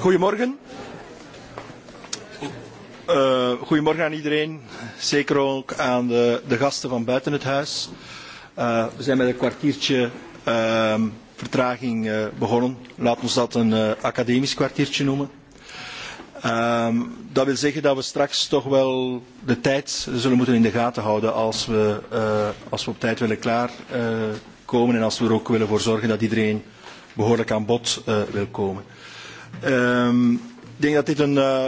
Goedemorgen. Uh, eh, goedemorgen aan iedereen. Zeker ook aan de, de gasten van buiten het huis. Uh, we zijn met een kwartiertje uh, vertraging uh, begonnen. Laat ons dat een uh, academisch kwartiertje noemen. Uh, dat wil zeggen dat we straks toch wel de tijd zullen moeten in de gaten houden als we, uh, als we op tijd willen klaarkomen uh, en als we er ook willen voor zorgen dat iedereen behoorlijk aan bod uh, wil komen. Um, ik denk dat dit een uh,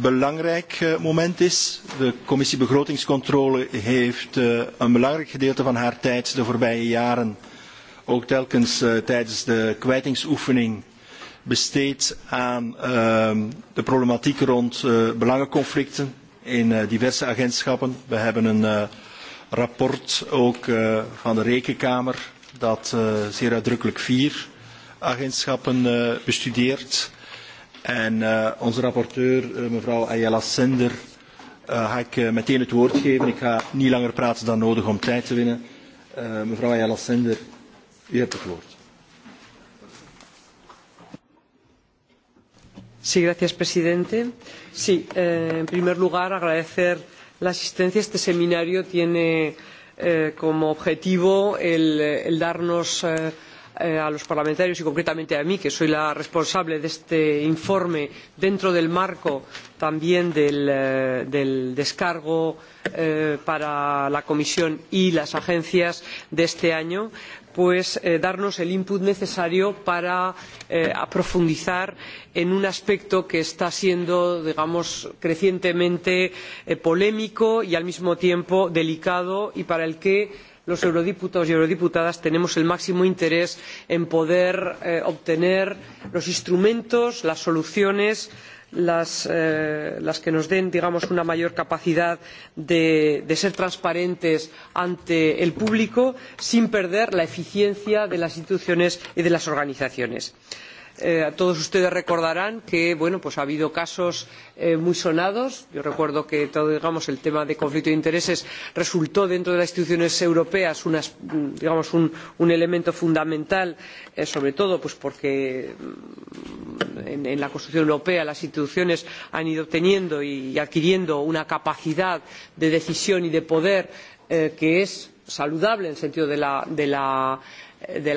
belangrijk uh, moment is. De commissie begrotingscontrole heeft uh, een belangrijk gedeelte van haar tijd de voorbije jaren, ook telkens uh, tijdens de kwijtingsoefening, besteed aan uh, de problematiek rond uh, belangenconflicten in uh, diverse agentschappen. We hebben een uh, rapport ook uh, van de Rekenkamer dat uh, zeer uitdrukkelijk vier agentschappen uh, bestudeerd. En uh, onze rapporteur, uh, mevrouw Ayala Sender, uh, ga ik uh, meteen het woord geven. Ik ga niet langer praten dan nodig om tijd te winnen. Uh, mevrouw Ayala Sender, u hebt het woord. Sí, gracias, presidente. Sí, eh, en primer lugar, agradecer la asistencia. Este seminario tiene eh, como objetivo el, el darnos eh, Eh, a los parlamentarios y concretamente a mí que soy la responsable de este informe dentro del marco también del eh, descargo eh, para la comisión y las agencias de este año pues eh, darnos el input necesario para eh, profundizar en un aspecto que está siendo, digamos, crecientemente eh, polémico y al mismo tiempo delicado y para el que los eurodiputados y eurodiputadas tenemos el máximo interés en poder eh, obtener los instrumentos las soluciones eh, que nos den una mayor capacidad de ser transparentes ante el público sin perder la eficiencia de las instituciones y de las organizaciones de la sociedad civil. Eh, todos ustedes recordarán que ha habido casos eh, muy sonados yo recuerdo que el tema del conflicto de intereses resultó dentro de las instituciones europeas un elemento fundamental eh, sobre todo porque mm, en la construcción europea las instituciones han ido teniendo y adquiriendo una capacidad de decisión y de poder que es saludable en el sentido de la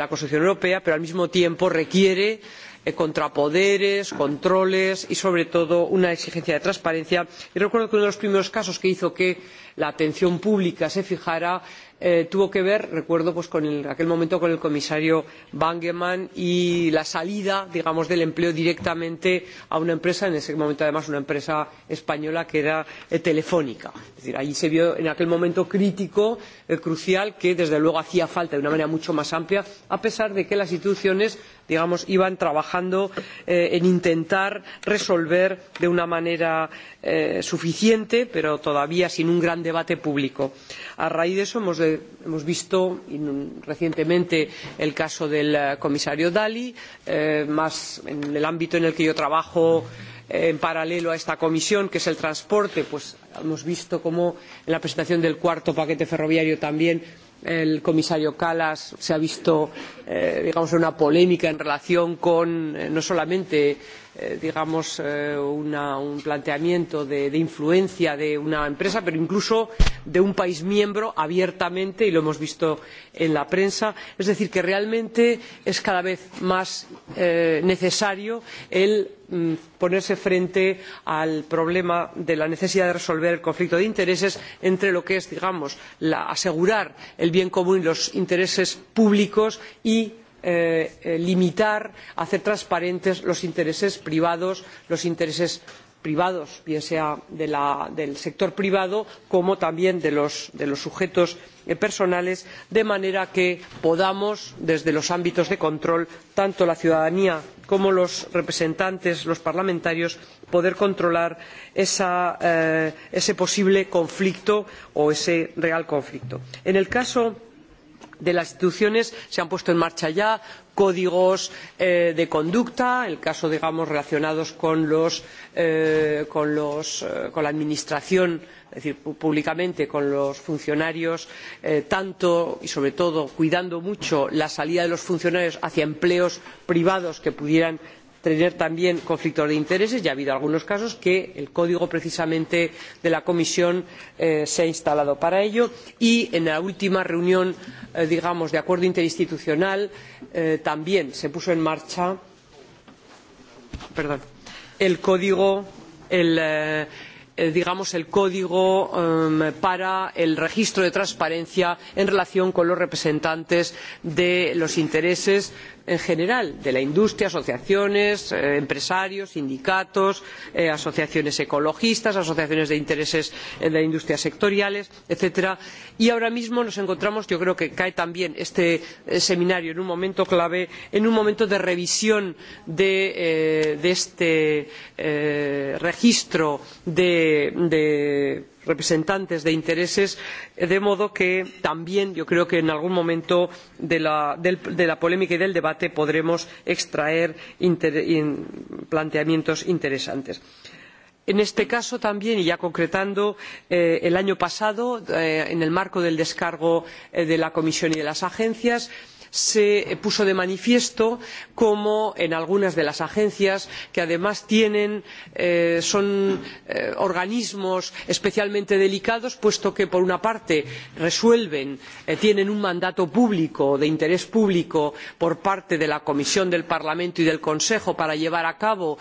construcción europea pero al mismo tiempo requiere Eh, contrapoderes controles y sobre todo una exigencia de transparencia y recuerdo que uno de los primeros casos que hizo que la atención pública se fijara eh, tuvo que ver recuerdo en aquel momento con el comisario bangemann y la salida digamos del empleo directamente a una empresa en ese momento además una empresa española que era eh, telefónica. es decir ahí se vio en aquel momento crítico crucial que desde luego hacía falta de una manera mucho más amplia a pesar de que las instituciones iban trabajando eh, en intentar resolver de una manera eh, suficiente pero todavía sin un gran debate público. a raíz de eso hemos eh, visto recientemente el caso del comisario dalli más en el ámbito en el que yo trabajo en paralelo a esta comisión que es el transporte pues hemos visto cómo en la presentación del cuarto paquete ferroviario también el comisario kallas se ha visto eh, digamos en una polémica en relación con eh, no solamente el Eh, digamos eh, un planteamiento de influencia de una empresa pero incluso de un país miembro abiertamente y lo hemos visto en la prensa es decir que realmente es cada vez más eh, necesario mm, ponerse frente al problema de la necesidad de resolver el conflicto de intereses entre lo que es digamos asegurar el bien común y los intereses públicos y Eh, eh, limitar hacer transparentes los intereses privados los intereses privados bien sea del sector privado como también de los sujetos eh, personales de manera que podamos desde los ámbitos de control tanto la ciudadanía como los representantes los parlamentarios poder controlar ese posible conflicto o ese real conflicto. en el caso de las instituciones se han puesto en marcha ya códigos eh, de conducta en el caso digamos relacionados con eh, eh, la administración es decir públicamente con los funcionarios tanto y sobre todo cuidando mucho la salida de los funcionarios hacia empleos privados que pudieran tener también conflictos de intereses y ha habido algunos casos en los que el código precisamente de la comisión eh, se ha instalado para ello y en la última reunión eh, de acuerdo interinstitucional eh, también se puso en marcha el código para el registro de transparencia en relación con los representantes de los intereses en general de la industria asociaciones eh, empresarios sindicatos eh, asociaciones ecologistas asociaciones de intereses eh, de industrias sectoriales etc. y ahora mismo nos encontramos yo creo que cae también este seminario en un momento clave en un momento de revisión de este registro de representantes de intereses de modo que también yo creo que en algún momento de la polémica y del debate podremos extraer planteamientos interesantes. en este caso también y ya concretando eh, el año pasado eh, en el marco del descargo eh, de la comisión y de las agencias de se puso de manifiesto cómo en algunas de las agencias que además eh, son eh, organismos especialmente delicados puesto que por una parte resuelven eh, tienen un mandato público de interés público por parte de la comisión del parlamento y del consejo para llevar a cabo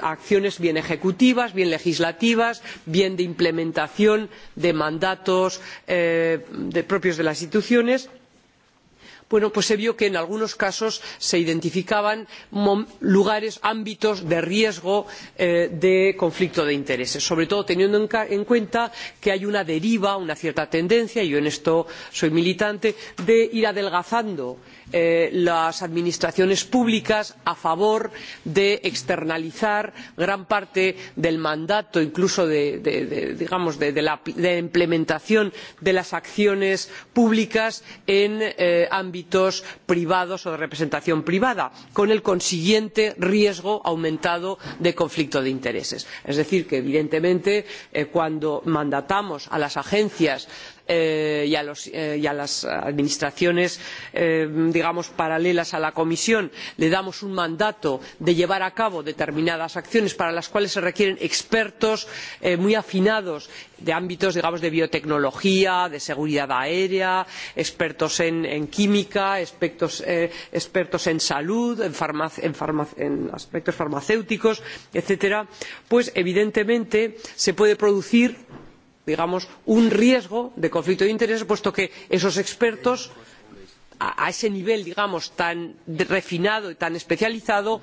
acciones bien ejecutivas bien legislativas bien de implementación de mandatos propios de las instituciones se vio que en algunos casos se identificaban lugares ámbitos de riesgo eh, de conflicto de intereses sobre todo teniendo en cuenta que hay una deriva una cierta tendencia y yo en esto soy militante a ir adelgazando los Eh, las administraciones públicas a favor de externalizar gran parte del mandato incluso de implementación de las acciones públicas en eh, ámbitos privados o de representación privada con el consiguiente riesgo aumentado de conflicto de intereses. es decir que evidentemente eh, cuando mandatamos a las agencias Eh, eh, y a las administraciones eh, digamos paralelas a la comisión les damos un mandato de llevar a cabo determinadas acciones para las cuales se requieren expertos muy afinados de ámbitos digamos de biotecnología de seguridad aérea expertos en química expertos en salud en aspectos farmacéuticos etc. pues evidentemente se puede producir digamos un riesgo de conflicto de intereses puesto que esos expertos a ese nivel digamos tan refinado y tan especializado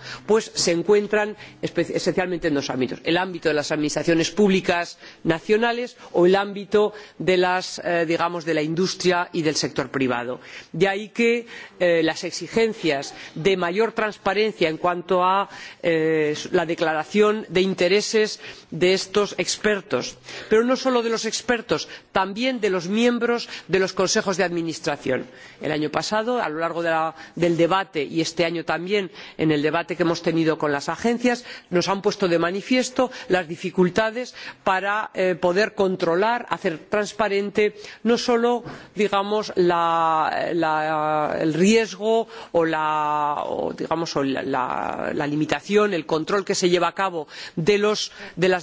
se encuentran esencialmente en dos ámbitos el ámbito de las administraciones públicas nacionales o el ámbito de eh, la industria y del sector privado. de ahí que eh, las exigencias de mayor transparencia en cuanto a eh, la declaración de intereses de estos expertos pero no solo de los expertos también de los miembros de los consejos de administración. el año pasado a lo largo del debate y este año también en el debate que hemos tenido con las agencias nos han puesto de manifiesto las dificultades para eh, poder controlar hacer transparente no solo el riesgo o la limitación el control que se lleva a cabo de las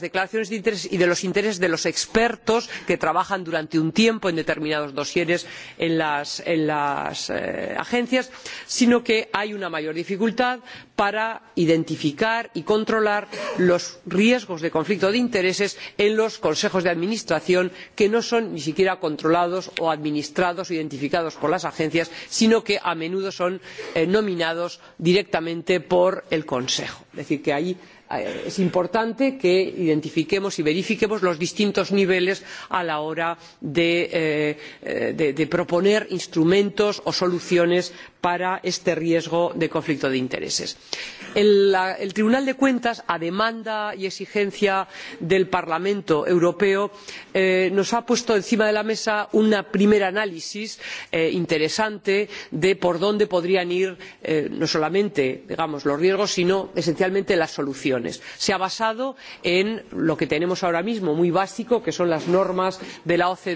declaraciones de intereses y de los intereses de los expertos que trabajan durante un tiempo en determinados dosieres en las Eh, agencias sino que hay una mayor dificultad para identificar y controlar los riesgos de conflicto de intereses en los consejos de administración que no son ni siquiera controlados o administrados o identificados por las agencias sino que a menudo son eh, nombrados directamente por el consejo es decir que ahí es importante que identifiquemos y verifiquemos los distintos niveles a la hora de eh, eh, proponer instrumentos o soluciones para para este riesgo de conflicto de intereses. el tribunal de cuentas a demanda y exigencia del parlamento europeo eh, nos ha puesto encima de la mesa un primer análisis eh, interesante de por dónde podrían ir eh, no solamente los riesgos sino esencialmente las soluciones. se ha basado en lo que tenemos ahora mismo muy básico que son las normas de la ocde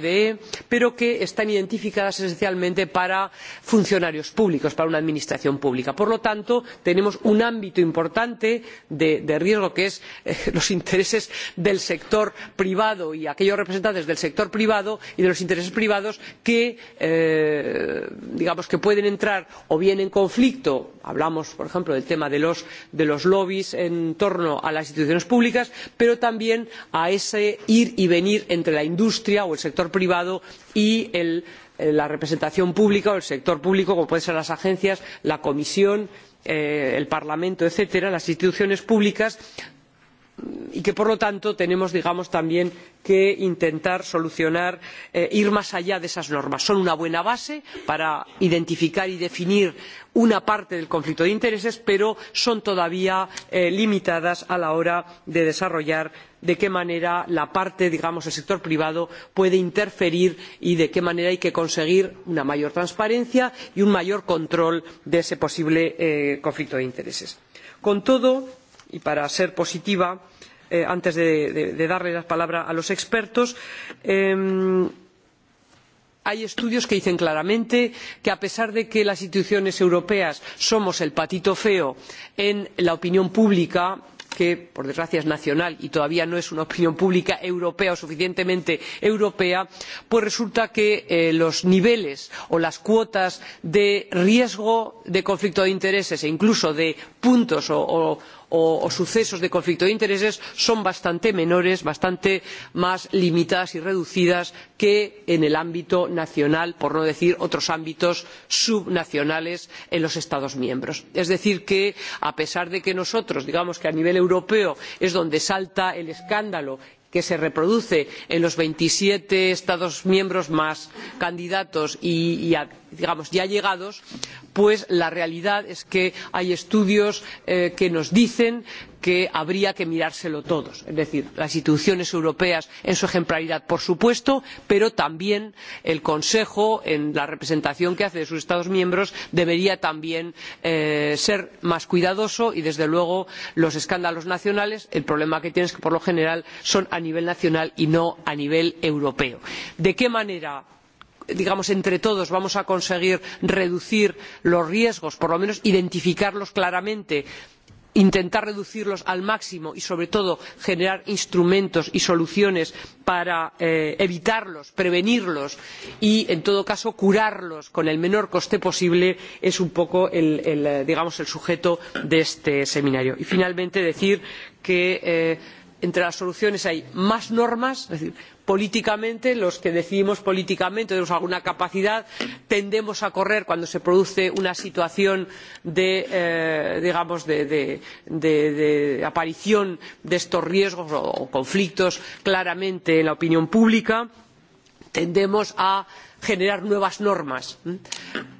pero que están identificadas esencialmente para funcionarios públicos públicos para una administración pública. por lo tanto tenemos un ámbito importante de riesgo que son eh, los intereses del sector privado y aquellos representantes del sector privado y de los intereses privados que eh, digamos pueden entrar o bien en conflicto hablamos por ejemplo del tema de los lobbies en torno a las instituciones públicas pero también a ese ir y venir entre la industria o el sector privado y el Eh, la representación pública o el sector público como pueden ser las agencias la comisión eh, el parlamento etcétera las instituciones públicas tienen y que por lo tanto tenemos también que intentar solucionar eh, ir más allá de esas normas. son una buena base para identificar y definir una parte del conflicto de intereses pero son todavía eh, limitadas a la hora de desarrollar de qué manera la parte digamos el sector privado puede interferir y de qué manera hay que conseguir una mayor transparencia y un mayor control de ese posible eh, conflicto de intereses. con todo y para ser positiva eh, antes de darle la palabra a los expertos hay estudios que dicen claramente que a pesar de que las instituciones europeas somos el patito feo en la opinión pública que por desgracia es nacional y todavía no es una opinión pública europea o suficientemente europea resulta que eh, los niveles o las cuotas de riesgo de conflicto de intereses e incluso de puntos o o sucesos de conflicto de intereses son bastante menores bastante más limitadas y reducidas que en el ámbito nacional por no decir otros ámbitos subnacionales en los estados miembros. es decir que a pesar de que nosotros digamos que a nivel europeo es donde salta el escándalo que se reproduce en los veintisiete estados miembros más candidatos y ya llegados pues la realidad es que hay estudios eh, que nos dicen que que habría que mirárselo todo es decir las instituciones europeas en su ejemplaridad por supuesto pero también el consejo en la representación que hace de sus estados miembros debería también eh, ser más cuidadoso y desde luego los escándalos nacionales el problema que tienen es que por lo general son a nivel nacional y no a nivel europeo. de qué manera digamos entre todos vamos a conseguir reducir los riesgos por lo menos identificarlos claramente intentar reducirlos al máximo y sobre todo generar instrumentos y soluciones para eh, evitarlos prevenirlos y en todo caso curarlos con el menor coste posible es un poco digamos el sujeto de este seminario. y finalmente decir que eh, entre las soluciones hay más normas es decir políticamente los que decidimos políticamente o tenemos alguna capacidad tendemos a correr cuando se produce una situación eh, de aparición de estos riesgos o conflictos claramente en la opinión pública tendemos a generar nuevas normas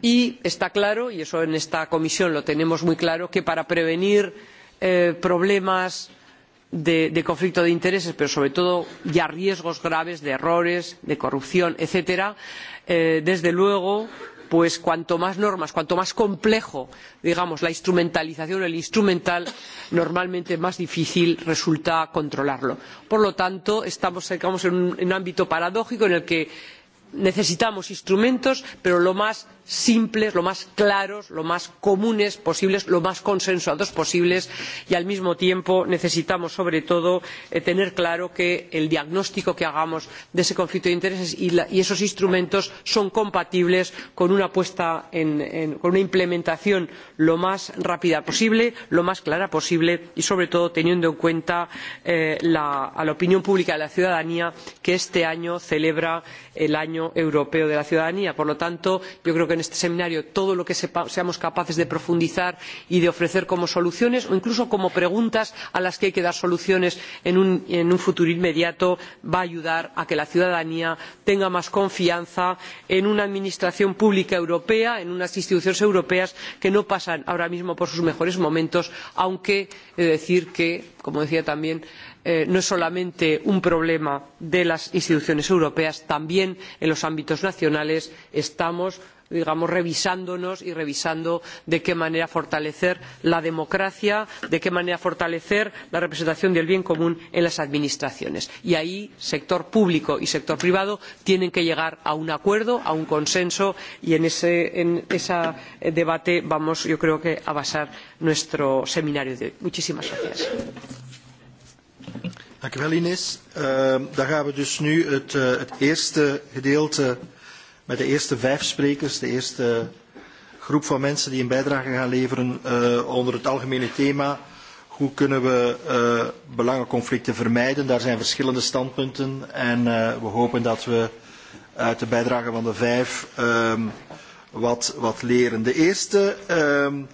y está claro y eso en esta comisión lo tenemos muy claro que para prevenir eh, problemas de conflicto de intereses pero sobre todo ya riesgos graves de errores de corrupción etc. Eh, desde luego cuanto más normas cuanto más compleja la instrumentalización o el instrumental normalmente más difícil resulta controlarlo. por lo tanto estamos en un ámbito paradójico en el que necesitamos instrumentos pero lo más simples lo más claros lo más comunes posibles lo más consensuados posibles y al mismo tiempo necesitamos sobre todo eh, tener claro que el diagnóstico que hagamos de ese conflicto de intereses y esos instrumentos son compatibles con una implementación lo más rápida posible lo más clara posible y sobre todo teniendo en cuenta eh, a la opinión pública y a la ciudadanía que este año celebra el año europeo de la ciudadanía. por lo tanto yo creo que en este seminario todo lo que seamos capaces de profundizar y de ofrecer como soluciones o incluso como preguntas a las que hay que dar soluciones en un futuro inmediato va a ayudar a que la ciudadanía tenga más confianza en una administración pública europea en unas instituciones europeas que no pasan ahora mismo por sus mejores momentos aunque he de decir como decía también el Eh, no es solamente un problema de las instituciones europeas también en los ámbitos nacionales estamos digamos revisándonos y revisando de qué manera fortalecer la democracia de qué manera fortalecer la representación del bien común en las administraciones y ahí sector público y sector privado tienen que llegar a un acuerdo a un consenso y en ese eh, debate vamos yo creo a basar nuestro seminario de hoy. Dank u wel, Ines. Uh, dan gaan we dus nu het, uh, het eerste gedeelte met de eerste vijf sprekers, de eerste groep van mensen die een bijdrage gaan leveren uh, onder het algemene thema. Hoe kunnen we uh, belangenconflicten vermijden? Daar zijn verschillende standpunten en uh, we hopen dat we uit de bijdrage van de vijf um, wat, wat leren. De eerste um,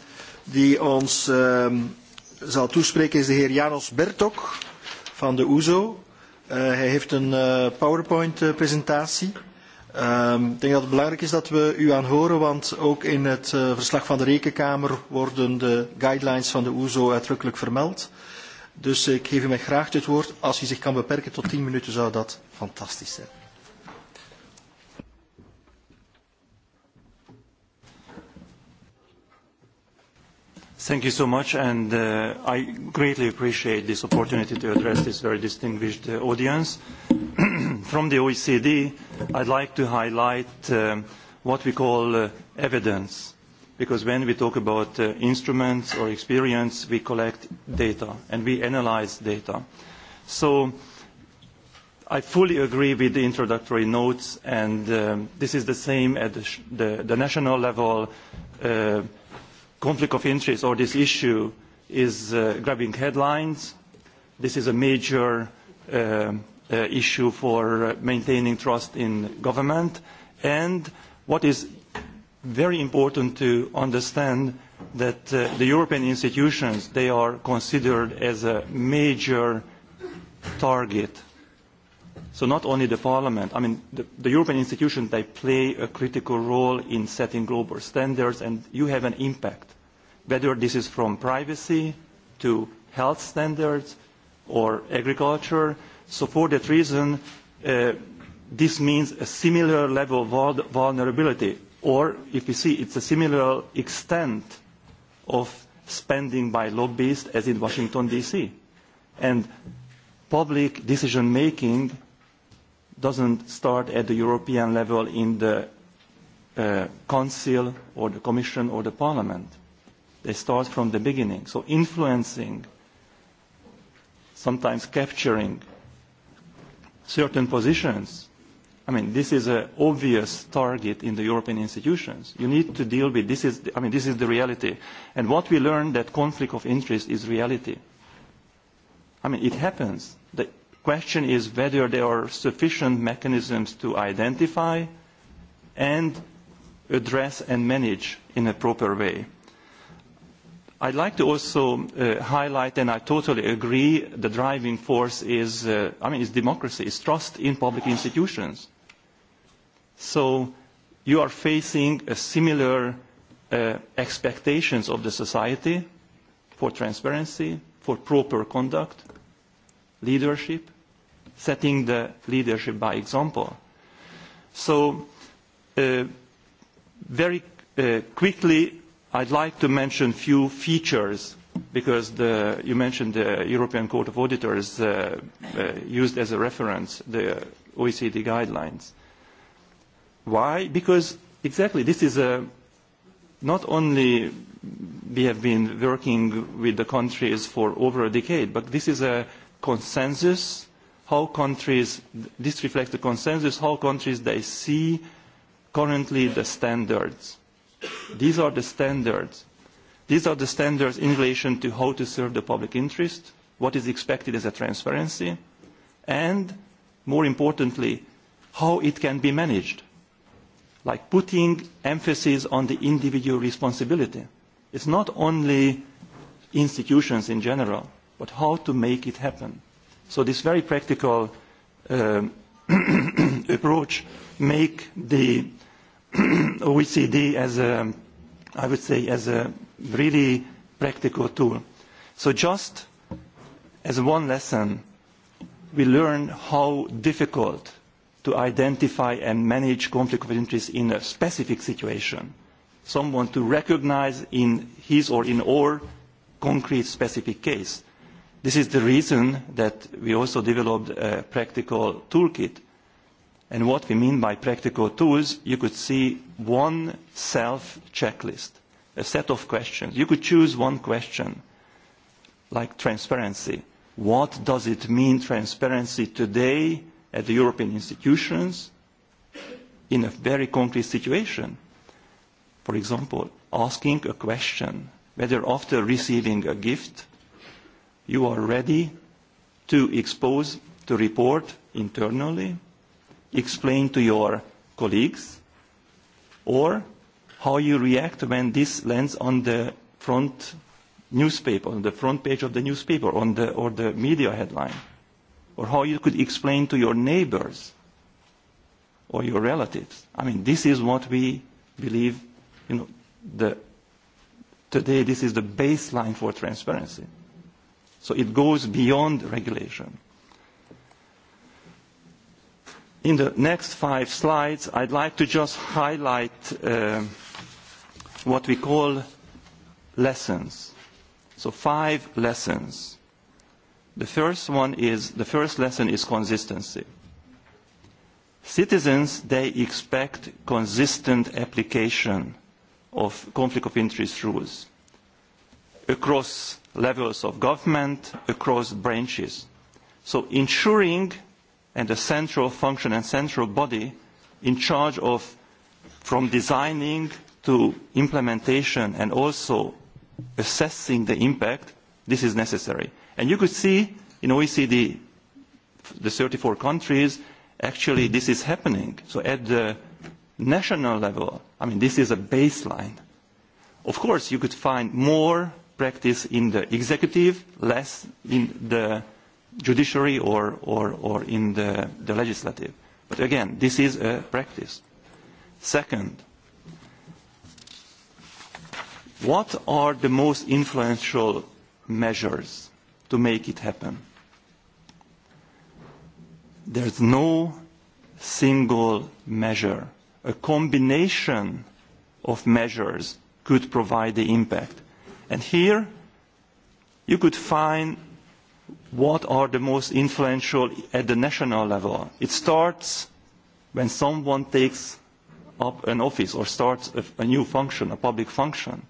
die ons um, zal toespreken is de heer Janos Bertok. Uh, van de OESO. Uh, eh, hij heeft een uh, eh, PowerPoint-presentatie. Eh, uh, ehm, ik denk dat het belangrijk is dat we u aan horen, want ook in het uh, verslag van de Rekenkamer worden de guidelines van de OESO uitdrukkelijk vermeld. Dus ik geef u met graag het woord. Als u zich kan beperken tot 10 minuten zou dat fantastisch zijn. Thank you so much, and uh, I greatly appreciate this opportunity to address this very distinguished uh, audience. From the OECD, I'd like to highlight um, what we call uh, evidence, because when we talk about uh, instruments or experience, we collect data and we analyze data. So I fully agree with the introductory notes, and um, this is the same at the, sh the, the national level. Uh, conflict of interest or this issue is uh, grabbing headlines. This is a major uh, uh, issue for uh, maintaining trust in government. And what is very important to understand that uh, the European institutions, they are considered as a major target So not only the Parliament, I mean, the, the European institutions, they play a critical role in setting global standards, and you have an impact, whether this is from privacy to health standards or agriculture. So for that reason, uh, this means a similar level of vulnerability, or if you see, it's a similar extent of spending by lobbyists as in Washington, D.C. And public decision-making doesn't start at the European level in the uh, Council or the Commission or the Parliament. They start from the beginning. So influencing, sometimes capturing certain positions, I mean, this is an obvious target in the European institutions. You need to deal with this. Is the, I mean, this is the reality. And what we learned that conflict of interest is reality. I mean, it happens. The question is whether there are sufficient mechanisms to identify and address and manage in a proper way. I'd like to also uh, highlight, and I totally agree, the driving force is, uh, I mean, is democracy, is trust in public institutions. So you are facing a similar uh, expectations of the society for transparency, for proper conduct, leadership, setting the leadership by example. So uh, very uh, quickly, I'd like to mention a few features because the, you mentioned the European Court of Auditors uh, uh, used as a reference the OECD guidelines. Why? Because exactly this is a, not only we have been working with the countries for over a decade, but this is a consensus how countries this reflects the consensus how countries they see currently the standards. These are the standards. These are the standards in relation to how to serve the public interest, what is expected as a transparency, and more importantly, how it can be managed. Like putting emphasis on the individual responsibility. It's not only institutions in general, but how to make it happen. So this very practical um, approach make the OECD as a, I would say, as a really practical tool. So just as one lesson, we learn how difficult to identify and manage conflict of interest in a specific situation. Someone to recognize in his or in our concrete specific case. This is the reason that we also developed a practical toolkit. And what we mean by practical tools, you could see one self-checklist, a set of questions. You could choose one question, like transparency. What does it mean, transparency, today at the European institutions in a very concrete situation? For example, asking a question, whether after receiving a gift, you are ready to expose, to report internally, explain to your colleagues, or how you react when this lands on the front newspaper, on the front page of the newspaper, on the, or the media headline, or how you could explain to your neighbors or your relatives. I mean, this is what we believe, you know, the, today this is the baseline for transparency. So it goes beyond regulation. In the next five slides, I'd like to just highlight uh, what we call lessons. So five lessons. The first one is, the first lesson is consistency. Citizens, they expect consistent application of conflict of interest rules across levels of government across branches. So ensuring and a central function and central body in charge of from designing to implementation and also assessing the impact, this is necessary. And you could see in OECD, the 34 countries, actually this is happening. So at the national level, I mean, this is a baseline. Of course, you could find more practice in the executive, less in the judiciary or, or, or in the, the legislative. But again, this is a practice. Second, what are the most influential measures to make it happen? There's no single measure. A combination of measures could provide the impact. And here you could find what are the most influential at the national level. It starts when someone takes up an office or starts a, a new function, a public function.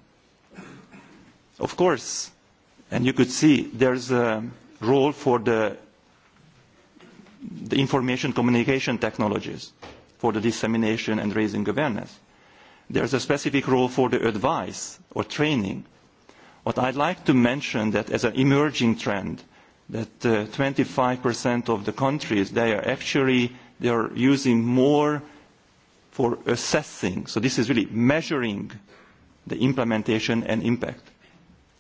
Of course, and you could see there's a role for the, the information communication technologies for the dissemination and raising awareness. There's a specific role for the advice or training What I'd like to mention that as an emerging trend, that uh, 25% of the countries, they are actually they are using more for assessing. So this is really measuring the implementation and impact.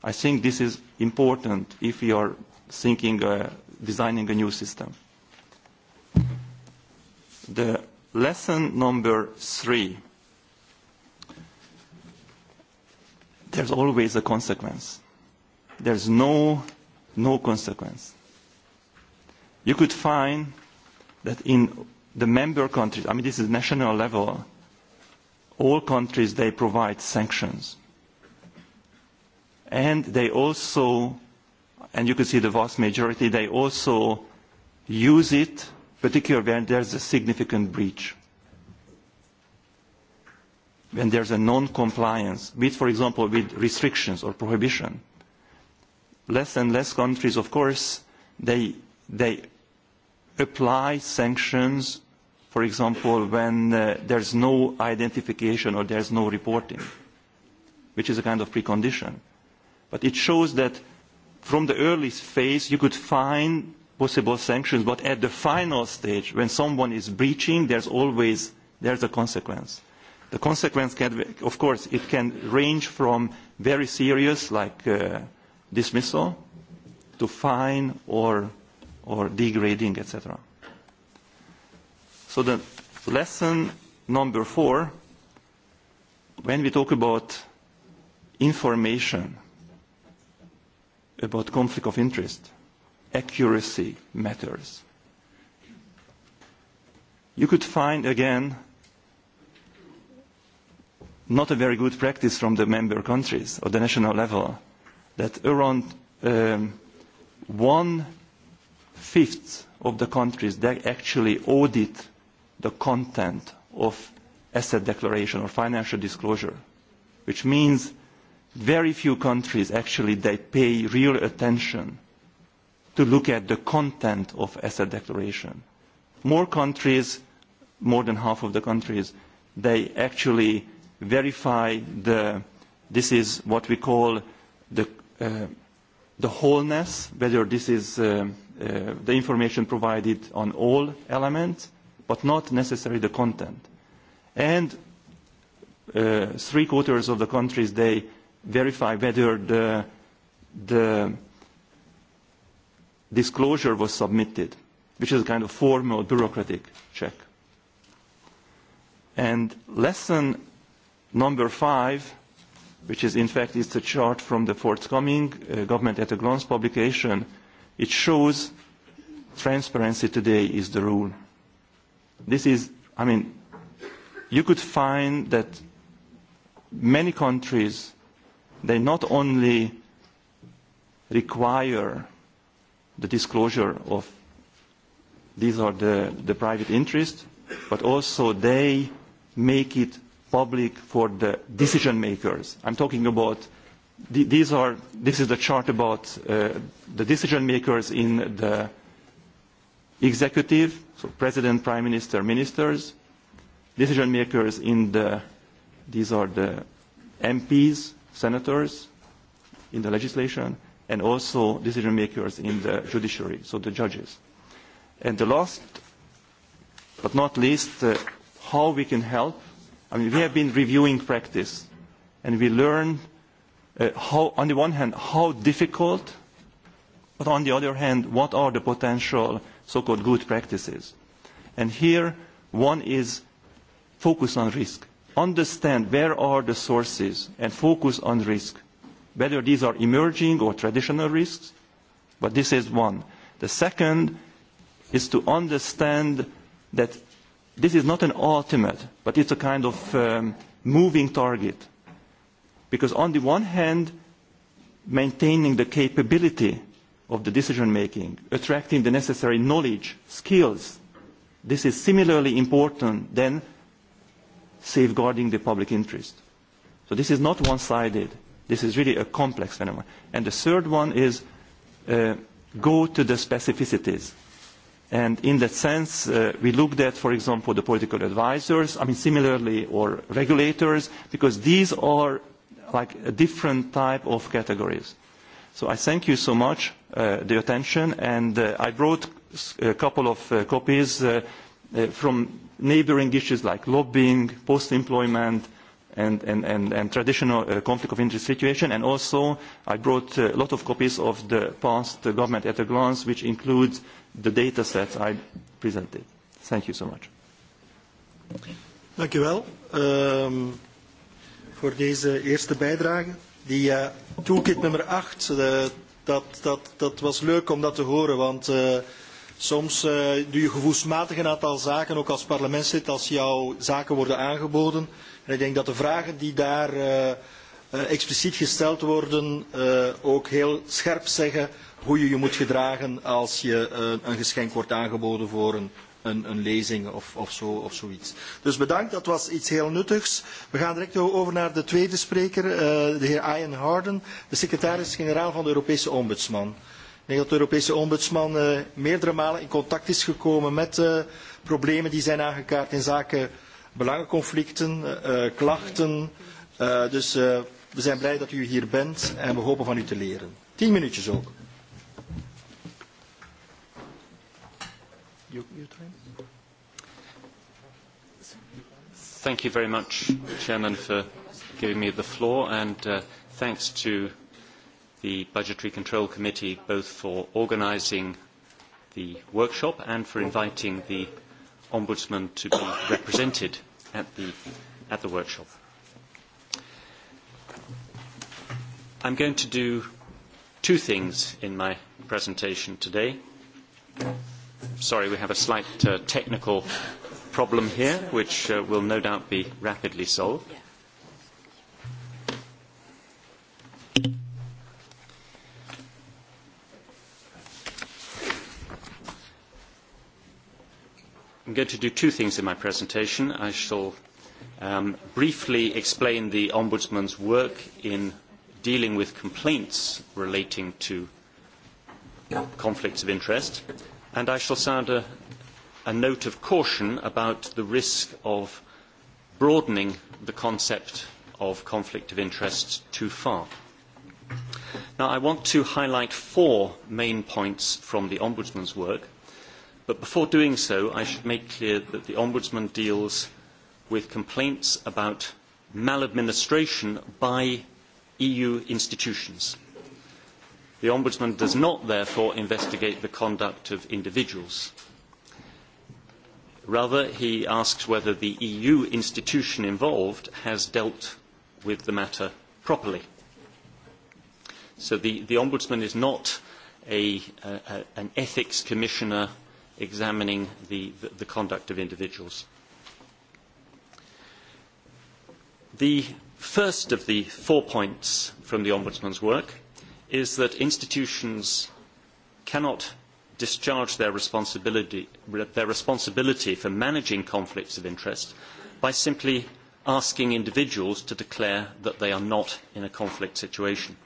I think this is important if you are thinking uh, designing a new system. The lesson number three. there's always a consequence. There's no, no consequence. You could find that in the member countries, I mean, this is national level, all countries, they provide sanctions. And they also, and you can see the vast majority, they also use it, particularly when there's a significant breach when there's a non-compliance with, for example, with restrictions or prohibition, less and less countries, of course, they, they apply sanctions, for example, when uh, there's no identification or there's no reporting, which is a kind of precondition. But it shows that from the earliest phase, you could find possible sanctions, but at the final stage, when someone is breaching, there's always there's a consequence. The consequence can, of course, it can range from very serious, like uh, dismissal, to fine or, or degrading, etc. So the lesson number four, when we talk about information about conflict of interest, accuracy matters. You could find, again, not a very good practice from the member countries or the national level that around um, one fifth of the countries that actually audit the content of asset declaration or financial disclosure, which means very few countries actually they pay real attention to look at the content of asset declaration. More countries, more than half of the countries, they actually verify the, this is what we call the, uh, the wholeness, whether this is uh, uh, the information provided on all elements, but not necessarily the content. And uh, three quarters of the countries, they verify whether the, the disclosure was submitted, which is a kind of formal bureaucratic check. And lesson Number five, which is in fact is a chart from the forthcoming uh, government at a glance publication, it shows transparency today is the rule. This is, I mean, you could find that many countries, they not only require the disclosure of these are the, the private interests, but also they make it public for the decision makers. I'm talking about these are, this is the chart about uh, the decision makers in the executive, so president, prime minister, ministers, decision makers in the, these are the MPs, senators in the legislation, and also decision makers in the judiciary, so the judges. And the last, but not least, uh, how we can help I mean, we have been reviewing practice, and we learn uh, how, on the one hand, how difficult, but on the other hand, what are the potential so-called good practices. And here, one is focus on risk. Understand where are the sources and focus on risk, whether these are emerging or traditional risks, but this is one. The second is to understand that this is not an ultimate, but it's a kind of um, moving target. Because on the one hand, maintaining the capability of the decision making, attracting the necessary knowledge, skills, this is similarly important than safeguarding the public interest. So this is not one-sided. This is really a complex phenomenon. And the third one is uh, go to the specificities. And in that sense, uh, we looked at, for example, the political advisors, I mean, similarly, or regulators, because these are like a different type of categories. So I thank you so much for uh, the attention, and uh, I brought a couple of uh, copies uh, uh, from neighboring issues like lobbying, post-employment, and, and, and, and traditional uh, conflict of interest situation. And also, I brought a uh, lot of copies of the past government at a glance, which includes the data sets I presented. Thank you so much. Dank u wel um, voor deze eerste bijdrage. Die uh, toolkit nummer 8, uh, eh, dat, dat, dat was leuk om dat te horen, want uh, soms uh, doe je gevoelsmatig een aantal zaken, ook als parlementslid, als jouw zaken worden aangeboden. Uh, En ik denk dat de vragen die daar uh, uh, expliciet gesteld worden uh, ook heel scherp zeggen hoe je je moet gedragen als je uh, een geschenk wordt aangeboden voor een, een, een lezing of, of, zo, of zoiets. Dus bedankt, dat was iets heel nuttigs. We gaan direct over naar de tweede spreker, uh, de heer Ian Harden, de secretaris-generaal van de Europese Ombudsman. Ik denk dat de Europese ombudsman uh, meerdere malen in contact is gekomen met uh, problemen die zijn aangekaart in zaken uh, belangenconflicten, uh, klachten. Uh, dus uh, we zijn blij dat u hier bent en we hopen van u te leren. Tien minuutjes ook. Thank you very much, Chairman, for giving me the floor and uh, thanks to the Budgetary Control Committee both for organising the workshop and for inviting the ombudsman to be represented at the, at the workshop. I'm going to do two things in my presentation today. Sorry, we have a slight uh, technical problem here, which uh, will no doubt be rapidly solved. I'm going to do two things in my presentation. I shall um, briefly explain the Ombudsman's work in dealing with complaints relating to conflicts of interest, and I shall sound a, a note of caution about the risk of broadening the concept of conflict of interest too far. Now, I want to highlight four main points from the Ombudsman's work but before doing so i should make clear that the ombudsman deals with complaints about maladministration by eu institutions. the ombudsman does not therefore investigate the conduct of individuals. rather he asks whether the eu institution involved has dealt with the matter properly. so the, the ombudsman is not a, a, an ethics commissioner examining the, the conduct of individuals. The first of the four points from the Ombudsman's work is that institutions cannot discharge their responsibility, their responsibility for managing conflicts of interest by simply asking individuals to declare that they are not in a conflict situation.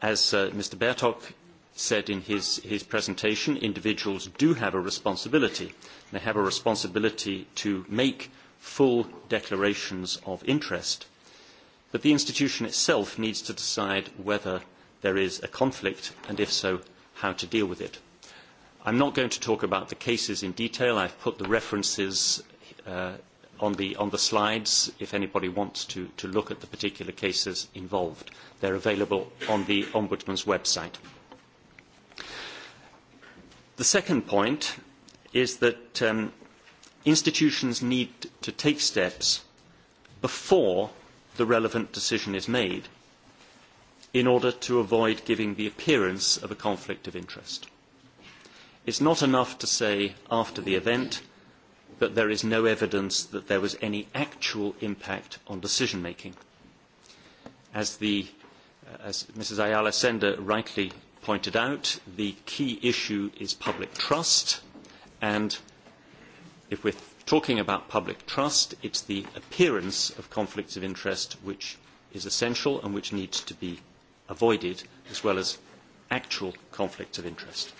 As uh, Mr Bertok said in his, his presentation, individuals do have a responsibility. They have a responsibility to make full declarations of interest. But the institution itself needs to decide whether there is a conflict, and if so, how to deal with it. I'm not going to talk about the cases in detail. I've put the references uh, on, the, on the slides if anybody wants to, to look at the particular cases involved. They're available on the Ombudsman's website. The second point is that um, institutions need to take steps before the relevant decision is made in order to avoid giving the appearance of a conflict of interest. It's not enough to say after the event that there is no evidence that there was any actual impact on decision making. As, the, uh, as Mrs. Ayala-Sender rightly pointed out, the key issue is public trust. And if we're talking about public trust, it's the appearance of conflicts of interest which is essential and which needs to be avoided, as well as actual conflicts of interest.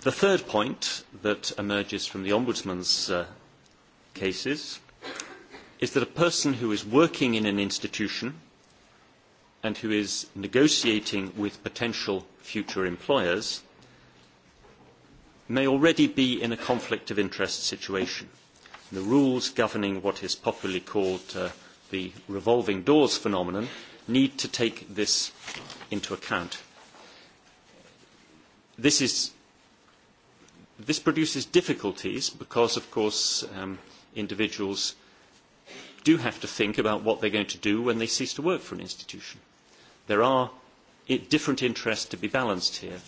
The third point that emerges from the Ombudsman's uh, cases is that a person who is working in an institution and who is negotiating with potential future employers may already be in a conflict of interest situation. The rules governing what is popularly called uh, the revolving doors phenomenon need to take this into account. This, is, this produces difficulties because, of course, um, individuals do have to think about what they're going to do when they cease to work for an institution there are different interests to be balanced here.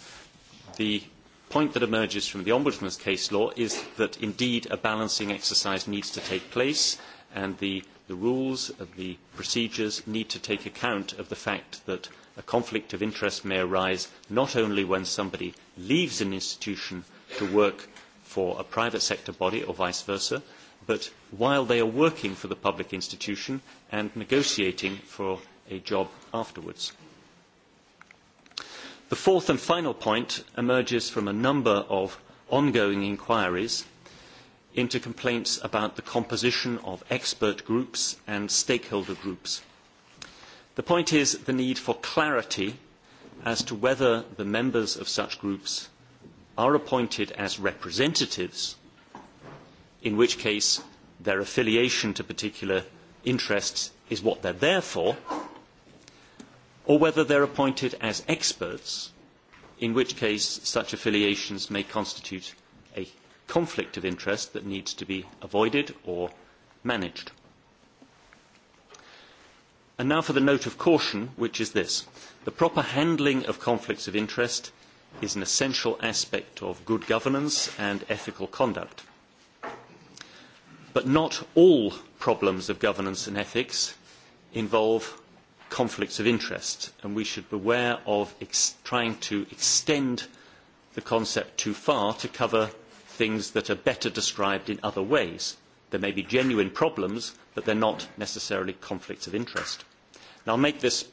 The point that emerges from the Ombudsman's case law is that indeed a balancing exercise needs to take place and the, the rules of the procedures need to take account of the fact that a conflict of interest may arise not only when somebody leaves an institution to work for a private sector body or vice versa, but while they are working for the public institution and negotiating for a job afterwards. The fourth and final point emerges from a number of ongoing inquiries into complaints about the composition of expert groups and stakeholder groups. The point is the need for clarity as to whether the members of such groups are appointed as representatives, in which case their affiliation to particular interests is what they're there for, or whether they are appointed as experts, in which case such affiliations may constitute a conflict of interest that needs to be avoided or managed. And now for the note of caution, which is this. The proper handling of conflicts of interest is an essential aspect of good governance and ethical conduct. But not all problems of governance and ethics involve conflicts of interest and we should beware of ex trying to extend the concept too far to cover things that are better described in other ways. There may be genuine problems, but they're not necessarily conflicts of interest. Now, I'll make this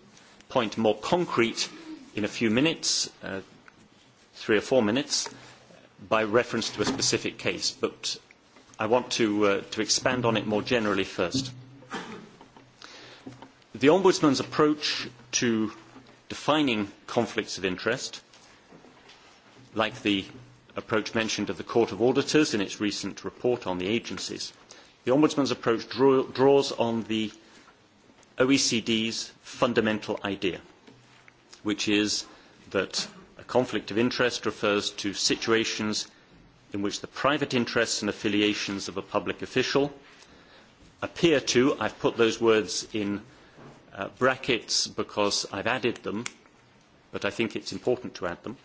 point more concrete in a few minutes, uh, three or four minutes, by reference to a specific case, but I want to, uh, to expand on it more generally first. Mm -hmm the ombudsman's approach to defining conflicts of interest, like the approach mentioned of the court of auditors in its recent report on the agencies, the ombudsman's approach draw, draws on the oecd's fundamental idea, which is that a conflict of interest refers to situations in which the private interests and affiliations of a public official appear to, i've put those words in Uh, brackets because I've added them, but I think it's important to add them,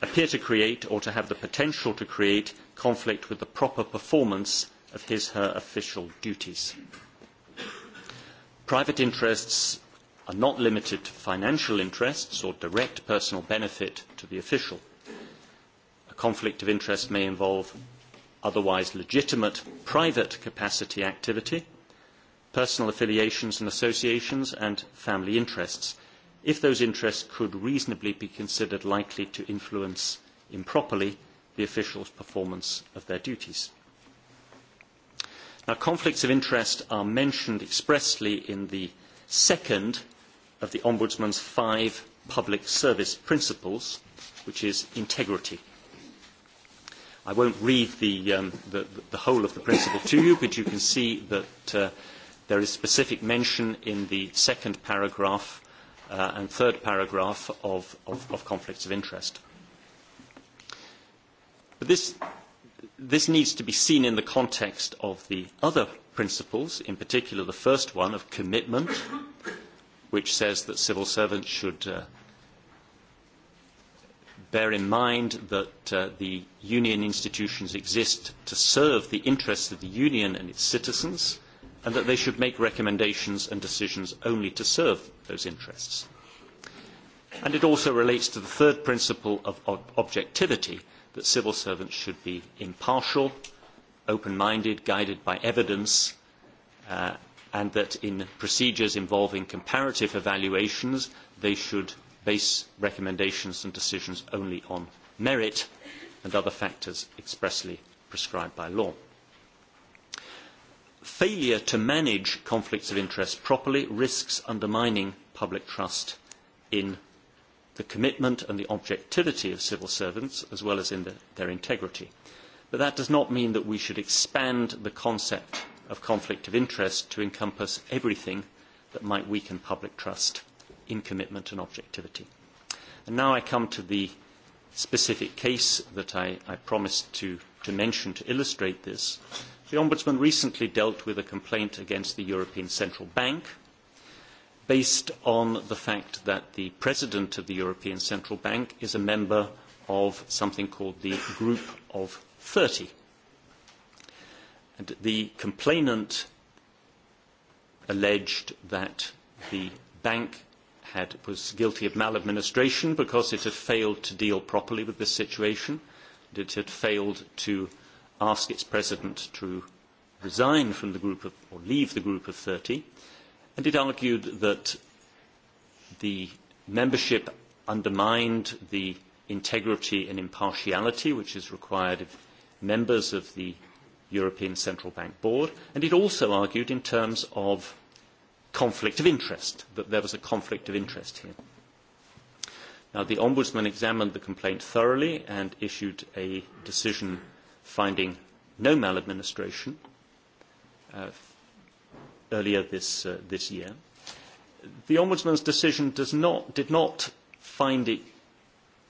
appear to create or to have the potential to create conflict with the proper performance of his her official duties. Private interests are not limited to financial interests or direct personal benefit to the official. A conflict of interest may involve otherwise legitimate private capacity activity personal affiliations and associations and family interests if those interests could reasonably be considered likely to influence improperly the officials' performance of their duties. Now, conflicts of interest are mentioned expressly in the second of the Ombudsman's five public service principles, which is integrity. I won't read the, um, the, the whole of the principle to you, but you can see that uh, There is specific mention in the second paragraph uh, and third paragraph of, of, of conflicts of interest. But this, this needs to be seen in the context of the other principles, in particular the first one of commitment, which says that civil servants should uh, bear in mind that uh, the union institutions exist to serve the interests of the union and its citizens. Mm-hmm and that they should make recommendations and decisions only to serve those interests. And it also relates to the third principle of ob objectivity, that civil servants should be impartial, open-minded, guided by evidence, uh, and that in procedures involving comparative evaluations, they should base recommendations and decisions only on merit and other factors expressly prescribed by law failure to manage conflicts of interest properly risks undermining public trust in the commitment and the objectivity of civil servants as well as in the, their integrity. But that does not mean that we should expand the concept of conflict of interest to encompass everything that might weaken public trust in commitment and objectivity. And now I come to the specific case that I, I promised to, to mention to illustrate this. The Ombudsman recently dealt with a complaint against the European Central Bank based on the fact that the President of the European Central Bank is a member of something called the Group of 30. And the complainant alleged that the bank had, was guilty of maladministration because it had failed to deal properly with this situation, that it had failed to uh, ask its president to resign from the group of, or leave the group of 30, and it argued that the membership undermined the integrity and impartiality which is required of members of the European Central Bank Board, and it also argued in terms of conflict of interest, that there was a conflict of interest here. Now, the Ombudsman examined the complaint thoroughly and issued a decision finding no maladministration uh, earlier this, uh, this year. The Ombudsman's decision does not, did, not find it,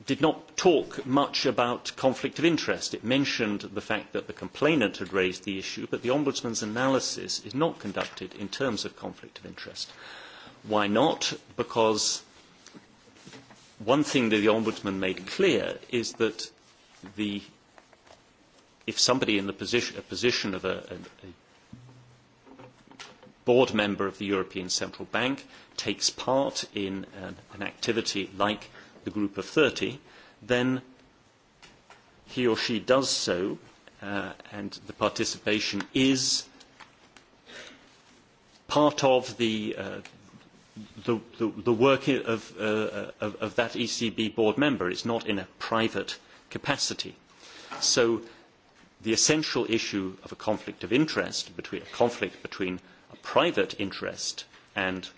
did not talk much about conflict of interest. It mentioned the fact that the complainant had raised the issue, but the Ombudsman's analysis is not conducted in terms of conflict of interest. Why not? Because one thing that the Ombudsman made clear is that the if somebody in the position, a position of a, a, a board member of the European Central Bank takes part in an, an activity like the Group of 30, then he or she does so uh, and the participation is part of the, uh, the, the, the work of, uh, of, of that ECB board member. It's not in a private capacity. So the essential issue of a conflict of interest, between a conflict between a private interest and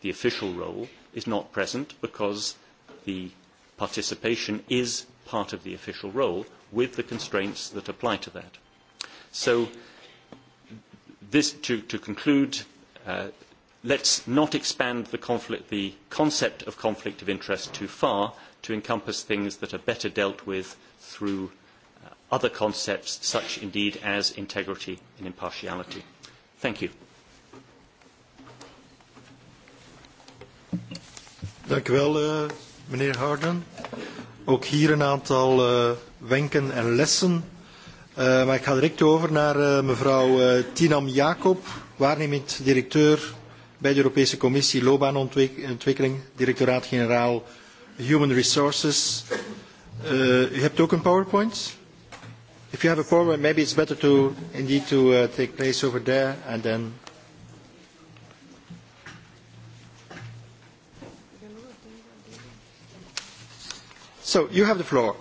the official role, is not present because the participation is part of the official role with the constraints that apply to that. So this, to, to conclude, uh, let's not expand the, conflict, the concept of conflict of interest too far to encompass things that are better dealt with through other concepts such indeed as integrity and impartiality. Thank you. Dank u wel, uh, meneer Harden. Ook hier een aantal uh, wenken en lessen. Uh, maar ik ga direct over naar uh, mevrouw uh, Tinam Jacob, waarnemend directeur bij de Europese Commissie Loopbaanontwikkeling, directoraat-generaal Human Resources. Uh, u hebt ook een PowerPoint? Ja if you have a quorum maybe it is better indeed to uh, take place over there and then so you have the floor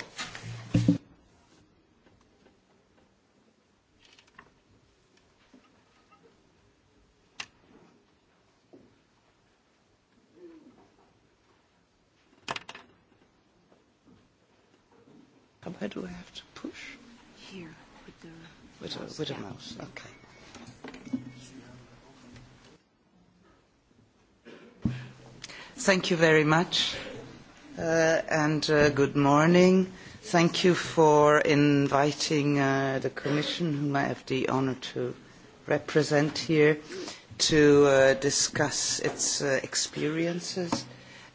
with a, with a yeah. mouse. Okay. Thank you very much, uh, and uh, good morning. Thank you for inviting uh, the Commission, whom I have the honour to represent here, to uh, discuss its uh, experiences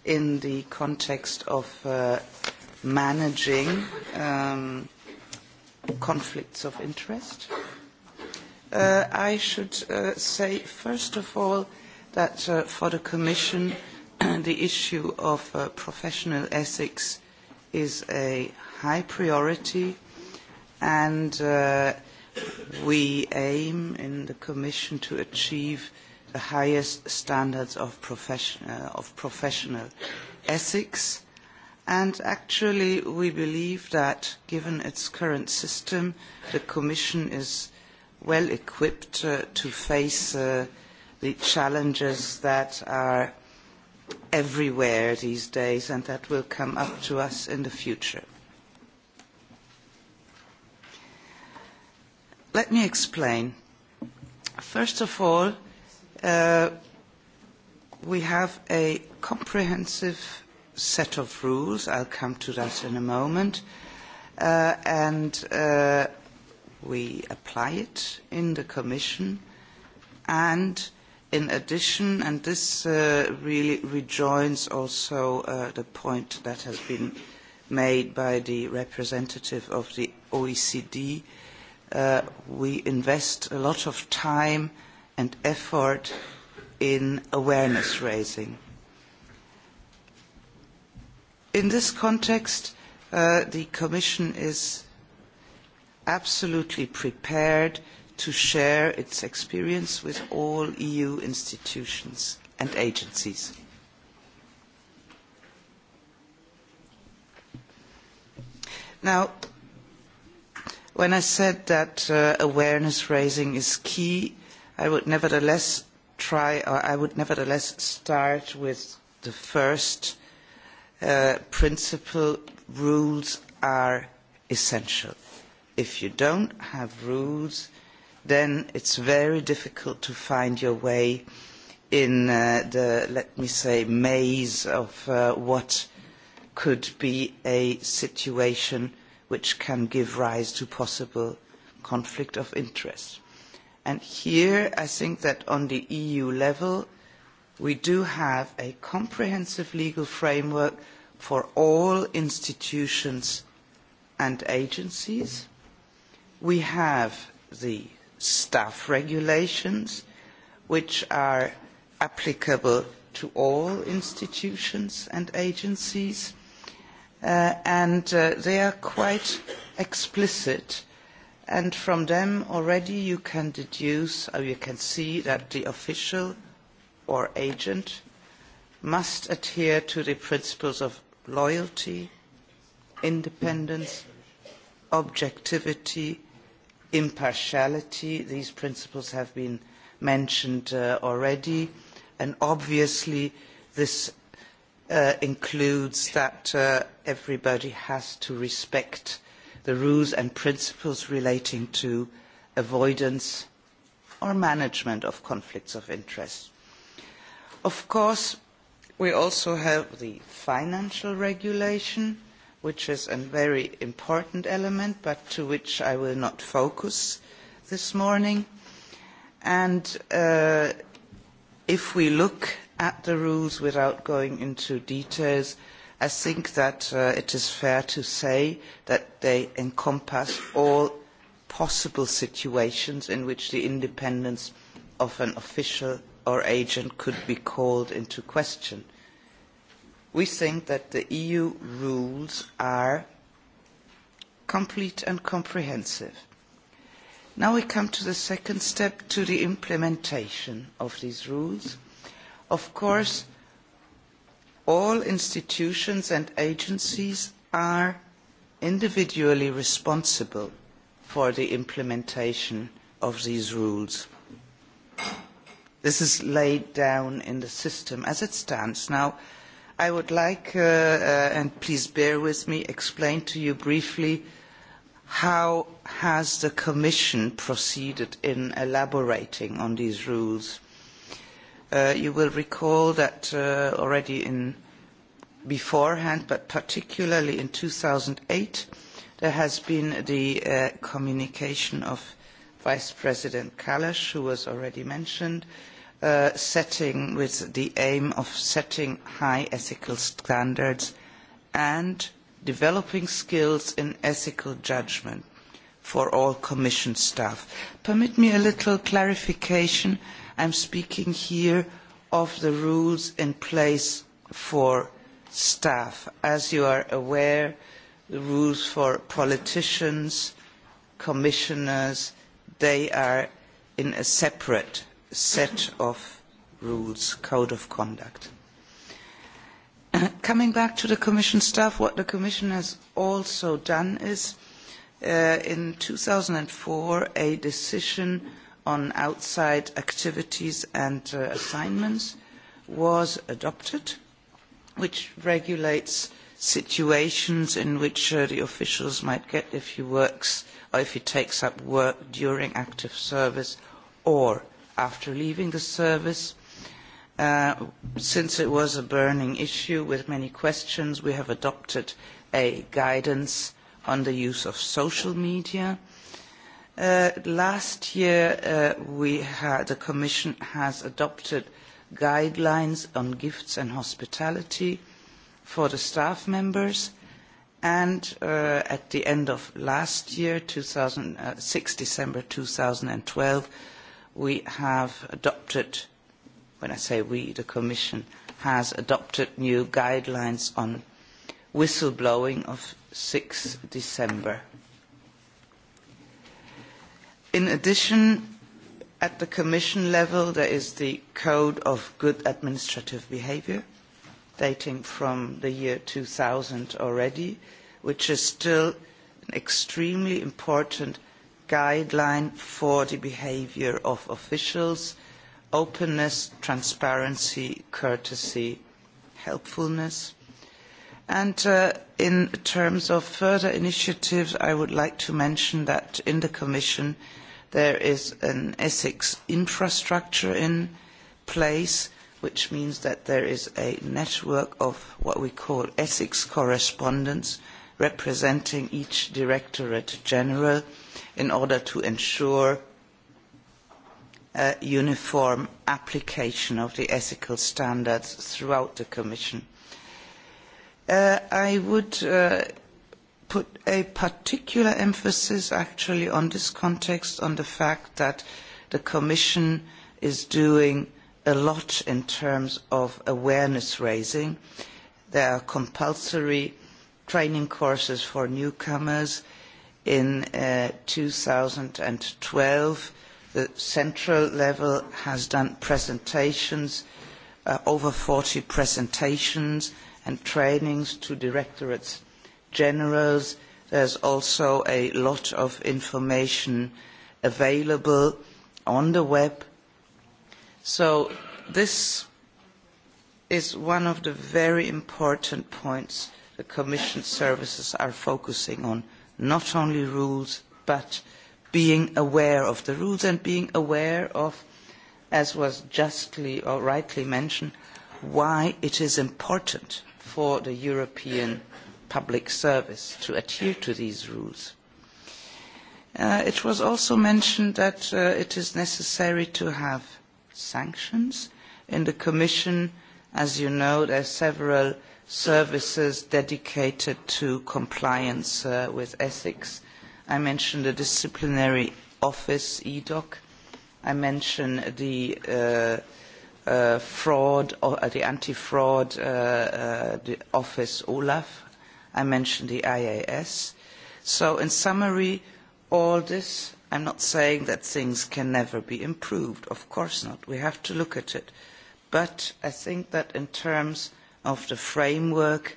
in the context of uh, managing um, conflicts of interest. Uh, I should uh, say, first of all, that uh, for the Commission, the issue of uh, professional ethics is a high priority, and uh, we aim in the Commission to achieve the highest standards of, profession, uh, of professional ethics and actually we believe that given its current system the commission is well equipped uh, to face uh, the challenges that are everywhere these days and that will come up to us in the future. Let me explain. First of all, uh, we have a comprehensive set of rules. I'll come to that in a moment. Uh, and uh, we apply it in the Commission. And in addition, and this uh, really rejoins also uh, the point that has been made by the representative of the OECD, uh, we invest a lot of time and effort in awareness raising. In this context, uh, the Commission is absolutely prepared to share its experience with all EU institutions and agencies. Now, when I said that uh, awareness raising is key, I would nevertheless try, or I would nevertheless start with the first uh, Uh, principle rules are essential. If you don't have rules, then it's very difficult to find your way in uh, the, let me say, maze of uh, what could be a situation which can give rise to possible conflict of interest. And here I think that on the EU level we do have a comprehensive legal framework for all institutions and agencies. We have the staff regulations, which are applicable to all institutions and agencies, uh, and uh, they are quite explicit. And from them already you can deduce, or you can see that the official or agent must adhere to the principles of loyalty, independence, objectivity, impartiality. These principles have been mentioned uh, already. And obviously, this uh, includes that uh, everybody has to respect the rules and principles relating to avoidance or management of conflicts of interest of course we also have the financial regulation which is a very important element but to which i will not focus this morning and uh, if we look at the rules without going into details i think that uh, it is fair to say that they encompass all possible situations in which the independence of an official or agent could be called into question. We think that the EU rules are complete and comprehensive. Now we come to the second step, to the implementation of these rules. Of course, all institutions and agencies are individually responsible for the implementation of these rules this is laid down in the system as it stands. Now, I would like, uh, uh, and please bear with me, explain to you briefly how has the Commission proceeded in elaborating on these rules. Uh, you will recall that uh, already in beforehand, but particularly in 2008, there has been the uh, communication of Vice President Kalash, who was already mentioned, uh, Uh, setting with the aim of setting high ethical standards and developing skills in ethical judgment for all Commission staff. Permit me a little clarification. I'm speaking here of the rules in place for staff. As you are aware, the rules for politicians, commissioners, they are in a separate set of rules, code of conduct. Coming back to the Commission staff, what the Commission has also done is uh, in 2004 a decision on outside activities and uh, assignments was adopted, which regulates situations in which uh, the officials might get if he works or if he takes up work during active service or after leaving the service. Uh, since it was a burning issue with many questions, we have adopted a guidance on the use of social media. Uh, last year, uh, we had, the Commission has adopted guidelines on gifts and hospitality for the staff members, and uh, at the end of last year, 2000, uh, 6 December 2012, we have adopted, when I say we, the Commission has adopted new guidelines on whistleblowing of 6 December. In addition, at the Commission level, there is the Code of Good Administrative Behavior, dating from the year 2000 already, which is still an extremely important guideline for the behavior of officials, openness, transparency, courtesy, helpfulness. And uh, in terms of further initiatives, I would like to mention that in the Commission there is an ethics infrastructure in place, which means that there is a network of what we call ethics correspondents representing each directorate general in order to ensure a uniform application of the ethical standards throughout the Commission. Uh, I would uh, put a particular emphasis actually on this context, on the fact that the Commission is doing a lot in terms of awareness raising. There are compulsory training courses for newcomers in uh, 2012. The central level has done presentations, uh, over 40 presentations and trainings to directorates generals. There's also a lot of information available on the web. So this is one of the very important points the Commission services are focusing on not only rules, but being aware of the rules and being aware of, as was justly or rightly mentioned, why it is important for the European public service to adhere to these rules. Uh, it was also mentioned that uh, it is necessary to have sanctions. In the Commission, as you know, there are several services dedicated to compliance uh, with ethics. I mentioned the disciplinary office, EDOC. I mentioned the uh, uh, fraud, uh, the anti-fraud uh, uh, the office, OLAF. I mentioned the IAS. So in summary, all this, I'm not saying that things can never be improved. Of course not. We have to look at it. But I think that in terms of after framework.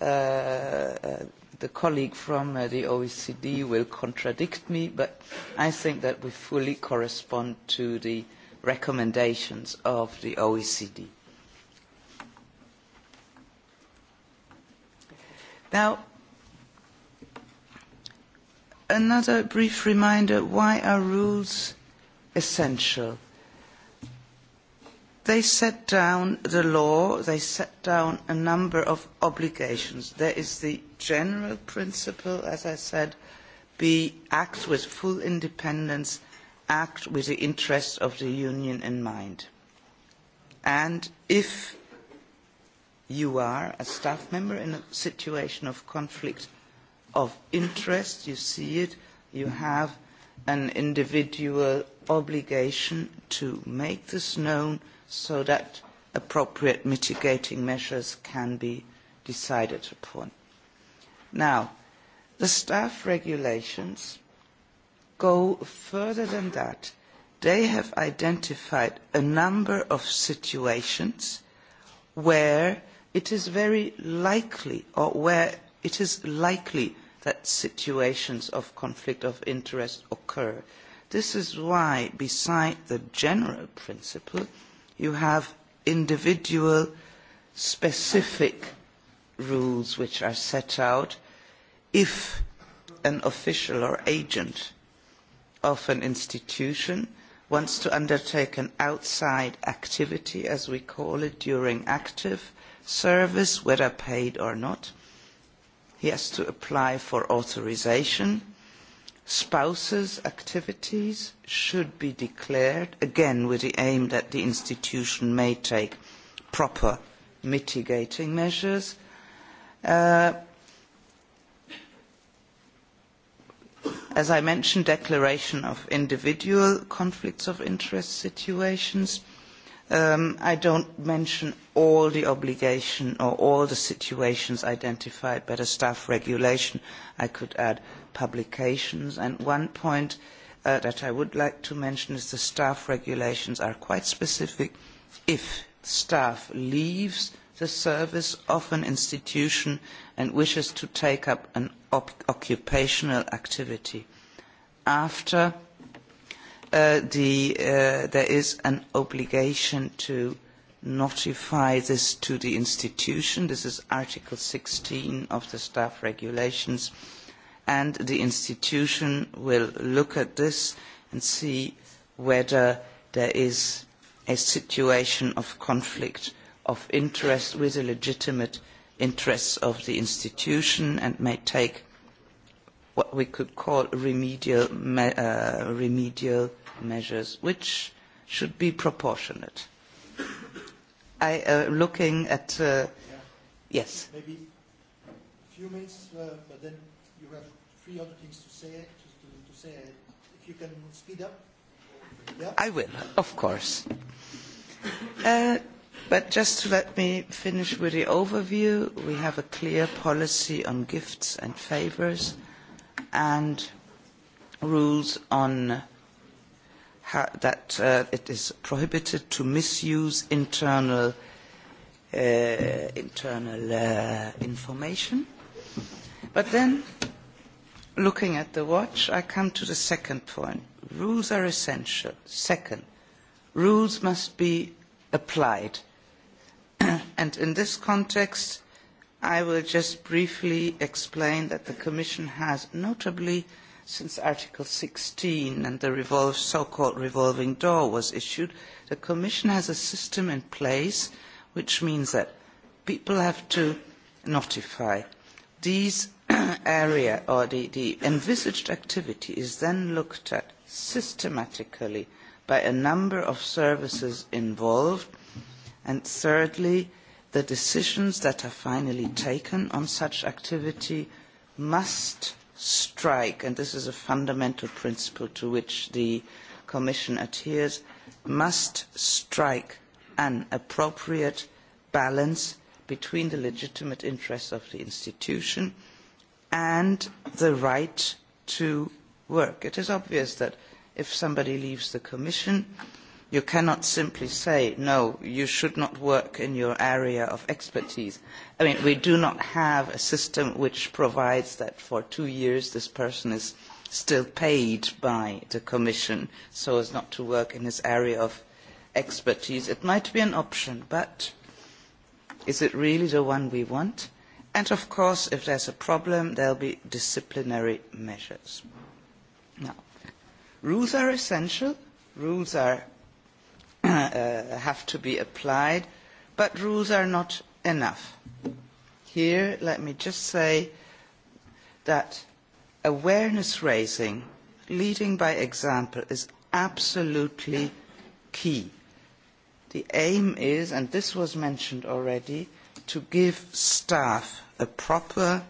Uh, uh, the colleague from uh, the OECD will contradict me, but I think that we fully correspond to the recommendations of the OECD. Now, another brief reminder, why are rules essential? Uh, they set down the law, they set down a number of obligations. There is the general principle, as I said, be act with full independence, act with the interests of the union in mind. And if you are a staff member in a situation of conflict of interest, you see it, you have an individual obligation to make this known so that appropriate mitigating measures can be decided upon. Now, the staff regulations go further than that. They have identified a number of situations where it is very likely or where it is likely that situations of conflict of interest occur. This is why, beside the general principle, you have individual specific rules which are set out if an official or agent of an institution wants to undertake an outside activity, as we call it, during active service, whether paid or not. He has to apply for authorization spouses activities should be declared again with the aim that the institution may take proper mitigating measures uh, as I mentioned declaration of individual conflicts of interest situations um, I don't mention all the obligation or all the situations identified by the staff regulation I could add publications. And one point uh, that I would like to mention is the staff regulations are quite specific. If staff leaves the service of an institution and wishes to take up an op occupational activity after uh, the, uh, there is an obligation to notify this to the institution. This is Article 16 of the staff regulations. Uh, and the institution will look at this and see whether there is a situation of conflict of interest with the legitimate interests of the institution and may take what we could call remedial, me uh, remedial measures, which should be proportionate. I am uh, looking at... Uh, yeah. Yes. Maybe a few minutes, uh, but then you have three other things to say. To, to, to say, if you can speed up. Yeah? I will, of course. Uh, but just to let me finish with the overview, we have a clear policy on gifts and favours and rules on how, that uh, it is prohibited to misuse internal, uh, internal uh, information. But then, looking at the watch, I come to the second point. Rules are essential. Second, rules must be applied. and in this context, I will just briefly explain that the Commission has, notably since Article 16 and the revolve, so-called revolving door was issued, the Commission has a system in place which means that people have to notify. These area or the, the envisaged activity is then looked at systematically by a number of services involved. And thirdly, the decisions that are finally taken on such activity must strike, and this is a fundamental principle to which the Commission adheres, must strike an appropriate balance between the legitimate interests of the institution and the right to work. It is obvious that if somebody leaves the Commission, you cannot simply say, no, you should not work in your area of expertise. I mean, we do not have a system which provides that for two years this person is still paid by the Commission so as not to work in his area of expertise. It might be an option, but is it really the one we want? and of course if there is a problem there will be disciplinary measures. Now, rules are essential, rules are, uh, have to be applied, but rules are not enough. Here, let me just say that awareness raising, leading by example, is absolutely key. The aim is, and this was mentioned already, to give staff a proper,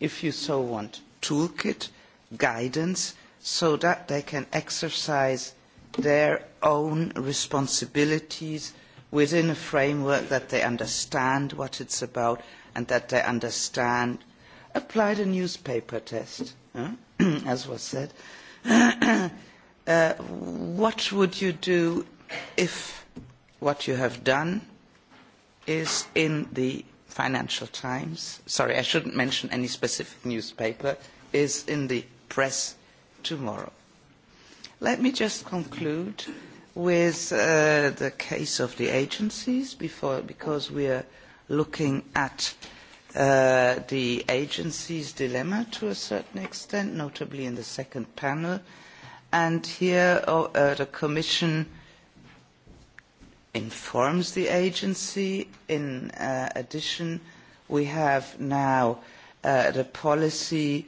if you so want, toolkit, guidance, so that they can exercise their own responsibilities within a framework that they understand what it's about and that they understand. Apply the newspaper test, huh? as was said. uh, what would you do if what you have done is in the Financial Times, sorry, I shouldn't mention any specific newspaper, is in the press tomorrow. Let me just conclude with uh, the case of the agencies before, because we are looking at uh, the agency's dilemma to a certain extent, notably in the second panel. And here, uh, the Commission uh, informs the agency. In uh, addition, we have now uh, the policy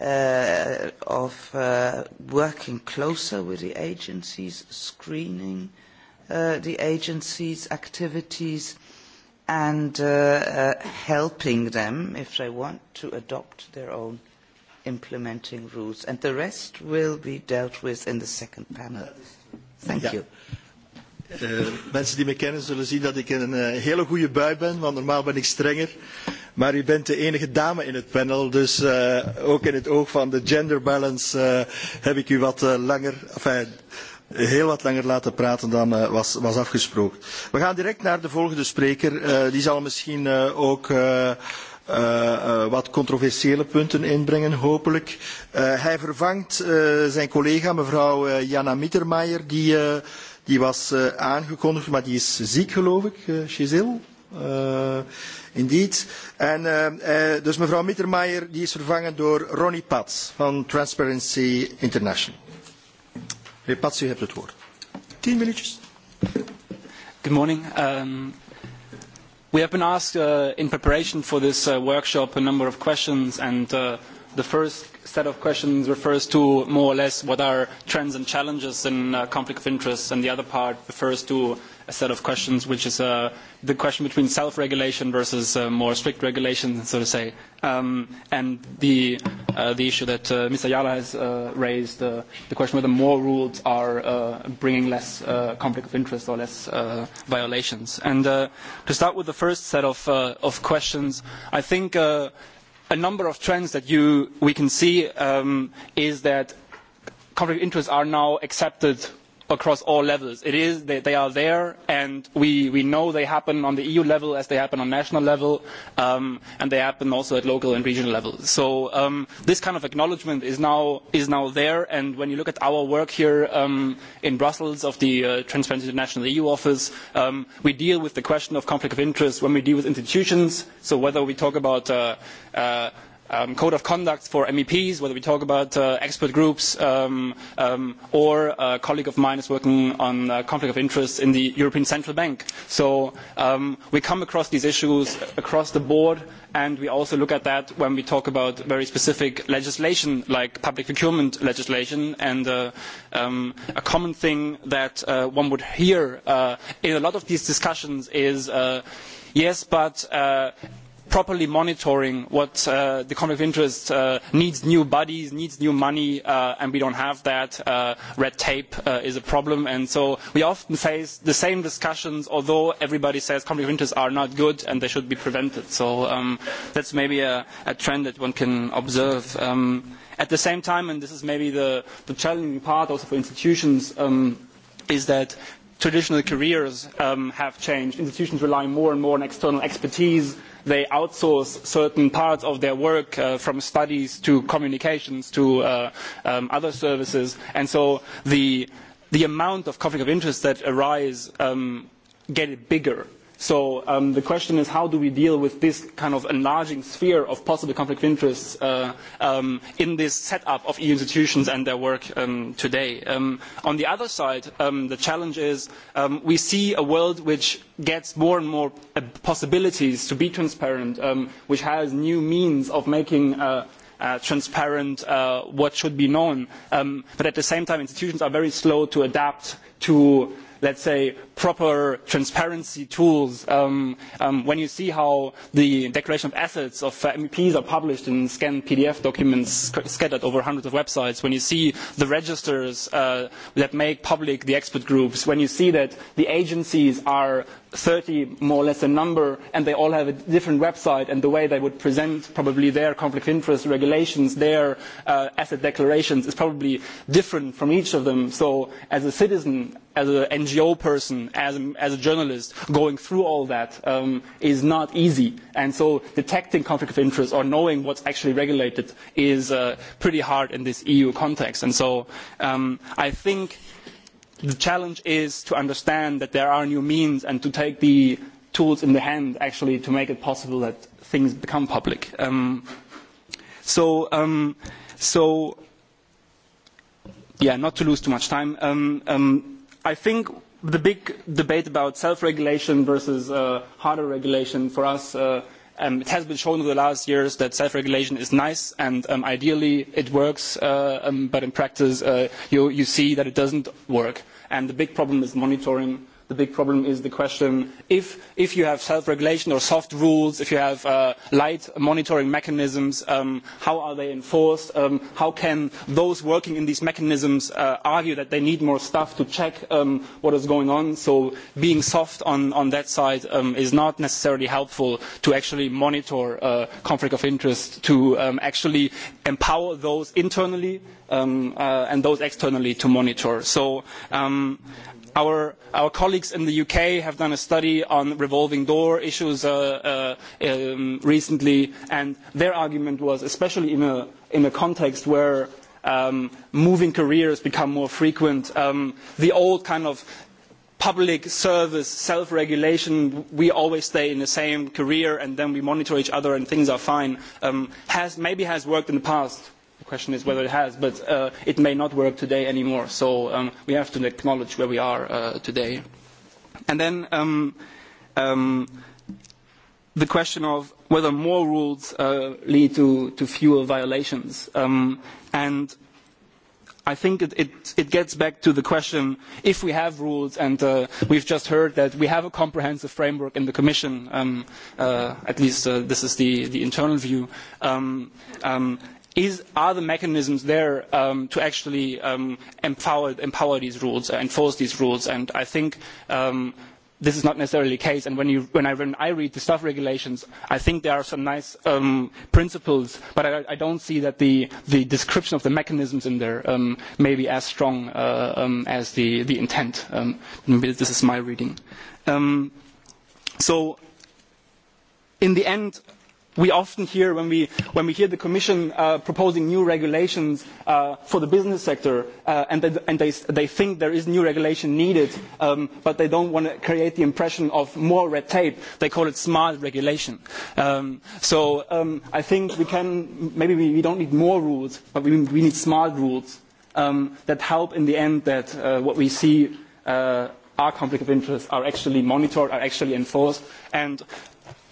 uh, of uh, working closer with the agencies, screening uh, the agency's activities and uh, uh, helping them if they want to adopt their own implementing rules. And the rest will be dealt with in the second panel. Thank yeah. you. Eh, mensen die me kennen zullen zien dat ik in een uh, hele goede bui ben, want normaal ben ik strenger. Maar u bent de enige dame in het panel, dus uh, ook in het oog van de gender balance uh, heb ik u wat uh, langer, enfin, heel wat langer laten praten dan uh, was, was afgesproken. We gaan direct naar de volgende spreker. Uh, die zal misschien uh, ook. Uh, uh, uh, wat controversiële punten inbrengen, hopelijk. Uh, hij vervangt uh, zijn collega, mevrouw uh, Jana Mittermeijer, die uh, Die was uh, aangekondigd, maar die is ziek, geloof ik, Chisil. Eh, uh, eh, uh, indeed. En, uh, uh, dus mevrouw Mittermeijer die is vervangen door Ronnie Pats van Transparency International. Meneer Pats, u hebt het woord. Tien minuutjes. Good morning. Um, we have been asked uh, in preparation for this uh, workshop a number of questions and uh, the first set of questions refers to more or less what are trends and challenges in uh, conflict of interest, and the other part refers to a set of questions, which is uh, the question between self-regulation versus uh, more strict regulation, so to say, um, and the, uh, the issue that uh, Mr. Yala has uh, raised, uh, the question whether more rules are uh, bringing less uh, conflict of interest or less uh, violations. And uh, to start with the first set of, uh, of questions, I think uh, a number of trends that you, we can see um, is that conflict interests are now accepted across all levels. It is, they, they are there, and we, we know they happen on the EU level as they happen on national level, um, and they happen also at local and regional level. So um, this kind of acknowledgement is now, is now there, and when you look at our work here um, in Brussels of the uh, Transparency International EU office, um, we deal with the question of conflict of interest when we deal with institutions, so whether we talk about uh, uh, um, code of conduct for MEPs, whether we talk about uh, expert groups um, um, or a colleague of mine is working on uh, conflict of interest in the European Central Bank. So um, we come across these issues across the board and we also look at that when we talk about very specific legislation like public procurement legislation and uh, um, a common thing that uh, one would hear uh, in a lot of these discussions is uh, yes, but uh, properly monitoring what uh, the conflict of interest uh, needs new bodies, needs new money, uh, and we don't have that. Uh, red tape uh, is a problem. And so we often face the same discussions, although everybody says conflict of interest are not good and they should be prevented. So um, that's maybe a, a trend that one can observe. Um, at the same time, and this is maybe the, the challenging part also for institutions, um, is that traditional careers um, have changed. Institutions rely more and more on external expertise they outsource certain parts of their work uh, from studies to communications to uh, um, other services. And so the, the amount of conflict of interest that arise um, get bigger So um, the question is, how do we deal with this kind of enlarging sphere of possible conflict of interests uh, um, in this setup of EU institutions and their work um, today? Um, on the other side, um, the challenge is um, we see a world which gets more and more uh, possibilities to be transparent, um, which has new means of making uh, uh, transparent uh, what should be known. Um, but at the same time, institutions are very slow to adapt to, let's say, proper transparency tools. Um, um, when you see how the declaration of assets of uh, MEPs are published in scanned PDF documents scattered over hundreds of websites, when you see the registers uh, that make public the expert groups, when you see that the agencies are 30 more or less a number and they all have a different website and the way they would present probably their conflict of interest regulations, their uh, asset declarations is probably different from each of them. So as a citizen, as an NGO person, as a, as a journalist going through all that um, is not easy. And so detecting conflict of interest or knowing what's actually regulated is uh, pretty hard in this EU context. And so um, I think the challenge is to understand that there are new means and to take the tools in the hand actually to make it possible that things become public. Um, so, um, so, yeah, not to lose too much time. Um, um, I think the big debate about self-regulation versus uh, harder regulation for us, uh, um, it has been shown over the last years that self-regulation is nice and um, ideally it works, uh, um, but in practice uh, you, you see that it doesn't work. And the big problem is monitoring the big problem is the question if, if you have self regulation or soft rules, if you have uh, light monitoring mechanisms, um, how are they enforced? Um, how can those working in these mechanisms uh, argue that they need more stuff to check um, what is going on? So, being soft on, on that side um, is not necessarily helpful to actually monitor uh, conflict of interest, to um, actually empower those internally um, uh, and those externally to monitor. So, um, our our colleagues in the UK have done a study on revolving door issues uh, uh, um, recently, and their argument was especially in a in a context where um, moving careers become more frequent, um, the old kind of public service self regulation we always stay in the same career and then we monitor each other and things are fine um, has maybe has worked in the past The question is whether it has, but uh, it may not work today anymore. So um, we have to acknowledge where we are uh, today. And then um, um, the question of whether more rules uh, lead to, to fewer violations. Um, and I think it, it, it gets back to the question if we have rules, and uh, we've just heard that we have a comprehensive framework in the Commission, um, uh, at least uh, this is the, the internal view. Um, um, is, are the mechanisms there um, to actually um, empower, empower these rules, uh, enforce these rules? And I think um, this is not necessarily the case. And when, you, when, I, when I read the staff regulations, I think there are some nice um, principles, but I, I don't see that the, the description of the mechanisms in there um, may be as strong uh, um, as the, the intent. Um, this is my reading. Um, so, in the end, we often hear when we, when we hear the commission uh, proposing new regulations uh, for the business sector uh, and, they, and they, they think there is new regulation needed um, but they don't want to create the impression of more red tape they call it smart regulation um, so um, i think we can maybe we, we don't need more rules but we, we need smart rules um, that help in the end that uh, what we see uh, our conflict of interests are actually monitored, are actually enforced. And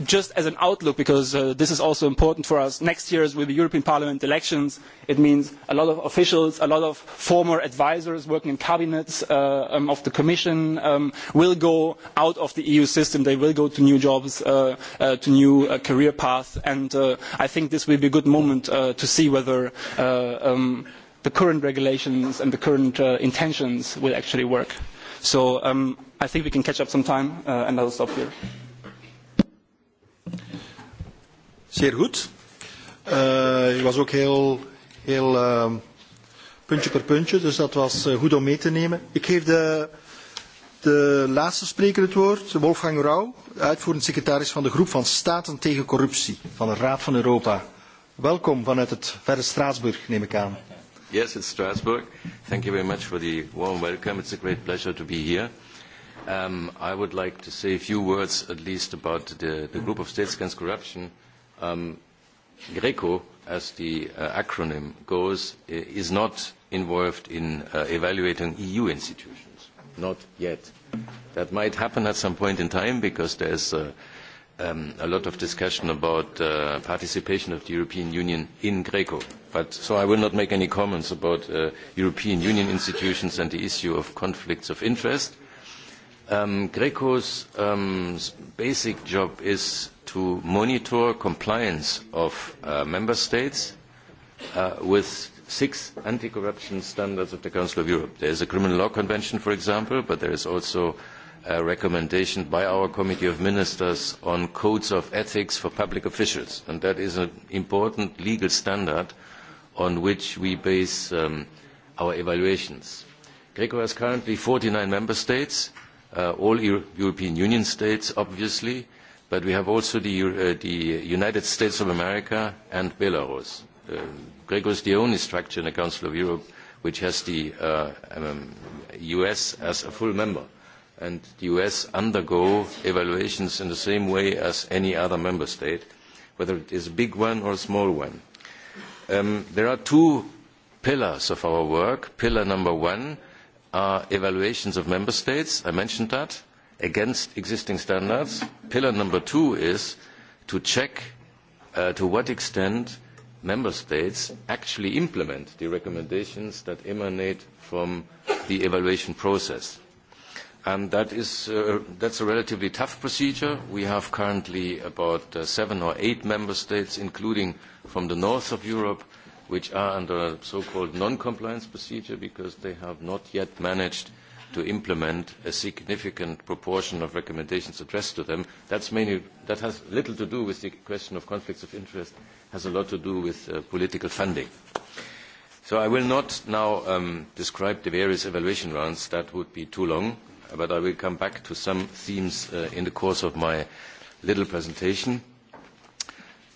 just as an outlook, because uh, this is also important for us, next year's will be European Parliament elections. It means a lot of officials, a lot of former advisors working in cabinets uh, um, of the Commission um, will go out of the EU system. They will go to new jobs, uh, uh, to new uh, career paths. And uh, I think this will be a good moment uh, to see whether uh, um, the current regulations and the current uh, intentions will actually work. So um, I think we can catch up some time, uh, and I'll stop here. Zeer goed. Uh, eh, je was ook heel, heel uh, puntje per puntje, dus dat was uh, goed om mee te nemen. Ik geef de, de laatste spreker het woord, Wolfgang Rauw, uitvoerend secretaris van de groep van Staten tegen Corruptie van de Raad van Europa. Welkom vanuit het verre Straatsburg, neem ik aan. Yes, it's Strasbourg. Thank you very much for the warm welcome. It's a great pleasure to be here. Um, I would like to say a few words at least about the, the group of states against corruption. Um, GRECO, as the uh, acronym goes, is not involved in uh, evaluating EU institutions. Not yet. That might happen at some point in time because there is uh, um, a lot of discussion about uh, participation of the European Union in GRECO. But, so I will not make any comments about uh, European Union institutions and the issue of conflicts of interest. Um, Greco's um, basic job is to monitor compliance of uh, member states uh, with six anti-corruption standards of the Council of Europe. There is a criminal law convention, for example, but there is also a recommendation by our Committee of Ministers on codes of ethics for public officials. And that is an important legal standard on which we base um, our evaluations. Greco has currently 49 member states uh, all Euro European Union states, obviously, but we have also the, uh, the United States of America and Belarus. Uh, Gregor is the only structure in the Council of Europe which has the uh, um, U.S. as a full member, and the U.S. undergo evaluations in the same way as any other member state, whether it is a big one or a small one. Um, there are two pillars of our work. Pillar number one are evaluations of member states i mentioned that against existing standards. pillar number two is to check uh, to what extent member states actually implement the recommendations that emanate from the evaluation process. And that is, uh, that's a relatively tough procedure. We have currently about uh, seven or eight member states, including from the north of Europe, which are under a so-called non-compliance procedure because they have not yet managed to implement a significant proportion of recommendations addressed to them. That's mainly, that has little to do with the question of conflicts of interest, has a lot to do with uh, political funding. So I will not now um, describe the various evaluation rounds. That would be too long. But I will come back to some themes uh, in the course of my little presentation.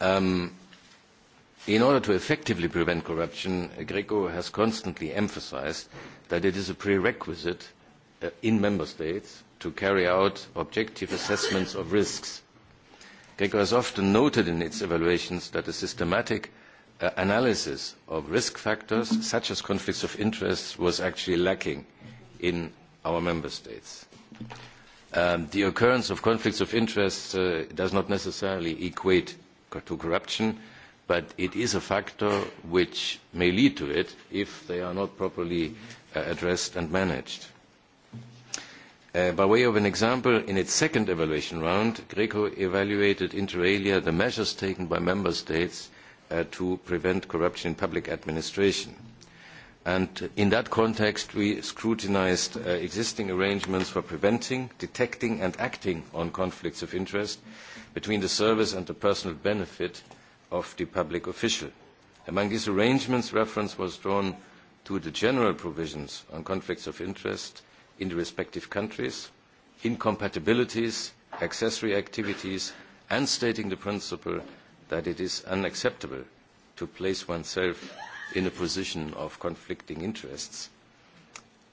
Um, In order to effectively prevent corruption, Greco has constantly emphasized that it is a prerequisite uh, in member states to carry out objective assessments of risks. Greco has often noted in its evaluations that a systematic uh, analysis of risk factors, such as conflicts of interest, was actually lacking in our member states. Um, the occurrence of conflicts of interest uh, does not necessarily equate to corruption, uh, but it is a factor which may lead to it if they are not properly uh, addressed and managed. Uh, by way of an example, in its second evaluation round, GRECO evaluated inter alia the measures taken by member states uh, to prevent corruption in public administration. And in that context, we scrutinized uh, existing arrangements for preventing, detecting, and acting on conflicts of interest between the service and the personal benefit of the public official. Among these arrangements, reference was drawn to the general provisions on conflicts of interest in the respective countries, incompatibilities, accessory activities, and stating the principle that it is unacceptable to place oneself in a position of conflicting interests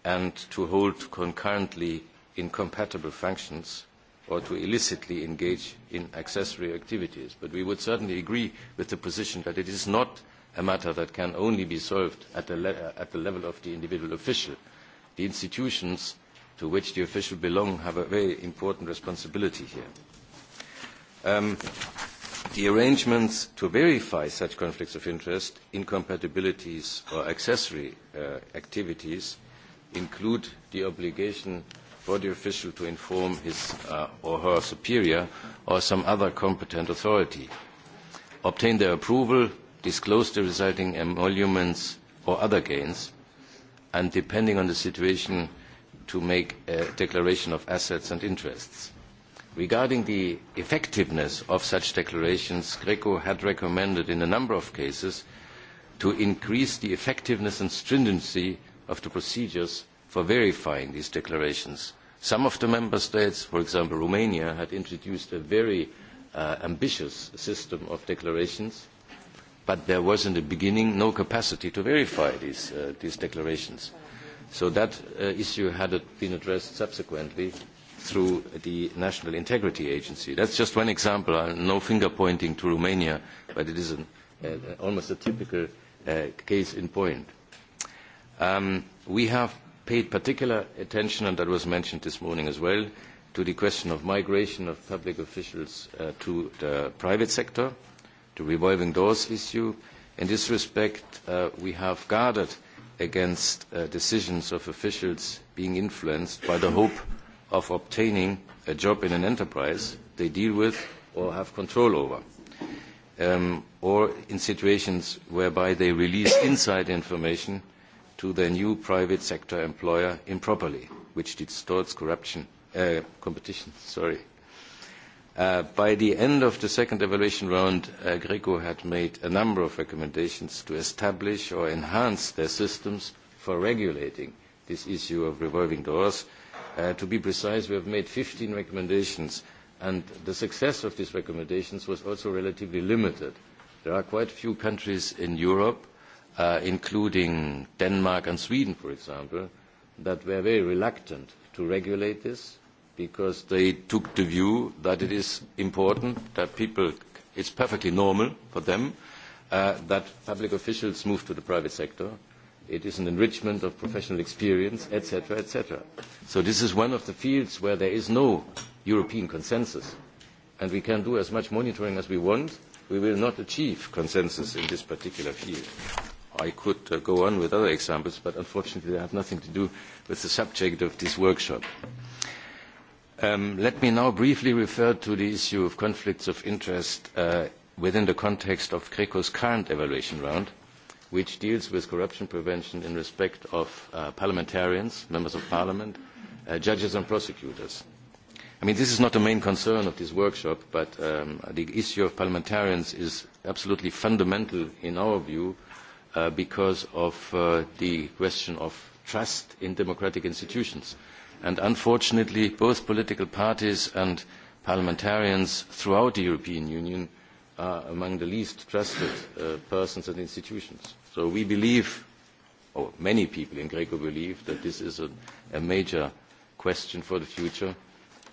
and to hold concurrently incompatible functions or to illicitly engage in accessory activities. But we would certainly agree with the position that it is not a matter that can only be solved at the, le uh, at the level of the individual official. The institutions to which the official belong have a very important responsibility here. Um, the arrangements to verify such conflicts of interest, incompatibilities or accessory uh, activities include the obligation body official to inform his uh, or her superior or some other competent authority, obtain their approval, disclose the resulting emoluments or other gains, and depending on the situation, to make a declaration of assets and interests. Regarding the effectiveness of such declarations, Greco had recommended in a number of cases to increase the effectiveness and stringency of the procedures for verifying these declarations. Some of the member states, for example Romania, had introduced a very uh, ambitious system of declarations, but there was in the beginning no capacity to verify these, uh, these declarations. So that uh, issue had been addressed subsequently through the National Integrity Agency. That's just one example. No finger pointing to Romania, but it is an, uh, almost a typical uh, case in point. Um, we have paid particular attention, and that was mentioned this morning as well, to the question of migration of public officials uh, to the private sector, the revolving doors issue. In this respect, uh, we have guarded against uh, decisions of officials being influenced by the hope of obtaining a job in an enterprise they deal with or have control over, um, or in situations whereby they release inside information to their new private sector employer improperly, which distorts corruption, uh, competition. Sorry. Uh, by the end of the second evaluation round, uh, Greco had made a number of recommendations to establish or enhance their systems for regulating this issue of revolving doors. Uh, to be precise, we have made 15 recommendations, and the success of these recommendations was also relatively limited. There are quite a few countries in Europe Uh, including Denmark and Sweden, for example, that were very reluctant to regulate this because they took the view that it is important that people, it's perfectly normal for them, uh, that public officials move to the private sector. It is an enrichment of professional experience, et cetera, et cetera. This is one of the fields where there is no European consensus, and we can do as much monitoring as we want. We will not achieve consensus in this particular field. I could uh, go on with other examples, but unfortunately they have nothing to do with the subject of this workshop. Um, let me now briefly refer to the issue of conflicts of interest uh, within the context of CRECO's current evaluation round, which deals with corruption prevention in respect of uh, parliamentarians, members of parliament, uh, judges and prosecutors. I mean, this is not the main concern of this workshop, but um, the issue of parliamentarians is absolutely fundamental in our view Uh, because of uh, the question of trust in democratic institutions. And unfortunately, both political parties and parliamentarians throughout the European Union are among the least trusted uh, persons and institutions. So we believe, or many people in Greco believe, that this is a, a major question for the future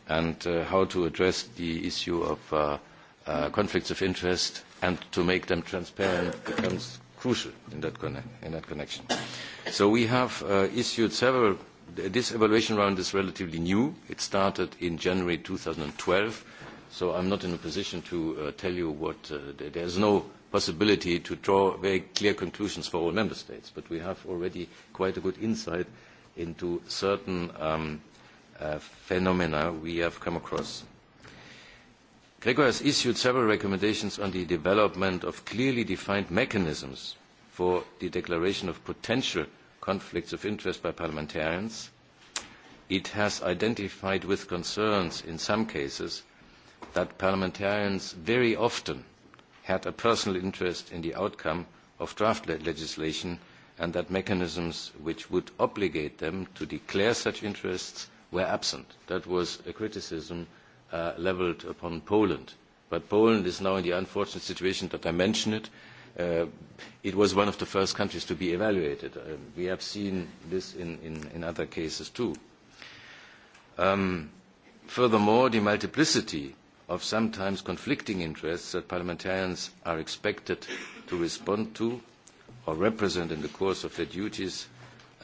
and uh, how to address the issue of uh, uh, conflicts of interest and to make them transparent becomes crucial in that, connect, in that connection. So we have uh, issued several, this evaluation round is relatively new. It started in January 2012. So I'm not in a position to uh, tell you what, uh, there's no possibility to draw very clear conclusions for all member states. But we have already quite a good insight into certain um, uh, phenomena we have come across greco has issued several recommendations on the development of clearly defined mechanisms for the declaration of potential conflicts of interest by parliamentarians. it has identified with concerns in some cases that parliamentarians very often had a personal interest in the outcome of draft legislation and that mechanisms which would obligate them to declare such interests were absent. that was a criticism uh, leveled upon Poland. But Poland is now in the unfortunate situation that I mentioned it. Uh, it was one of the first countries to be evaluated. Uh, we have seen this in, in, in other cases too. Um, furthermore, the multiplicity of sometimes conflicting interests that parliamentarians are expected to respond to or represent in the course of their duties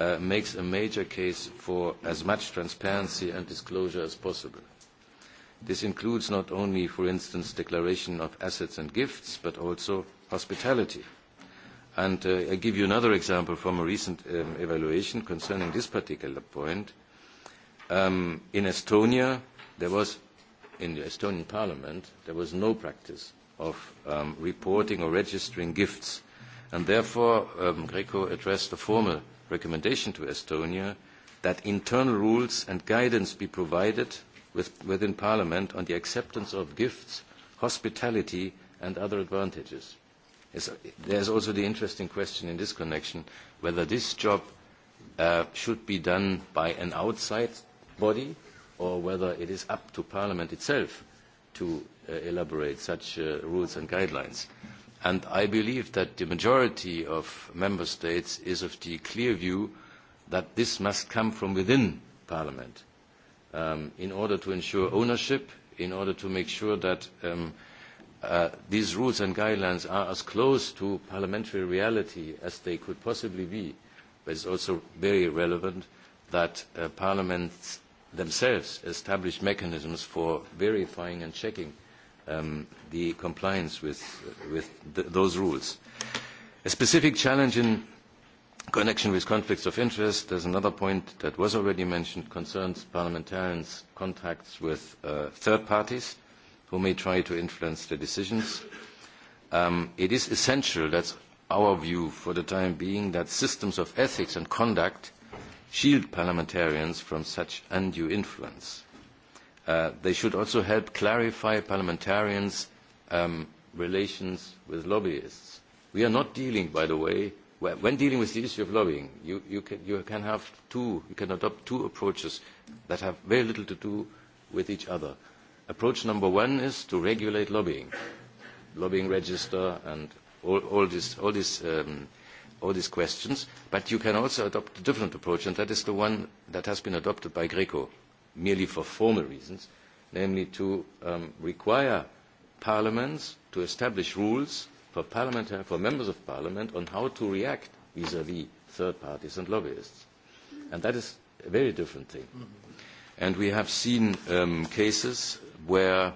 uh, makes a major case for as much transparency and disclosure as possible. This includes not only, for instance, declaration of assets and gifts, but also hospitality. And uh, I give you another example from a recent um, evaluation concerning this particular point. Um, in Estonia, there was, in the Estonian parliament, there was no practice of um, reporting or registering gifts. And therefore, um, Greco addressed a formal recommendation to Estonia that internal rules and guidance be provided within Parliament on the acceptance of gifts, hospitality and other advantages. It's, there's also the interesting question in this connection whether this job uh, should be done by an outside body or whether it is up to Parliament itself to uh, elaborate such uh, rules and guidelines. And I believe that the majority of Member States is of the clear view that this must come from within Parliament. Um, in order to ensure ownership, in order to make sure that um, uh, these rules and guidelines are as close to parliamentary reality as they could possibly be. But it's also very relevant that uh, parliaments themselves establish mechanisms for verifying and checking um, the compliance with, uh, with th those rules. A specific challenge in connection with conflicts of interest, there's another point that was already mentioned, concerns parliamentarians' contacts with uh, third parties who may try to influence the decisions. Um, it is essential, that's our view for the time being, that systems of ethics and conduct shield parliamentarians from such undue influence. Uh, they should also help clarify parliamentarians' um, relations with lobbyists. We are not dealing, by the way, when dealing with the issue of lobbying, you, you, can, you can have two, you can adopt two approaches that have very little to do with each other. Approach number one is to regulate lobbying, lobbying register and all, all, this, all, this, um, all these questions. But you can also adopt a different approach, and that is the one that has been adopted by Greco, merely for formal reasons, namely to um, require parliaments to establish rules for parliamentary uh, for members of parliament on how to react vis-à-vis third parties and lobbyists, and that is a very different thing. Mm-hmm. And we have seen um, cases where,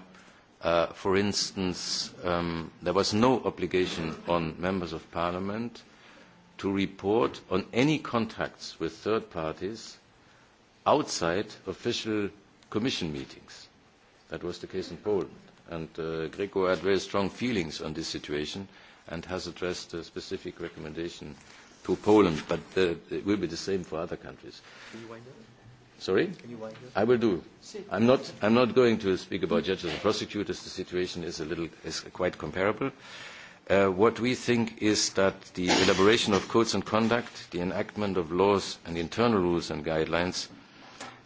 uh, for instance, um, there was no obligation on members of parliament to report on any contacts with third parties outside official commission meetings. That was the case in Poland. Uh, GRECO had very strong feelings on this situation and has addressed a specific recommendation to Poland, but uh, it will be the same for other countries. Can you wind up? Sorry? Can you wind up? I will do. I'm not, I'm not going to speak about judges and prosecutors. The situation is, a little, is quite comparable. Uh, what we think is that the elaboration of codes and conduct, the enactment of laws and internal rules and guidelines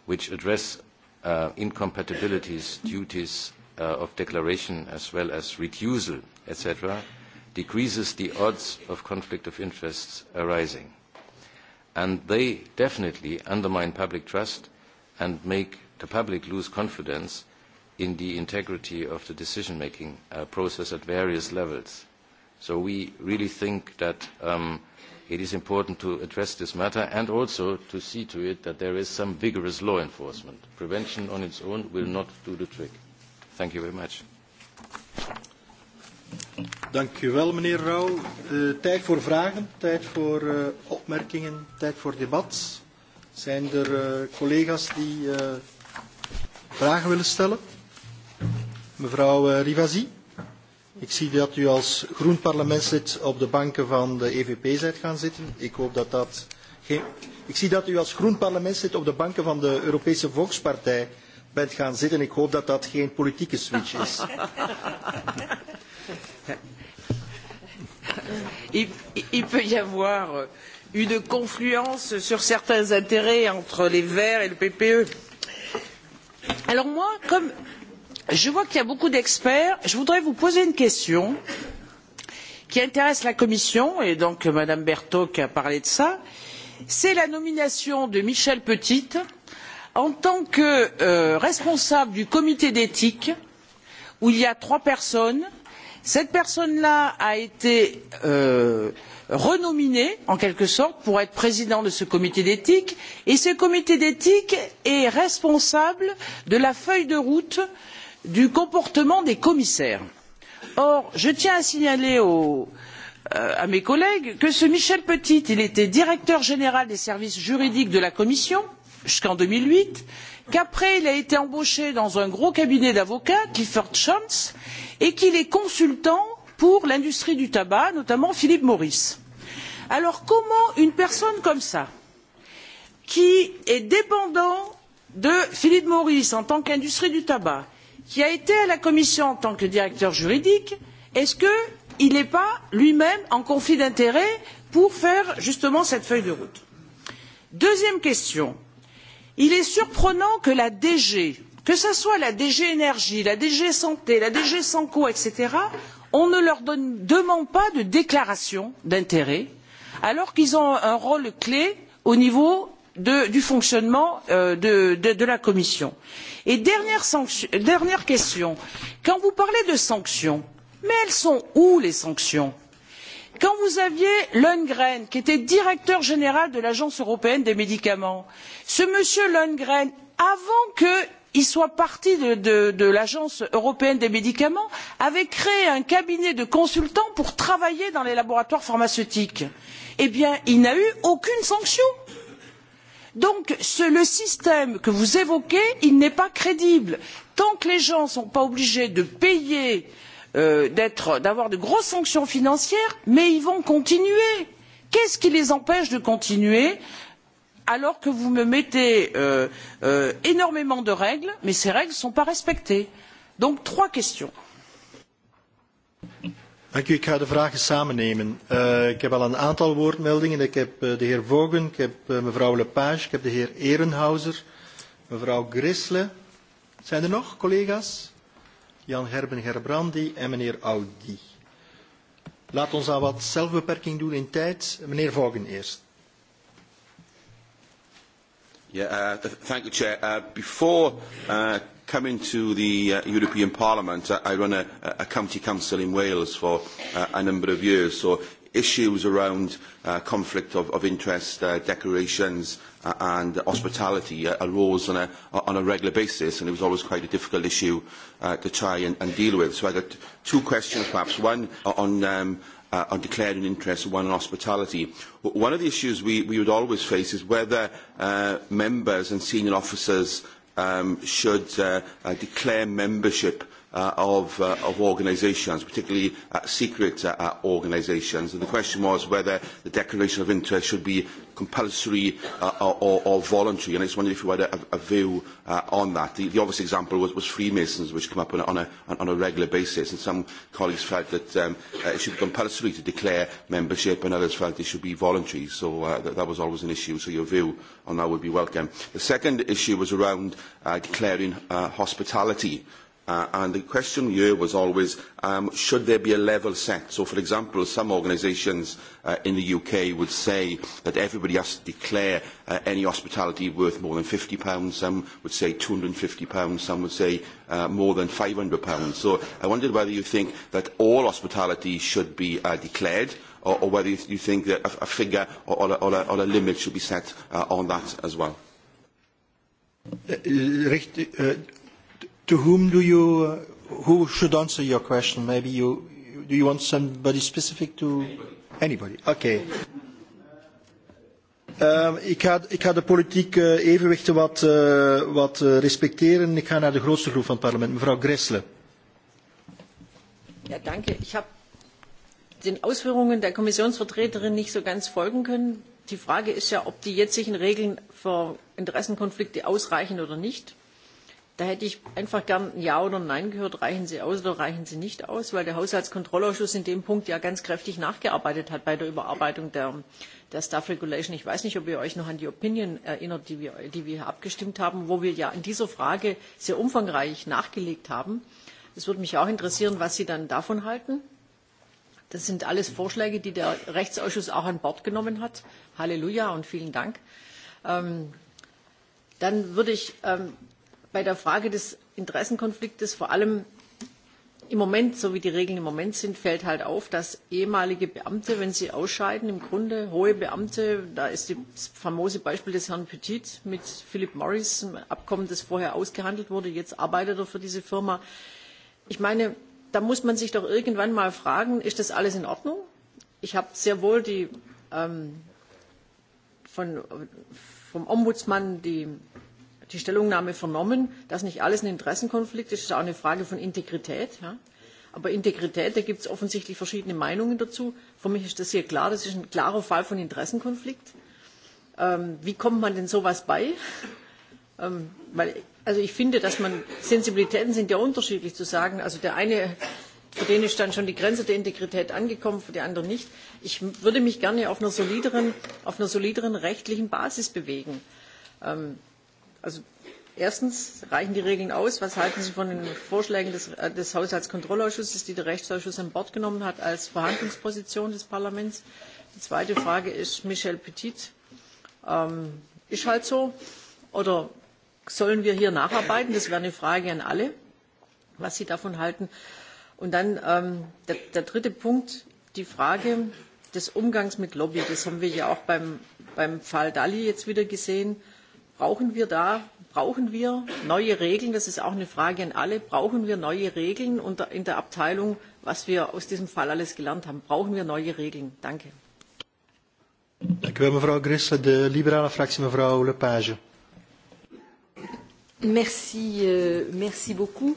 which address uh, incompatibilities, duties uh, of declaration as well as recusal, etc., decreases the odds of conflict of interests arising. And they definitely undermine public trust and make the public lose confidence in the integrity of the decision-making uh, process at various levels. So we really think that um, it is important to address this matter and also to see to it that there is some vigorous law enforcement. Prevention on its own will not do the trick. Thank you very much. Dank u wel, meneer Rauw. Uh, tijd voor vragen, tijd voor uh, opmerkingen, tijd voor debat. Zijn er uh, collega's die uh, vragen willen stellen? Mevrouw uh, Rivasi, ik zie dat u als groen parlementslid op de banken van de EVP bent gaan zitten. Ik hoop dat dat geen... Ik zie dat u als groen parlementslid op de banken van de Europese Volkspartij bent gaan zitten. Ik hoop dat dat geen politieke switch is. Il peut y avoir une confluence sur certains intérêts entre les Verts et le PPE. Alors moi, comme je vois qu'il y a beaucoup d'experts, je voudrais vous poser une question qui intéresse la Commission, et donc Madame Berthaud qui a parlé de ça. C'est la nomination de Michel Petite en tant que euh, responsable du comité d'éthique où il y a trois personnes cette personne là a été euh, renommée en quelque sorte pour être présidente de ce comité d'éthique et ce comité d'éthique est responsable de la feuille de route du comportement des commissaires. or je tiens à signaler au, euh, à mes collègues que ce michel petite il était directeur général des services juridiques de la commission jusqu'en deux mille huit qu'après il a été embauché dans un gros cabinet d'avocats clifford chance et qu'il est consultant pour l'industrie du tabac notamment philip morris. alors comment une personne comme cela qui est dépendant de philip morris en tant qu'industrie du tabac qui a été à la commission en tant que directeur juridique est ce qu'il n'est pas lui même en conflit d'intérêts pour faire justement cette feuille de route? deuxième question il est surprenant que la dg que ce soit la dg énergie la dg santé la dg sanco etc. on ne leur demande pas de déclaration d'intérêts alors qu'ils ont un rôle clé au niveau du fonctionnement euh, de, de, de la commission. et dernière, dernière question quand vous parlez de sanctions mais elles sont où les sanctions? quand vous aviez lundgren qui était directeur général de l'agence européenne des médicaments ce monsieur lundgren avant qu'il ne soit parti de l'agence européenne des médicaments avait créé un cabinet de consultants pour travailler dans les laboratoires pharmaceutiques. eh bien il n'a eu aucune sanction. donc le système que vous évoquez n'est pas crédible. tant que les gens ne sont pas obligés de payer Euh, d'avoir de grosses sanctions financières mais ils vont continuer. qu'est ce qui les empêche de continuer alors que vous me mettez euh, euh, énormément de règles mais ces règles ne sont pas respectées? donc trois questions. ik ga de vragen samennemen. Eh, ik heb al een aantal woordmeldingen. ik heb eh, de heer vaughan ik heb eh, mevrouw lepage ik heb de heer ehrenhauser mevrouw grissle. zijn er nog collega's? Jan Herben Gerbrandi en meneer Audi. Laat ons aan wat zelfbeperking doen in tijd. Meneer Vaughan eerst. Yeah, uh, th thank you, Chair. Uh, before uh, coming to the uh, European Parliament, I, uh, I run a, a county council in Wales for uh, a number of years. So issues around uh, conflict of, of interest uh, decorations uh, and hospitality uh, arose on a, on a regular basis and it was always quite a difficult issue uh, to try and, and deal with. So I got two questions perhaps, one uh, on, um, uh, on declared an interest and one on hospitality. One of the issues we, we would always face is whether uh, members and senior officers um, should uh, uh, declare membership uh, of, uh, of organisations, particularly uh, secret uh, uh organisations. And the question was whether the declaration of interest should be compulsory uh, or, or voluntary. And I just wondered if you had a, a view uh, on that. The, the obvious example was, was Freemasons, which come up on a, on, a, on a regular basis. And some colleagues felt that um, uh, it should be compulsory to declare membership, and others felt it should be voluntary. So uh, th- that was always an issue. So your view on that would be welcome. The second issue was around uh, declaring uh, hospitality. Uh, and the question here was always, um, should there be a level set? So, for example, some organisations uh, in the UK would say that everybody has to declare uh, any hospitality worth more than £50. Some would say £250. Some would say uh, more than £500. So I wondered whether you think that all hospitality should be uh, declared or, or whether you think that a, a figure or, or, a, or, a, or a limit should be set uh, on that as well. Äh, äh, richtig, äh, To whom do you, uh, who should answer your question? Maybe you, do you want somebody specific to? Anybody. Anybody, okay. Um, ik, ga, ik ga de politieke uh, evenwichten wat, uh, wat uh, respecteren. Ik ga naar de grootste groep van het parlement, mevrouw Gressle. Ja, dank u. Ik heb de uitspraken der commissionsvertreterin niet zo ganz volgen kunnen. De vraag is ja of de jetzigen regeln voor interessenconflicten ausreichen of niet. Da hätte ich einfach gern ein Ja oder ein Nein gehört. Reichen Sie aus oder reichen Sie nicht aus? Weil der Haushaltskontrollausschuss in dem Punkt ja ganz kräftig nachgearbeitet hat bei der Überarbeitung der, der Staff Regulation. Ich weiß nicht, ob ihr euch noch an die Opinion erinnert, die wir, die wir abgestimmt haben, wo wir ja in dieser Frage sehr umfangreich nachgelegt haben. Es würde mich auch interessieren, was Sie dann davon halten. Das sind alles Vorschläge, die der Rechtsausschuss auch an Bord genommen hat. Halleluja und vielen Dank. Ähm, dann würde ich... Ähm, bei der Frage des Interessenkonfliktes vor allem im Moment, so wie die Regeln im Moment sind, fällt halt auf, dass ehemalige Beamte, wenn sie ausscheiden, im Grunde hohe Beamte, da ist das famose Beispiel des Herrn Petit mit Philip Morris, ein Abkommen, das vorher ausgehandelt wurde, jetzt arbeitet er für diese Firma. Ich meine, da muss man sich doch irgendwann mal fragen, ist das alles in Ordnung? Ich habe sehr wohl die, ähm, von, vom Ombudsmann die die Stellungnahme vernommen, dass nicht alles ein Interessenkonflikt ist. Das ist auch eine Frage von Integrität. Ja. Aber Integrität, da gibt es offensichtlich verschiedene Meinungen dazu. Für mich ist das sehr klar. Das ist ein klarer Fall von Interessenkonflikt. Ähm, wie kommt man denn sowas bei? Ähm, weil, also ich finde, dass man, Sensibilitäten sind ja unterschiedlich zu sagen. Also der eine, für den ist dann schon die Grenze der Integrität angekommen, für die anderen nicht. Ich würde mich gerne auf einer solideren, auf einer solideren rechtlichen Basis bewegen. Ähm, Also erstens reichen die Regeln aus. Was halten Sie von den Vorschlägen des, äh, des Haushaltskontrollausschusses, die der Rechtsausschuss an Bord genommen hat, als Verhandlungsposition des Parlaments? Die zweite Frage ist Michel Petit. Ähm, ist halt so. Oder sollen wir hier nacharbeiten? Das wäre eine Frage an alle, was Sie davon halten. Und dann ähm, der, der dritte Punkt, die Frage des Umgangs mit Lobby. Das haben wir ja auch beim, beim Fall Dali jetzt wieder gesehen brauchen wir da, brauchen wir neue Regeln? Das ist auch eine Frage an alle. Brauchen wir neue Regeln in der Abteilung, was wir aus diesem Fall alles gelernt haben? Brauchen wir neue Regeln? Danke. Danke, Frau Grisse. Die liberale Fraktion, Frau Lepage. Merci, euh, merci beaucoup.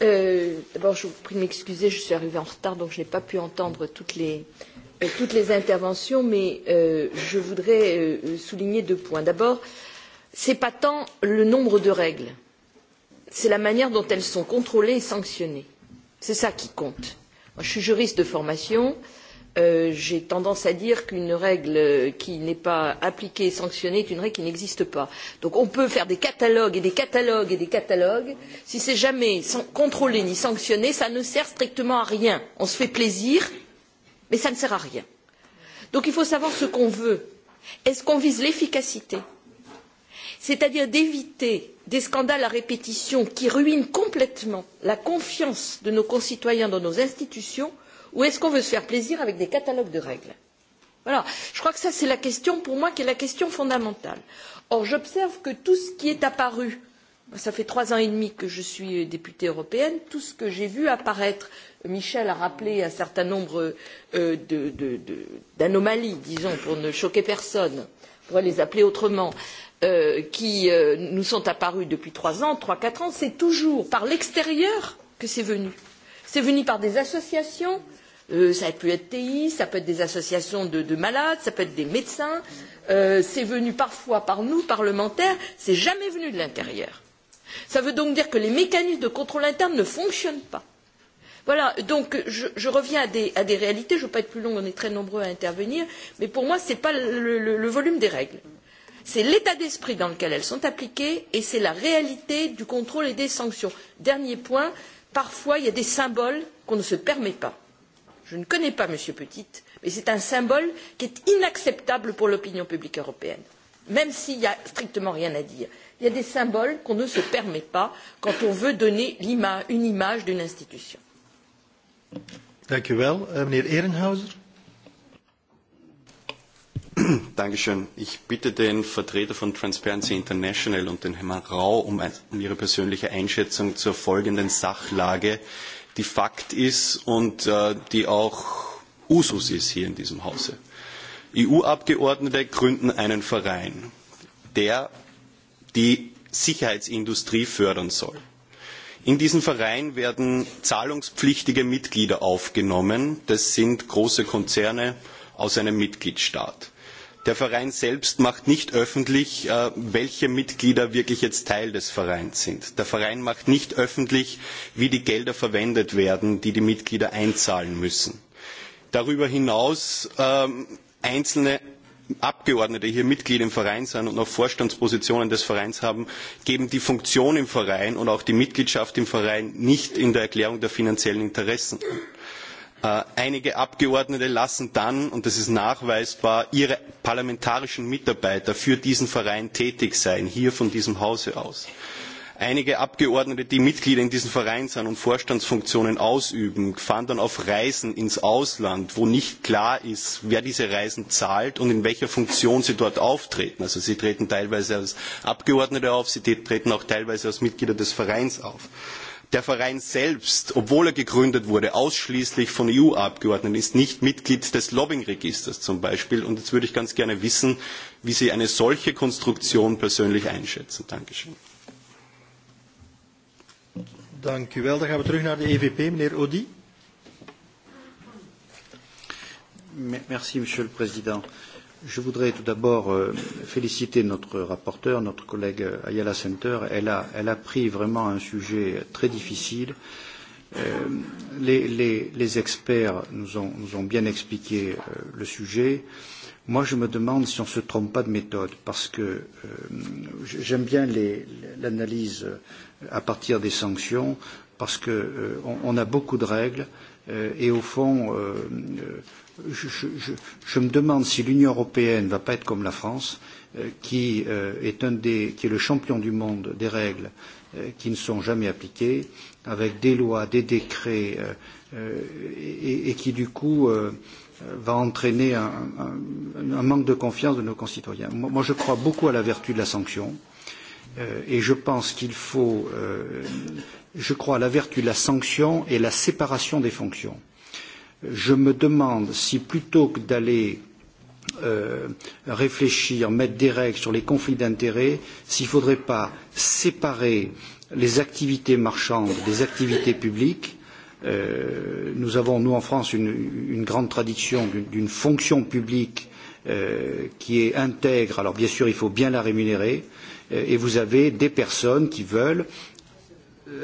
Euh, D'abord, je vous prie de m'excuser, je suis arrivée en retard, donc je n'ai pas pu entendre toutes les, euh, toutes les interventions, mais euh, je voudrais euh, souligner deux points. D'abord, euh, ce n'est pas tant le nombre de règles c'est la manière dont elles sont contrôlées et sanctionnées c'est ça qui compte. je suis juriste de formation euh, j'ai tendance à dire qu'une règle qui n'est pas appliquée et sanctionnée est une règle qui n'existe pas. donc on peut faire des catalogues et des catalogues et des catalogues si c'est jamais contrôlé ni sanctionné ça ne sert strictement à rien. on se fait plaisir mais ça ne sert à rien. donc il faut savoir ce qu'on veut. est ce qu'on vise l'efficacité? c'est à dire d'éviter des scandales à répétition qui ruinent complètement la confiance de nos concitoyens dans nos institutions ou est ce qu'on veut se faire plaisir avec des catalogues de règles? je crois que c'est la question pour moi qui est la question fondamentale. or j'observe que tout ce qui est apparu cela fait trois ans et demi que je suis députée européenne tout ce que j'ai vu apparaître michel a rappelé un certain nombre euh, d'anomalies disons pour ne choquer personne on pourrait les appeler autrement Euh, qui euh, nous sont apparues depuis trois ans trois quatre ans c'est toujours par l'extérieur que c'est venu c'est venu par des associations euh, ça a pu être TI, ça peut être des associations de, de malades, ça peut être des médecins, euh, c'est venu parfois par nous, parlementaires, c'est jamais venu de l'intérieur. Ça veut donc dire que les mécanismes de contrôle interne ne fonctionnent pas. Voilà, donc je, je reviens à des, à des réalités, je ne veux pas être plus long, on est très nombreux à intervenir, mais pour moi, ce n'est pas le, le, le volume des règles c'est l'état d'esprit dans lequel elles sont appliquées et c'est la réalité du contrôle et des sanctions. dernier point parfois il y a des symboles qu'on ne se permet pas. je ne connais pas m. petite mais c'est un symbole qui est inacceptable pour l'opinion publique européenne même s'il n'y a strictement rien à dire. il y a des symboles qu'on ne se permet pas quand on veut donner une image d'une institution. Dankeschön. Ich bitte den Vertreter von Transparency International und den Herrn Rau um, ein, um ihre persönliche Einschätzung zur folgenden Sachlage, die Fakt ist und äh, die auch Usus ist hier in diesem Hause. EU-Abgeordnete gründen einen Verein, der die Sicherheitsindustrie fördern soll. In diesem Verein werden zahlungspflichtige Mitglieder aufgenommen. Das sind große Konzerne aus einem Mitgliedstaat. Der Verein selbst macht nicht öffentlich, äh, welche Mitglieder wirklich jetzt Teil des Vereins sind. Der Verein macht nicht öffentlich, wie die Gelder verwendet werden, die die Mitglieder einzahlen müssen. Darüber hinaus ähm, einzelne Abgeordnete hier Mitglied im Verein sind und auch Vorstandspositionen des Vereins haben, geben die Funktion im Verein und auch die Mitgliedschaft im Verein nicht in der Erklärung der finanziellen Interessen. Äh, einige abgeordnete lassen dann und das ist nachweisbar ihre parlamentarischen mitarbeiter für diesen verein tätig sein hier von diesem hause aus. einige abgeordnete die mitglieder in diesem verein sind und vorstandsfunktionen ausüben fahren dann auf reisen ins ausland wo nicht klar ist wer diese reisen zahlt und in welcher funktion sie dort auftreten. also sie treten teilweise als abgeordnete auf sie treten auch teilweise als mitglieder des vereins auf. Der Verein selbst, obwohl er gegründet wurde, ausschließlich von EU-Abgeordneten, ist nicht Mitglied des Lobbyingregisters zum Beispiel. Und jetzt würde ich ganz gerne wissen, wie Sie eine solche Konstruktion persönlich einschätzen. Dankeschön. Danke wel. Dann gehen wir zurück nach der e EVP, Herr Audi. Merci, Monsieur le Président. Je voudrais tout d'abord euh, féliciter notre rapporteur, notre collègue Ayala Center. Elle a, elle a pris vraiment un sujet très difficile. Euh, les, les, les experts nous ont, nous ont bien expliqué euh, le sujet. Moi, je me demande si on ne se trompe pas de méthode, parce que euh, j'aime bien l'analyse à partir des sanctions, parce qu'on euh, on a beaucoup de règles, euh, et au fond, euh, je, je me demande si l'Union européenne ne va pas être comme la France, euh, qui, euh, est un des, qui est le champion du monde des règles euh, qui ne sont jamais appliquées, avec des lois, des décrets, euh, euh et, et qui, du coup, euh, va entraîner un, un, un manque de confiance de nos concitoyens. Moi, moi, je crois beaucoup à la vertu de la sanction, euh, et je pense qu'il faut. Euh, je crois à la vertu de la sanction et la séparation des fonctions je me demande si plutôt que d'aller euh, réfléchir, mettre des règles sur les conflits d'intérêts, s'il ne faudrait pas séparer les activités marchandes des activités publiques. Euh, nous avons, nous en France, une, une grande tradition d'une fonction publique euh, qui est intègre. Alors bien sûr, il faut bien la rémunérer. Euh, et vous avez des personnes qui veulent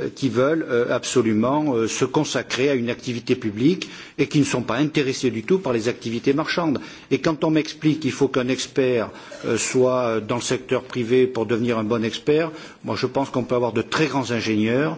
Euh, qui veulent euh, absolument euh, se consacrer à une activité publique et qui ne sont pas intéressés du tout par les activités marchandes. Et quand on m'explique qu'il faut qu'un expert soit dans le secteur privé pour devenir un bon expert, moi je pense qu'on peut avoir de très grands ingénieurs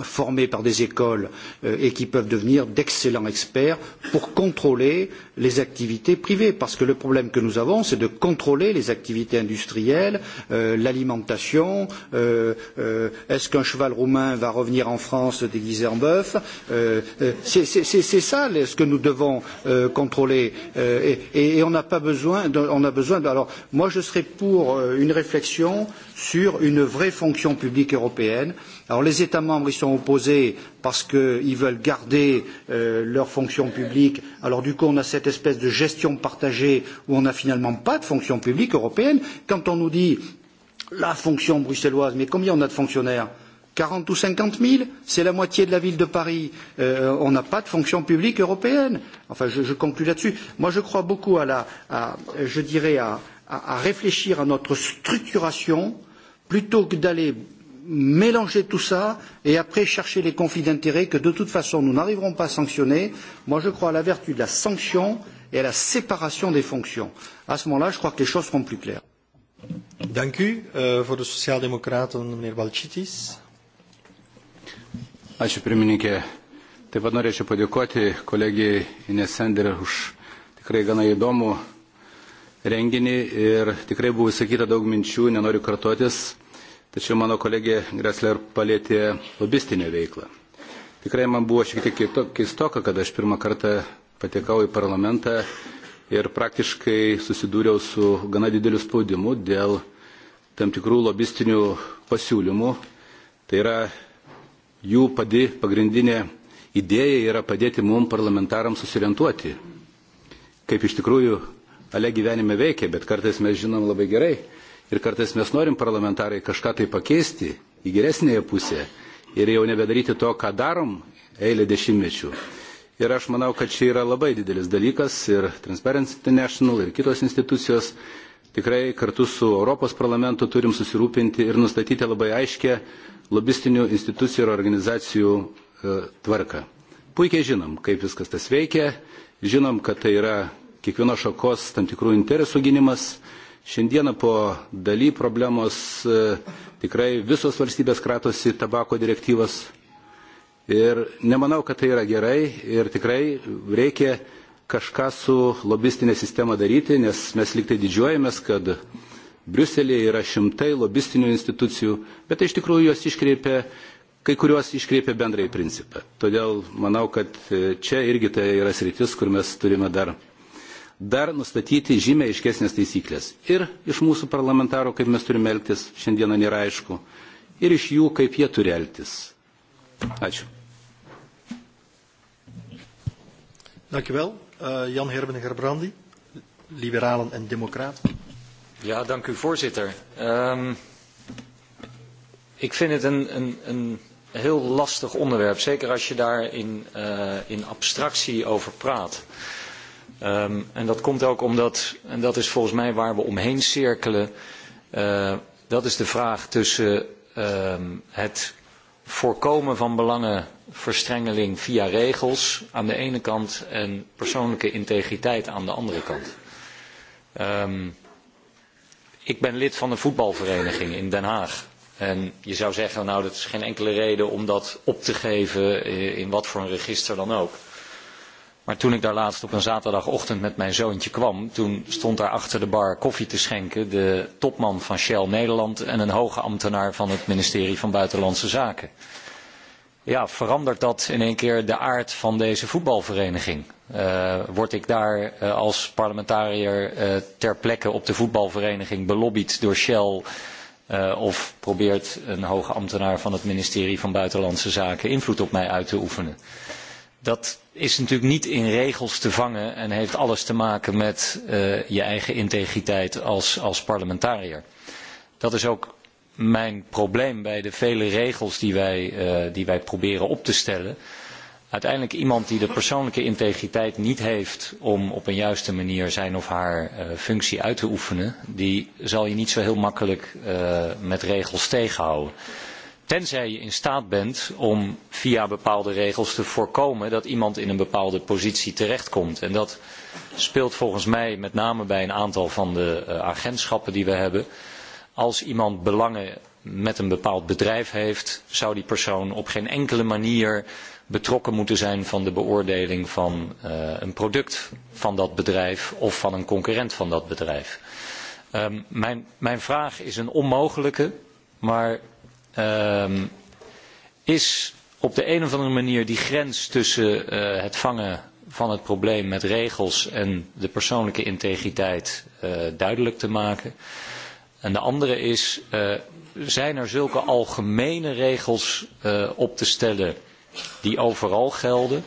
formés par des écoles euh, et qui peuvent devenir d'excellents experts pour contrôler les activités privées. Parce que le problème que nous avons, c'est de contrôler les activités industrielles, euh, l'alimentation. Euh, euh, Est-ce qu'un cheval roumain va revenir en France déguisé en bœuf euh, euh, C'est ça ce que nous devons euh, contrôler. Euh, et, et on n'a pas besoin. De, on a besoin de, alors, moi, je serais pour euh, une réflexion sur une vraie fonction publique européenne. Alors les États membres y sont opposés parce qu'ils veulent garder euh, leur fonction publique. Alors du coup, on a cette espèce de gestion partagée où on n'a finalement pas de fonction publique européenne. Quand on nous dit la fonction bruxelloise, mais combien on a de fonctionnaires 40 ou 50 000, c'est la moitié de la ville de Paris. Euh, on n'a pas de fonction publique européenne. Enfin, je, je conclue là-dessus. Moi, je crois beaucoup à la, à, je dirais, à, à, à réfléchir à notre structuration euh, plutôt que d'aller mélanger tout ça et après chercher les conflits d'intérêts que de toute façon nous n'arriverons pas à sanctionner. Moi je crois à la vertu de la sanction et à la séparation des fonctions. À ce moment-là, je crois que les choses seront plus claires. Dank u. Voor uh, de Sociaaldemocraten, meneer Balčitis. Ačiū, pirmininkė. Taip pat norėčiau padėkoti kolegijai Inesender už tikrai gana įdomų renginį ir tikrai buvo įsakyta daug minčių, nenoriu kartuotis. Tačiau mano kolegė Gressler palėtė lobistinę veiklą. Tikrai man buvo šiek tiek keistoka, kad aš pirmą kartą patekau į parlamentą ir praktiškai susidūriau su gana dideliu spaudimu dėl tam tikrų lobistinių pasiūlymų. Tai yra jų padi, pagrindinė idėja yra padėti mums parlamentarams susirientuoti, kaip iš tikrųjų ale gyvenime veikia, bet kartais mes žinom labai gerai, Ir kartais mes norim parlamentarai kažką tai pakeisti į geresnėje pusėje ir jau nebedaryti to, ką darom eilę dešimtmečių. Ir aš manau, kad čia yra labai didelis dalykas ir Transparency International ir kitos institucijos tikrai kartu su Europos parlamentu turim susirūpinti ir nustatyti labai aiškę lobistinių institucijų ir organizacijų e, tvarką. Puikiai žinom, kaip viskas tas veikia, žinom, kad tai yra kiekvienos šakos tam tikrų interesų gynimas. Šiandieną po daly problemos e, tikrai visos valstybės kratosi tabako direktyvas. Ir nemanau, kad tai yra gerai ir tikrai reikia kažką su lobistinė sistema daryti, nes mes liktai didžiuojamės, kad Briuselėje yra šimtai lobistinių institucijų, bet tai iš tikrųjų jos iškreipia, kai kuriuos iškreipia bendrai principą. Todėl manau, kad e, čia irgi tai yra sritis, kur mes turime dar dar nustatyti žymiai aiškesnės taisyklės. Ir iš mūsų parlamentarų, kaip mes turime elgtis, šiandieną nėra aišku. Ir iš jų, kaip jie turi elgtis. Ačiū. Dankjewel, wel. Uh, Jan Herben Gerbrandi, liberalen en democraat. Ja, dank u voorzitter. Um, ik vind het een, een, een heel lastig onderwerp, zeker als je daar in, uh, in abstractie over praat. Uh, Um, en dat komt ook omdat, en dat is volgens mij waar we omheen cirkelen, uh, dat is de vraag tussen um, het voorkomen van belangenverstrengeling via regels aan de ene kant en persoonlijke integriteit aan de andere kant. Um, ik ben lid van een voetbalvereniging in Den Haag. En je zou zeggen, nou dat is geen enkele reden om dat op te geven in, eh, in wat voor een register dan ook. Maar toen ik daar laatst op een zaterdagochtend met mijn zoontje kwam, toen stond daar achter de bar koffie te schenken de topman van Shell Nederland en een hoge ambtenaar van het ministerie van Buitenlandse Zaken. Ja, verandert dat in één keer de aard van deze voetbalvereniging? Uh, word ik daar uh, als parlementariër uh, ter plekke op de voetbalvereniging belobbyd door Shell uh, of probeert een hoge ambtenaar van het ministerie van Buitenlandse Zaken invloed op mij uit te oefenen? Dat is natuurlijk niet in regels te vangen en heeft alles te maken met uh, je eigen integriteit als, als parlementariër. Dat is ook mijn probleem bij de vele regels die wij, uh, die wij proberen op te stellen. Uiteindelijk iemand die de persoonlijke integriteit niet heeft om op een juiste manier zijn of haar uh, functie uit te oefenen, die zal je niet zo heel makkelijk uh, met regels tegenhouden tenzij je in staat bent om via bepaalde regels te voorkomen dat iemand in een bepaalde positie terechtkomt. En dat speelt volgens mij met name bij een aantal van de uh, agentschappen die we hebben. Als iemand belangen met een bepaald bedrijf heeft, zou die persoon op geen enkele manier betrokken moeten zijn van de beoordeling van uh, een product van dat bedrijf of van een concurrent van dat bedrijf. Um, mijn, mijn vraag is een onmogelijke, maar um, is op de een of andere manier die grens tussen uh, het vangen van het probleem met regels en de persoonlijke integriteit uh, duidelijk te maken. En de andere is, uh, zijn er zulke algemene regels uh, op te stellen die overal gelden?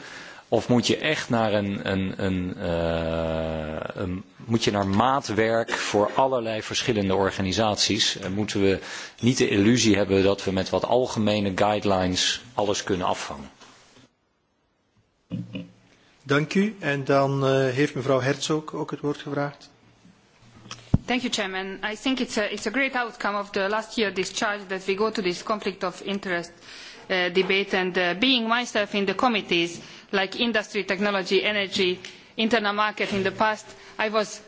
Of moet je echt naar een, een, een, uh, een moet je naar maatwerk voor allerlei verschillende organisaties? En moeten we niet de illusie hebben dat we met wat algemene guidelines alles kunnen afvangen? Dank u. En dan uh, heeft mevrouw Herzog ook het woord gevraagd. Thank you, Chairman. I think it's a, it's a great outcome of the last year discharge that we go to this conflict of interest uh, debate. And uh, being myself in the committees, like industry, technology, energy, internal market in the past, I was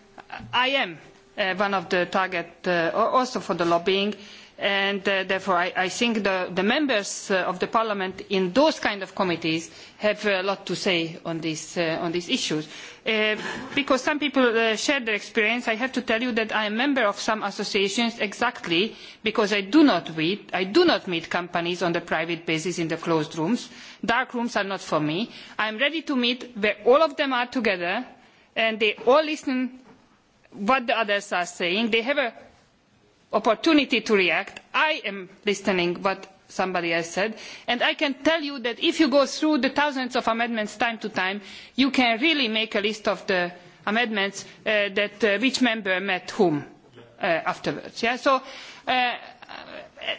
I am uh, one of the target uh, also for the lobbying and uh, therefore I, I think the, the members uh, of the parliament in those kind of committees have a lot to say on, this, uh, on these issues. Uh, because some people uh, share their experience, I have to tell you that I am a member of some associations exactly because I do not meet, I do not meet companies on the private basis in the closed rooms. Dark rooms are not for me. I am ready to meet where all of them are together and they all listen what the others are saying. They have a opportunity to react i am listening to what somebody else said and i can tell you that if you go through the thousands of amendments from time to time you can really make a list of the amendments uh, that uh, which member met whom uh, afterwards. so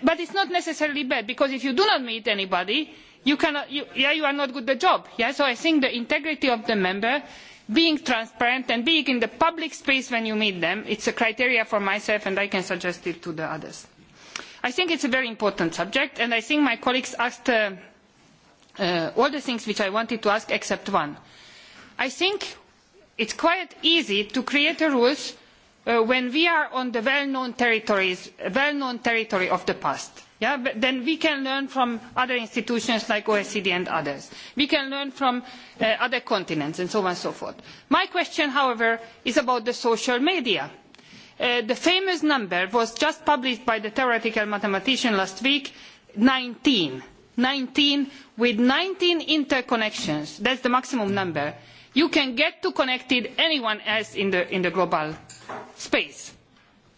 but it is not necessarily bad because if you do not meet anybody you cannot you are not good at the job. so i think the integrity of the member being transparent and being in the public space when you meet them it's a criteria for myself and i can suggest it to the others i think it's a very important subject and i think my colleagues asked uh, uh, all the things which i wanted to ask except one i think it's quite easy to create a rules uh, when we are on the well known territories well known territory of the past yeah, but then we can learn from other institutions like OECD and others. We can learn from uh, other continents and so on and so forth. My question, however, is about the social media. Uh, the famous number was just published by the theoretical mathematician last week, 19. 19 with 19 interconnections. That's the maximum number. You can get to connected anyone else in the, in the global space.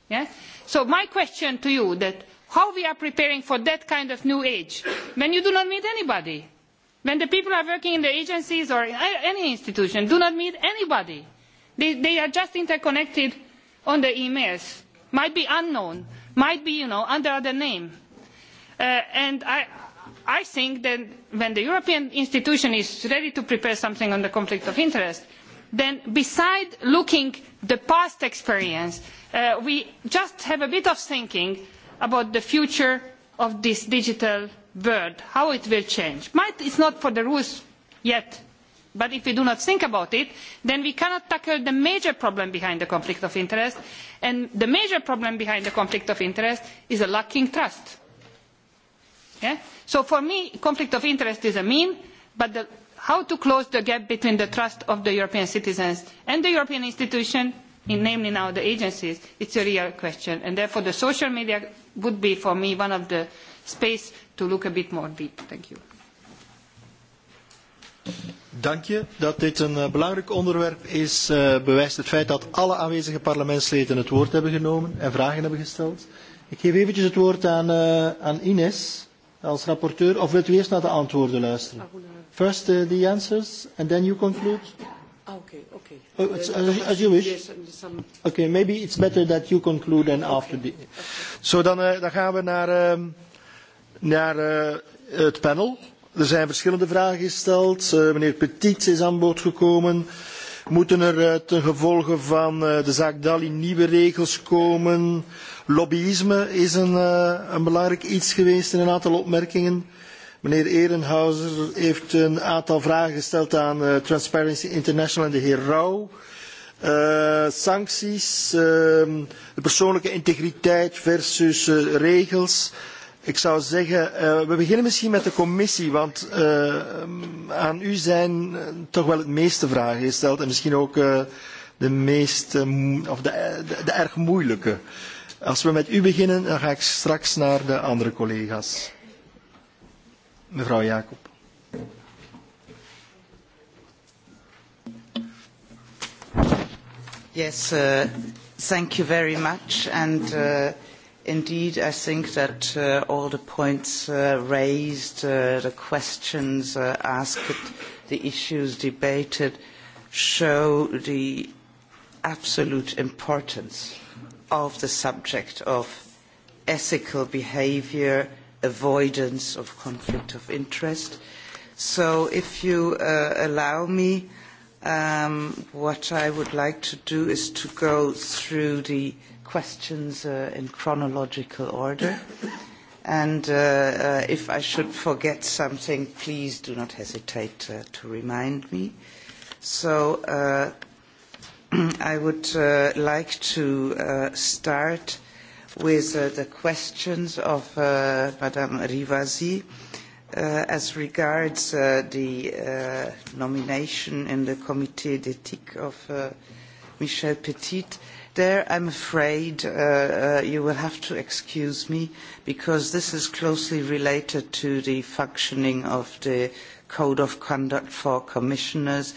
Yeah? So my question to you that how we are preparing for that kind of new age when you do not meet anybody when the people are working in the agencies or in any institution do not meet anybody they, they are just interconnected on the emails might be unknown might be you know under other name uh, and i I think that when the European institution is ready to prepare something on the conflict of interest, then beside looking the past experience, uh, we just have a bit of thinking about the future of this digital world, how it will change. Might, it's not for the rules yet, but if we do not think about it, then we cannot tackle the major problem behind the conflict of interest, and the major problem behind the conflict of interest is a lacking trust. Yeah? So for me, conflict of interest is a mean, but the, how to close the gap between the trust of the European citizens and the European institutions namely now the agencies, it's a real question. And therefore, the social media would be, for me, one of the space to look a bit more deep. Thank you. Dank je. Dat dit een eh, belangrijk onderwerp is, uh, bewijst het feit dat alle aanwezige parlementsleden het woord hebben genomen en vragen hebben gesteld. Ik geef eventjes het woord aan, uh, aan Ines als rapporteur. Of wilt u eerst naar de antwoorden luisteren? First uh, the answers and then you conclude. Ah, okay, okay. Oh, it's, as, uh, as you wish. Yes, okay, maybe it's better that you conclude and okay. after the... Okay. Zo, dan, uh, dan gaan we naar, um, naar uh, het panel. Er zijn verschillende vragen gesteld. Uh, meneer Petit is aan boord gekomen. Moeten er uh, ten gevolge van uh, de zaak Dali nieuwe regels komen? Lobbyisme is een, uh, een belangrijk iets geweest in een aantal opmerkingen. Meneer Ehrenhauser heeft een aantal vragen gesteld aan uh, Transparency International en de heer Rauw. Uh, sancties, uh, de persoonlijke integriteit versus uh, regels. Ik zou zeggen, uh, we beginnen misschien met de commissie, want uh, aan u zijn toch wel het meeste vragen gesteld en misschien ook uh, de meeste, of de, de, de erg moeilijke. Als we met u beginnen, dan ga ik straks naar de andere collega's. Mevrouw Jacob. Yes, uh, thank you very much. And uh, indeed, I think that uh, all the points uh, raised, uh, the questions uh, asked, the issues debated, show the absolute importance of the subject of ethical behavior avoidance of conflict of interest. So if you uh, allow me, um, what I would like to do is to go through the questions uh, in chronological order. And uh, uh, if I should forget something, please do not hesitate uh, to remind me. So uh, I would uh, like to uh, start uh, with uh, the questions of uh, Madame Rivasi uh, as regards uh, the uh, nomination in the Comité d'Éthique of uh, Michel Petit. There, I'm afraid uh, uh, you will have to excuse me because this is closely related to the functioning of the Code of Conduct for Commissioners,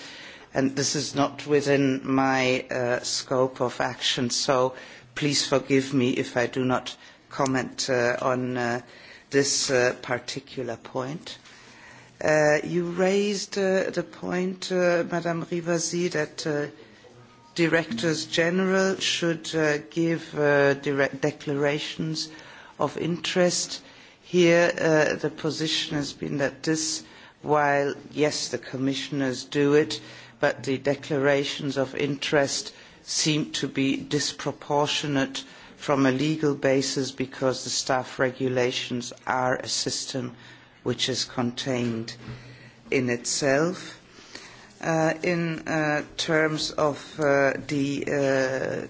and this is not within my uh, scope of action. So, please forgive me if I do not comment uh, on uh, this uh, particular point. Uh, you raised uh, the point, uh, Madame Rivasi, that uh, directors general should uh, give uh, direct declarations of interest. Here, uh, the position has been that this, while yes, the commissioners do it, but the declarations of interest uh, seem to be disproportionate from a legal basis because the staff regulations are a system which is contained in itself. Uh, in uh, terms of uh, the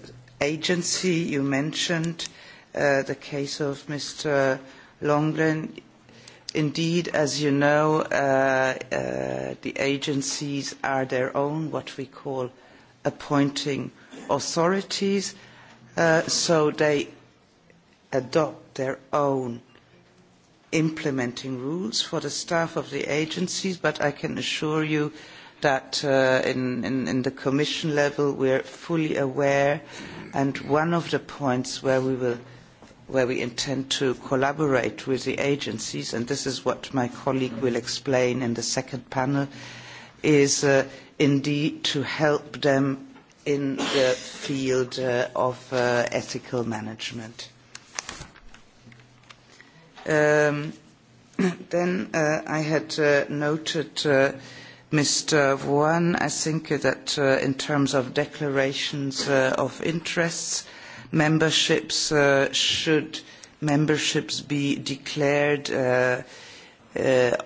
uh, agency you mentioned, uh, the case of Mr. Longlin, indeed, as you know, uh, uh, the agencies are their own, what we call appointing authorities uh, so they adopt their own implementing rules for the staff of the agencies, but I can assure you that uh, in, in, in the Commission level we are fully aware and one of the points where we, will, where we intend to collaborate with the agencies, and this is what my colleague will explain in the second panel, is uh, indeed to help them in the field uh, of uh, ethical management. Um, then uh, I had uh, noted uh, Mr. Vuan, I think that uh, in terms of declarations uh, of interests, memberships uh, should memberships be declared uh, uh,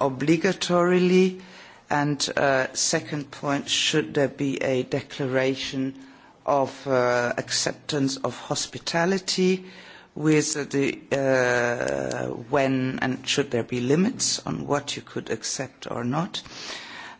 obligatorily uh, And uh, second point, should there be a declaration of uh, acceptance of hospitality with the uh, when and should there be limits on what you could accept or not?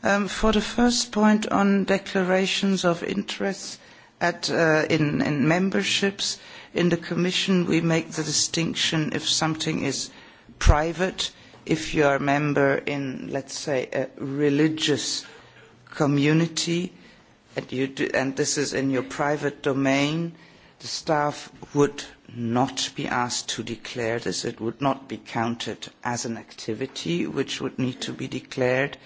Um, for the first point on declarations of interests at, uh, in, in memberships, in the Commission we make the distinction if something is private, uh, if you are a member in, let's say, a religious community, and, you do, and this is in your private domain, the staff would not be asked to declare this. It would not be counted as an activity which would need to be declared.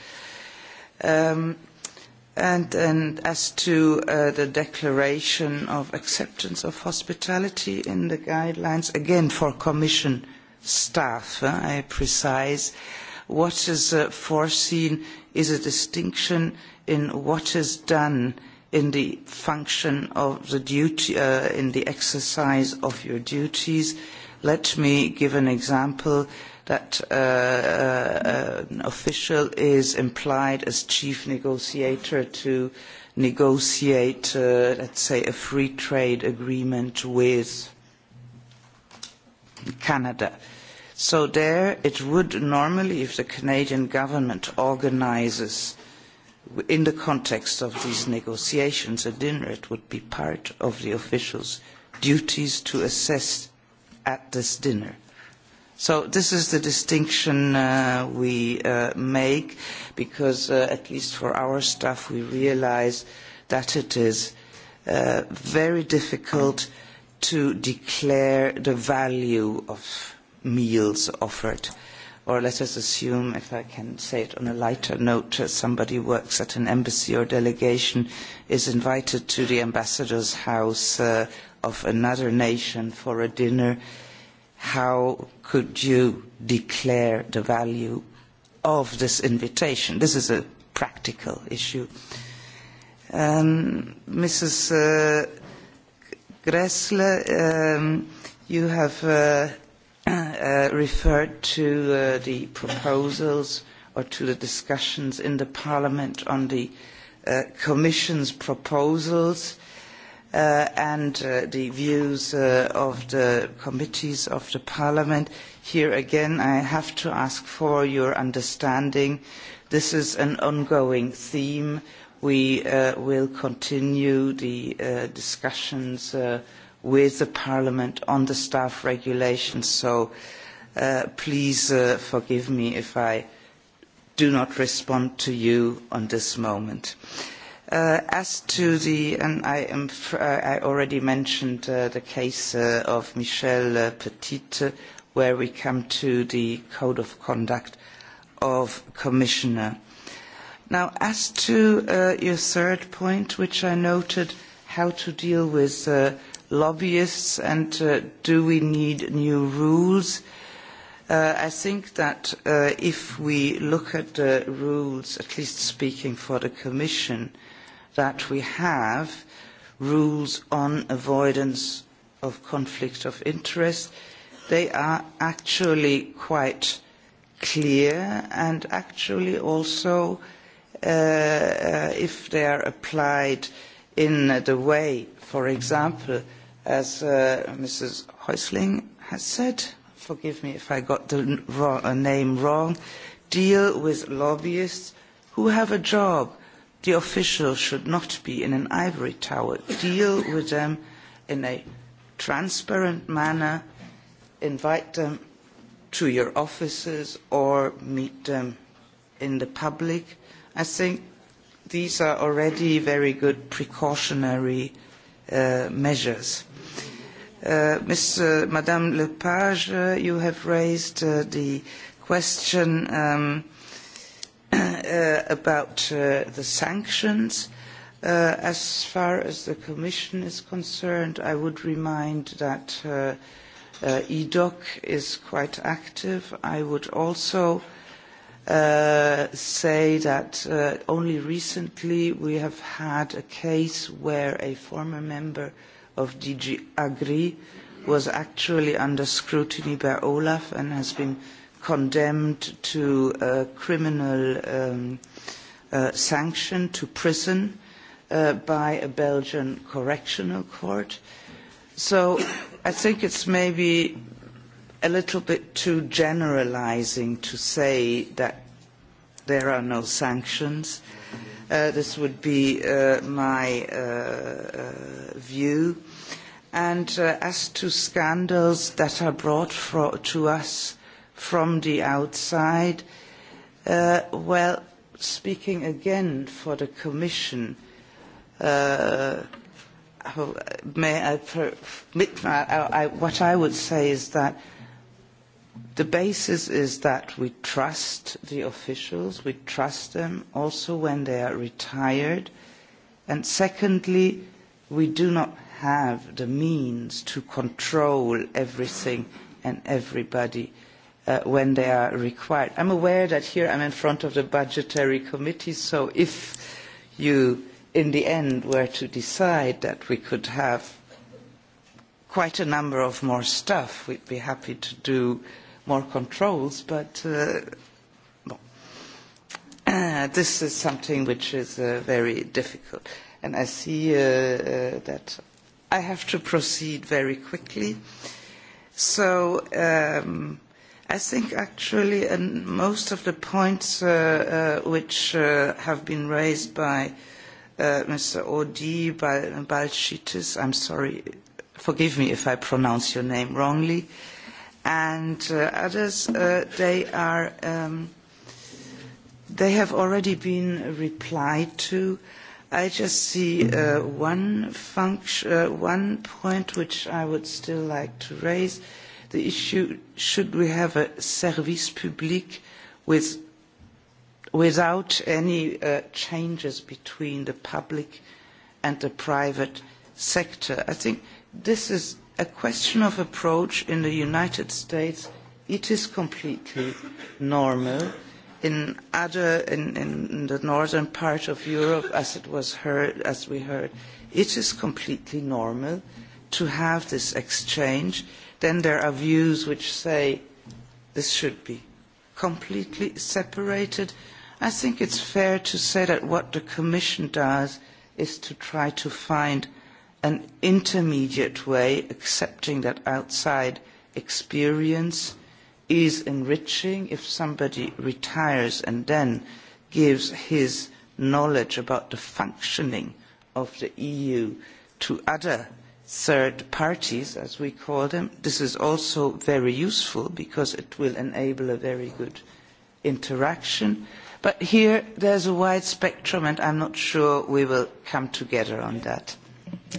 Um, and, and as to uh, the declaration of acceptance of hospitality in the guidelines, again, for Commission staff. Eh, I precise what is uh, foreseen is a distinction in what is done in the function of the duty, uh, in the exercise of your duties. Let me give an example that uh, uh, an official is implied as chief negotiator to negotiate, uh, let's say, a free trade agreement with Canada. Uh, So there it would normally, if the Canadian government organizes in the context of these negotiations a dinner, it would be part of the officials' duties to assess at this dinner. So this is the distinction uh, we uh, make because uh, at least for our staff we realize that it is uh, very difficult to declare the value of meals offered. Or let us assume, if I can say it on a lighter note, uh, somebody works at an embassy or delegation is invited to the ambassador's house uh, of another nation for a dinner. How could you declare the value of this invitation? This is a practical issue. Um, Mrs. Uh, Gressler, um, you have uh, Uh, referred to uh, the proposals or to the discussions in the Parliament on the uh, Commission's proposals uh, and uh, the views uh, of the committees of the Parliament. Here again, I have to ask for your understanding. This is an ongoing theme. We uh, will continue the uh, discussions uh, with the Parliament on the staff regulations. So uh, please uh, forgive me if I do not respond to you on this moment. Uh, as to the, and I, am, uh, I already mentioned uh, the case uh, of Michel Petit, uh, where we come to the code of conduct of commissioner. Now, as to uh, your third point, which I noted, how to deal with uh, lobbyists and uh, do we need new rules? Uh, I think that uh, if we look at the rules, at least speaking for the Commission, that we have rules on avoidance of conflict of interest, they are actually quite clear and actually also, uh, uh, if they are applied in uh, the way, for example, mm -hmm as uh, Mrs. Heusling has said, forgive me if I got the uh, name wrong, deal with lobbyists who have a job. The official should not be in an ivory tower. Deal with them in a transparent manner. Invite them to your offices or meet them in the public. I think these are already very good precautionary Uh, measures. Uh, uh, Madame Lepage, you have raised uh, the question um, uh, about uh, the sanctions. Uh, as far as the Commission is concerned, I would remind that uh, uh, EDOC is quite active. I would also uh, Uh, say that uh, only recently we have had a case where a former member of DG Agri was actually under scrutiny by Olaf and has been condemned to a criminal um, uh, sanction to prison uh, by a Belgian correctional court. So I think it's maybe a little bit too generalizing to say that there are no sanctions. Uh, this would be uh, my uh, uh, view. And uh, as to scandals that are brought fro- to us from the outside, uh, well, speaking again for the Commission, uh, may I per- I, I, what I would say is that uh, The basis is that we trust the officials, we trust them also when they are retired. And secondly, we do not have the means to control everything and everybody uh, when they are required. I'm aware that here I'm in front of the budgetary committee, so if you in the end were to decide that we could have quite a number of more stuff, we'd be happy to do more controls, but uh, bon. uh, this is something which is uh, very difficult. And I see uh, uh, that I have to proceed very quickly. So um, I think actually and most of the points uh, uh, which uh, have been raised by uh, Mr. Odi Balchitis, I'm sorry, forgive me if I pronounce your name wrongly, uh, and uh, others, uh, they, are, um, they have already been replied to. I just see uh, one, funct- uh, one point which I would still like to raise. The issue, should we have a service public with, without any uh, changes between the public and the private sector? I think this is a question of approach in the United States, it is completely normal. In other, in, in the northern part of Europe, as it was heard, as we heard, it is completely normal to have this exchange. Then there are views which say this should be completely separated. I think it's fair to say that what the Commission does is to try to find an intermediate way, accepting that outside experience is enriching if somebody retires and then gives his knowledge about the functioning of the EU to other third parties, as we call them. This is also very useful because it will enable a very good interaction. But here there's a wide spectrum and I'm not sure we will come together on that. Yeah.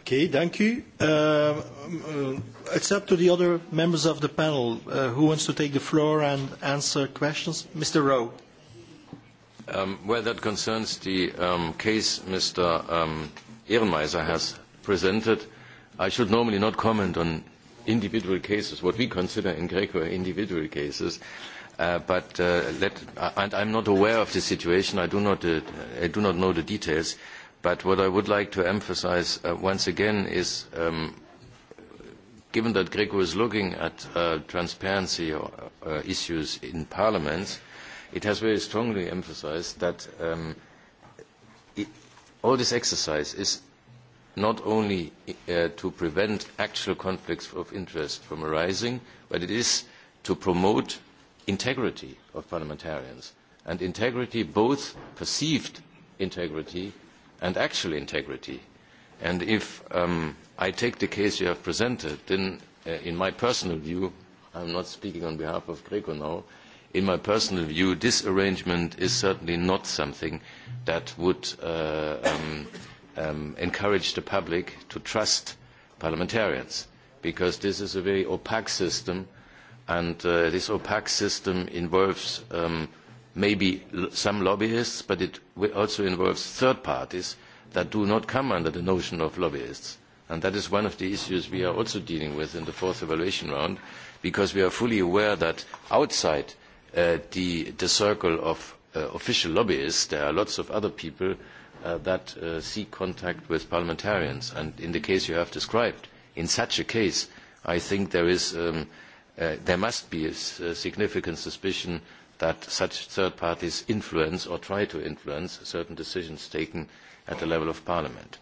Okay, thank you. Um, uh, it's up to the other members of the panel uh, who wants to take the floor and answer questions. Mr. Rowe. Um, well, that concerns the um, case Mr. Um, Ehrenmeiser has presented. I should normally not comment on individual cases, what we consider in Greco individual cases. Uh, but uh, let, uh, and I'm not aware of the situation. I do not, uh, I do not know the details. But what I would like to emphasize uh, once again is, um, given that Greco is looking at uh, transparency or, uh, uh, issues in Parliament, it has very strongly emphasized that um, it, all this exercise is not only uh, to prevent actual conflicts of interest from arising, but it is to promote integrity of parliamentarians. And integrity, both perceived integrity and actual integrity. And if um, I take the case you have presented, then uh, in my personal view, I'm not speaking on behalf of Gregor now, in my personal view, this arrangement is certainly not something that would uh, um, um, encourage the public to trust parliamentarians, because this is a very opaque system, and uh, this opaque system involves um, maybe some lobbyists but it also involves third parties that do not come under the notion of lobbyists and that is one of the issues we are also dealing with in the fourth evaluation round because we are fully aware that outside uh, the, the circle of uh, official lobbyists there are lots of other people uh, that uh, seek contact with parliamentarians and in the case you have described in such a case i think there is um, uh, there must be a, a significant suspicion uh, that such third parties influence or try to influence certain decisions taken at the level of parliament.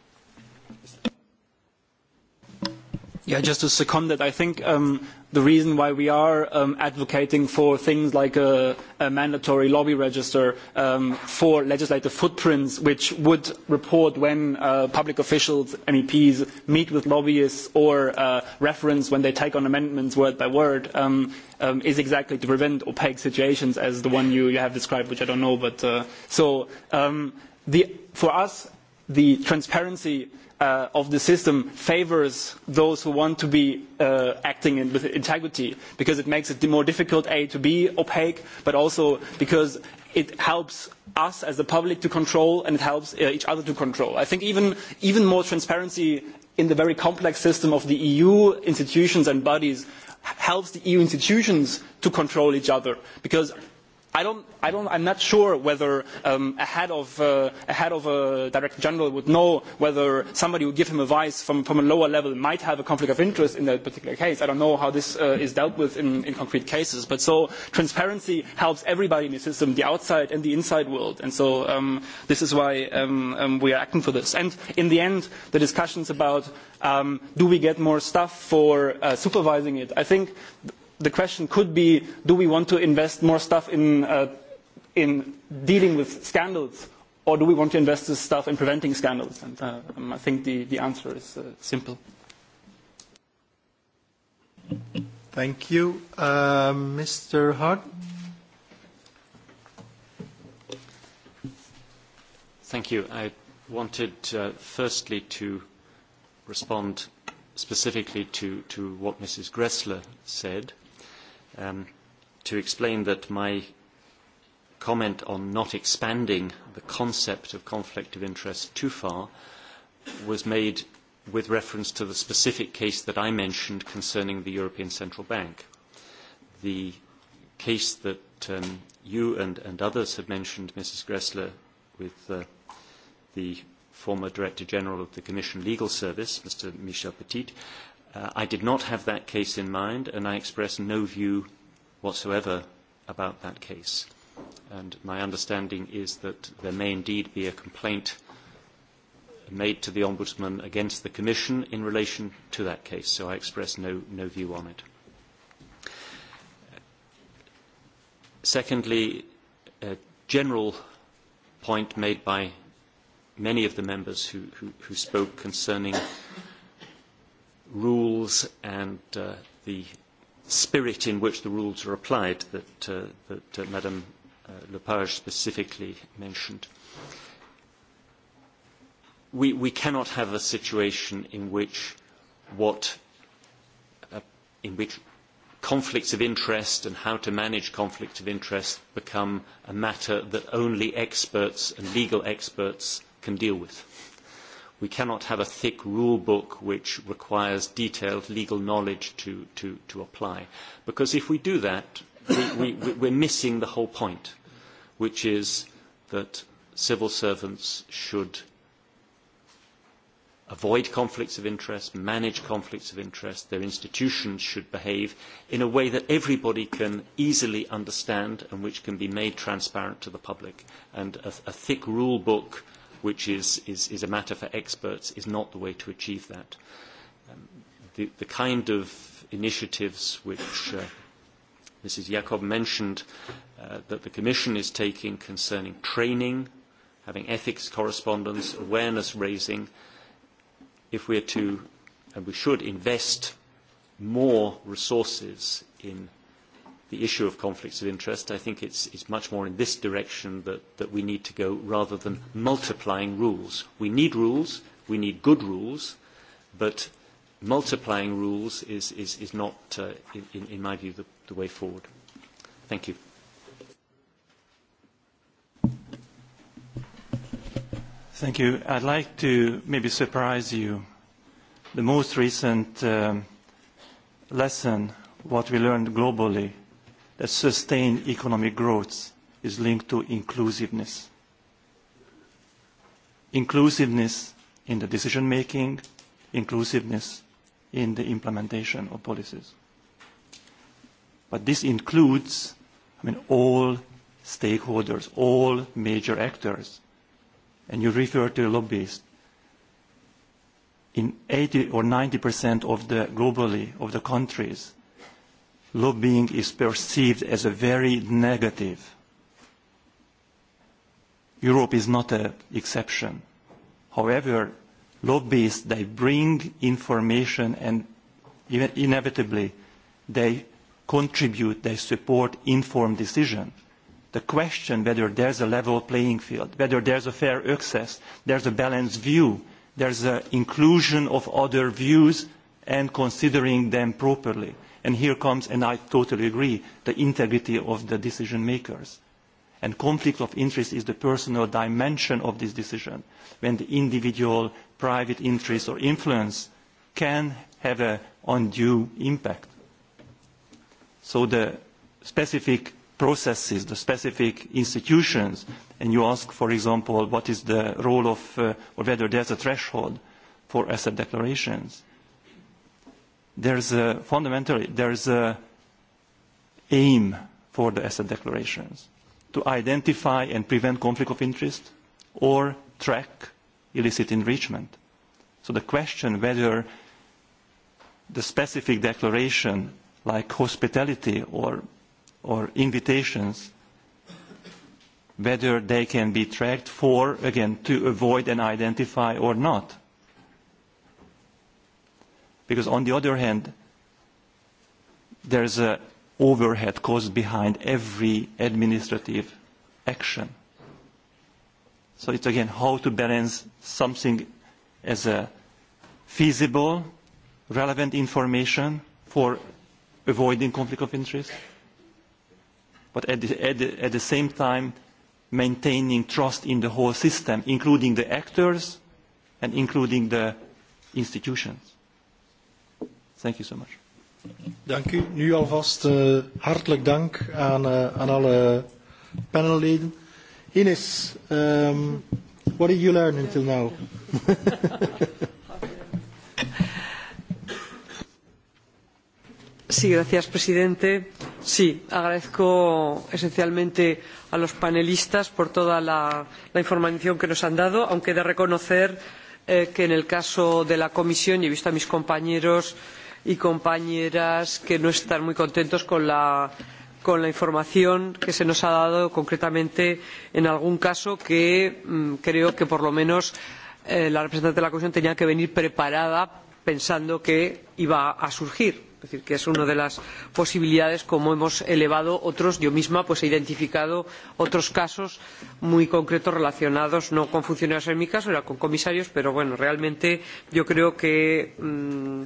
Yeah, just a second. That I think um, the reason why we are um, advocating for things like a, a mandatory lobby register um, for legislative footprints, which would report when uh, public officials, MEPs, meet with lobbyists or uh, reference when they take on amendments word by word, um, um, is exactly to prevent opaque situations as the one you, you have described, which I don't know. But uh, so um, the, for us, the transparency uh, of the system favors those who want to be uh, acting in, with integrity because it makes it more difficult, A, to be opaque, but also because it helps us as the public to control and it helps uh, each other to control. I think even, even more transparency in the very complex system of the EU institutions and bodies helps the EU institutions to control each other because I don't, I don't, I'm not sure whether um, a, head of, uh, a head of a director general would know whether somebody would give him advice from, from a lower level might have a conflict of interest in that particular case. I don't know how this uh, is dealt with in, in concrete cases. But so transparency helps everybody in the system, the outside and the inside world. And so um, this is why um, um, we are acting for this. And in the end, the discussions about um, do we get more stuff for uh, supervising it, I think the question could be do we want to invest more stuff in, uh, in dealing with scandals or do we want to invest this stuff in preventing scandals? And uh, um, I think the, the answer is uh, simple. Thank you. Uh, um, Mr. Hart? Thank you. I wanted uh, firstly to respond specifically to, to what Mrs. Gressler said um, to explain that my comment on not expanding the concept of conflict of interest too far was made with reference to the specific case that I mentioned concerning the European Central Bank. The case that um, you and, and others have mentioned, Mrs. Gressler, with uh, the former Director General of the Commission Legal Service, Mr. Michel Petit, Uh, I did not have that case in mind, and I express no view whatsoever about that case. And my understanding is that there may indeed be a complaint made to the Ombudsman against the Commission in relation to that case, so I express no, no view on it. Secondly, a general point made by many of the members who, who, who spoke concerning rules and uh, the spirit in which the rules are applied that, uh, that uh, Madame uh, Lepage specifically mentioned. We, we cannot have a situation in which, what, uh, in which conflicts of interest and how to manage conflicts of interest become a matter that only experts and legal experts can deal with we cannot have a thick rule book which requires detailed legal knowledge to, to, to apply. Because if we do that, we, we, we're missing the whole point, which is that civil servants should avoid conflicts of interest, manage conflicts of interest, their institutions should behave in a way that everybody can easily understand and which can be made transparent to the public. And a, a thick rule book which is, is, is a matter for experts, is not the way to achieve that. Um, the, the kind of initiatives which uh, Mrs. Yakov mentioned uh, that the Commission is taking concerning training, having ethics correspondence, awareness raising, if we are to, and we should, invest more resources in the issue of conflicts of interest. I think it's, it's much more in this direction that, that we need to go rather than multiplying rules. We need rules, we need good rules, but multiplying rules is, is, is not, uh, in, in my view, the, the way forward. Thank you. Thank you. I'd like to maybe surprise you. The most recent um, lesson, what we learned globally, that sustained economic growth is linked to inclusiveness. Inclusiveness in the decision making, inclusiveness in the implementation of policies. But this includes I mean, all stakeholders, all major actors, and you refer to lobbyists. In 80 or 90 percent of the globally of the countries, lobbying is perceived as a very negative. Europe is not an exception. However, lobbyists, they bring information and inevitably they contribute, they support informed decision. The question whether there's a level playing field, whether there's a fair access, there's a balanced view, there's an inclusion of other views and considering them properly and here comes and i totally agree the integrity of the decision makers and conflict of interest is the personal dimension of this decision when the individual private interest or influence can have an undue impact so the specific processes the specific institutions and you ask for example what is the role of uh, or whether there's a threshold for asset declarations there's a, fundamentally, there's a aim for the asset declarations to identify and prevent conflict of interest or track illicit enrichment. So the question whether the specific declaration like hospitality or, or invitations, whether they can be tracked for, again, to avoid and identify or not because on the other hand, there's an overhead cost behind every administrative action. So it's again how to balance something as a feasible, relevant information for avoiding conflict of interest, but at the, at, the, at the same time maintaining trust in the whole system, including the actors and including the institutions. Thank you so much. Dank u. Nu alvast uh, hartelijk dank aan, uh, aan alle eh, panelleden. Ines, um, what did you learn until now? sí, gracias, presidente. Sí, agradezco esencialmente a los panelistas por toda la, la información que nos han dado, aunque de reconocer eh, que en el caso de la comisión, y he visto a mis compañeros, y compañeras que no están muy contentos con la información que se nos ha dado concretamente en algún caso que mm, creo que por lo menos eh, la representante de la comisión tenía que venir preparada pensando que iba a surgir es decir que es una de las posibilidades como hemos elevado otros yo misma pues he identificado otros casos muy concretos relacionados no con funcionarios en mi caso era con comisarios pero bueno realmente yo creo que mmm,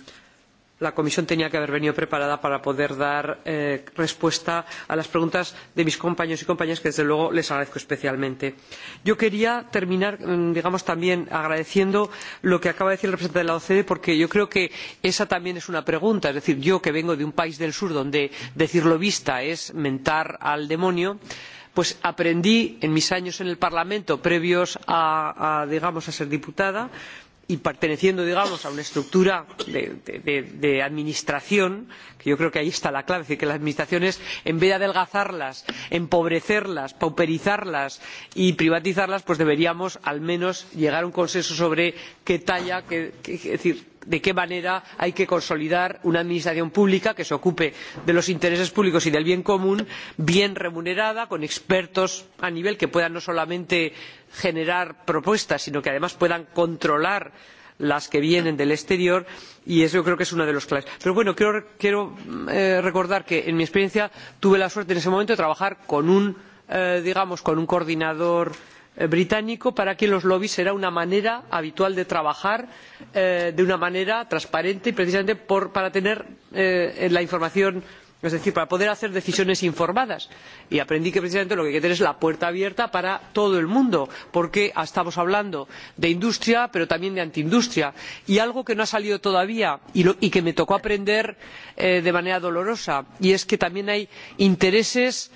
la comisión tenía que haber venido preparada para poder dar eh, respuesta a las preguntas de mis compañeros y compañeras que desde luego les agradezco especialmente. yo quería terminar mm, también agradeciendo lo que acaba de decir el representante de la ocde porque yo creo que esa también es una pregunta es decir yo que vengo de un país del sur donde decirlo vista es mentar al demonio pues aprendí en mis años en el parlamento previos a digamos a ser diputada que y perteneciendo digamos a una estructura de administración que yo creo que ahí está la clave es decir que las administraciones en vez de adelgazarlas empobrecerlas pauperizarlas y privatizarlas deberíamos al menos llegar a un consenso sobre qué talla es decir de qué manera hay que consolidar una administración pública que se ocupe de los intereses públicos y del bien común bien remunerada con expertos a nivel que puedan no solamente generar propuestas sino que además puedan controlar las que vienen del exterior y eso yo creo que es una de las claves. pero bueno quiero eh, recordar que en mi experiencia tuve la suerte en ese momento de trabajar con un eh, coordinador Eh, británico para que los lobbies era una manera habitual de trabajar eh, de una manera transparente y precisamente para tener eh, la información es decir para poder hacer decisiones informadas y aprendí que precisamente lo que hay que tener es la puerta abierta para todo el mundo porque estamos hablando de industria pero también de antiindustria y algo que no ha salido todavía y que me tocó aprender de manera dolorosa y es que también hay intereses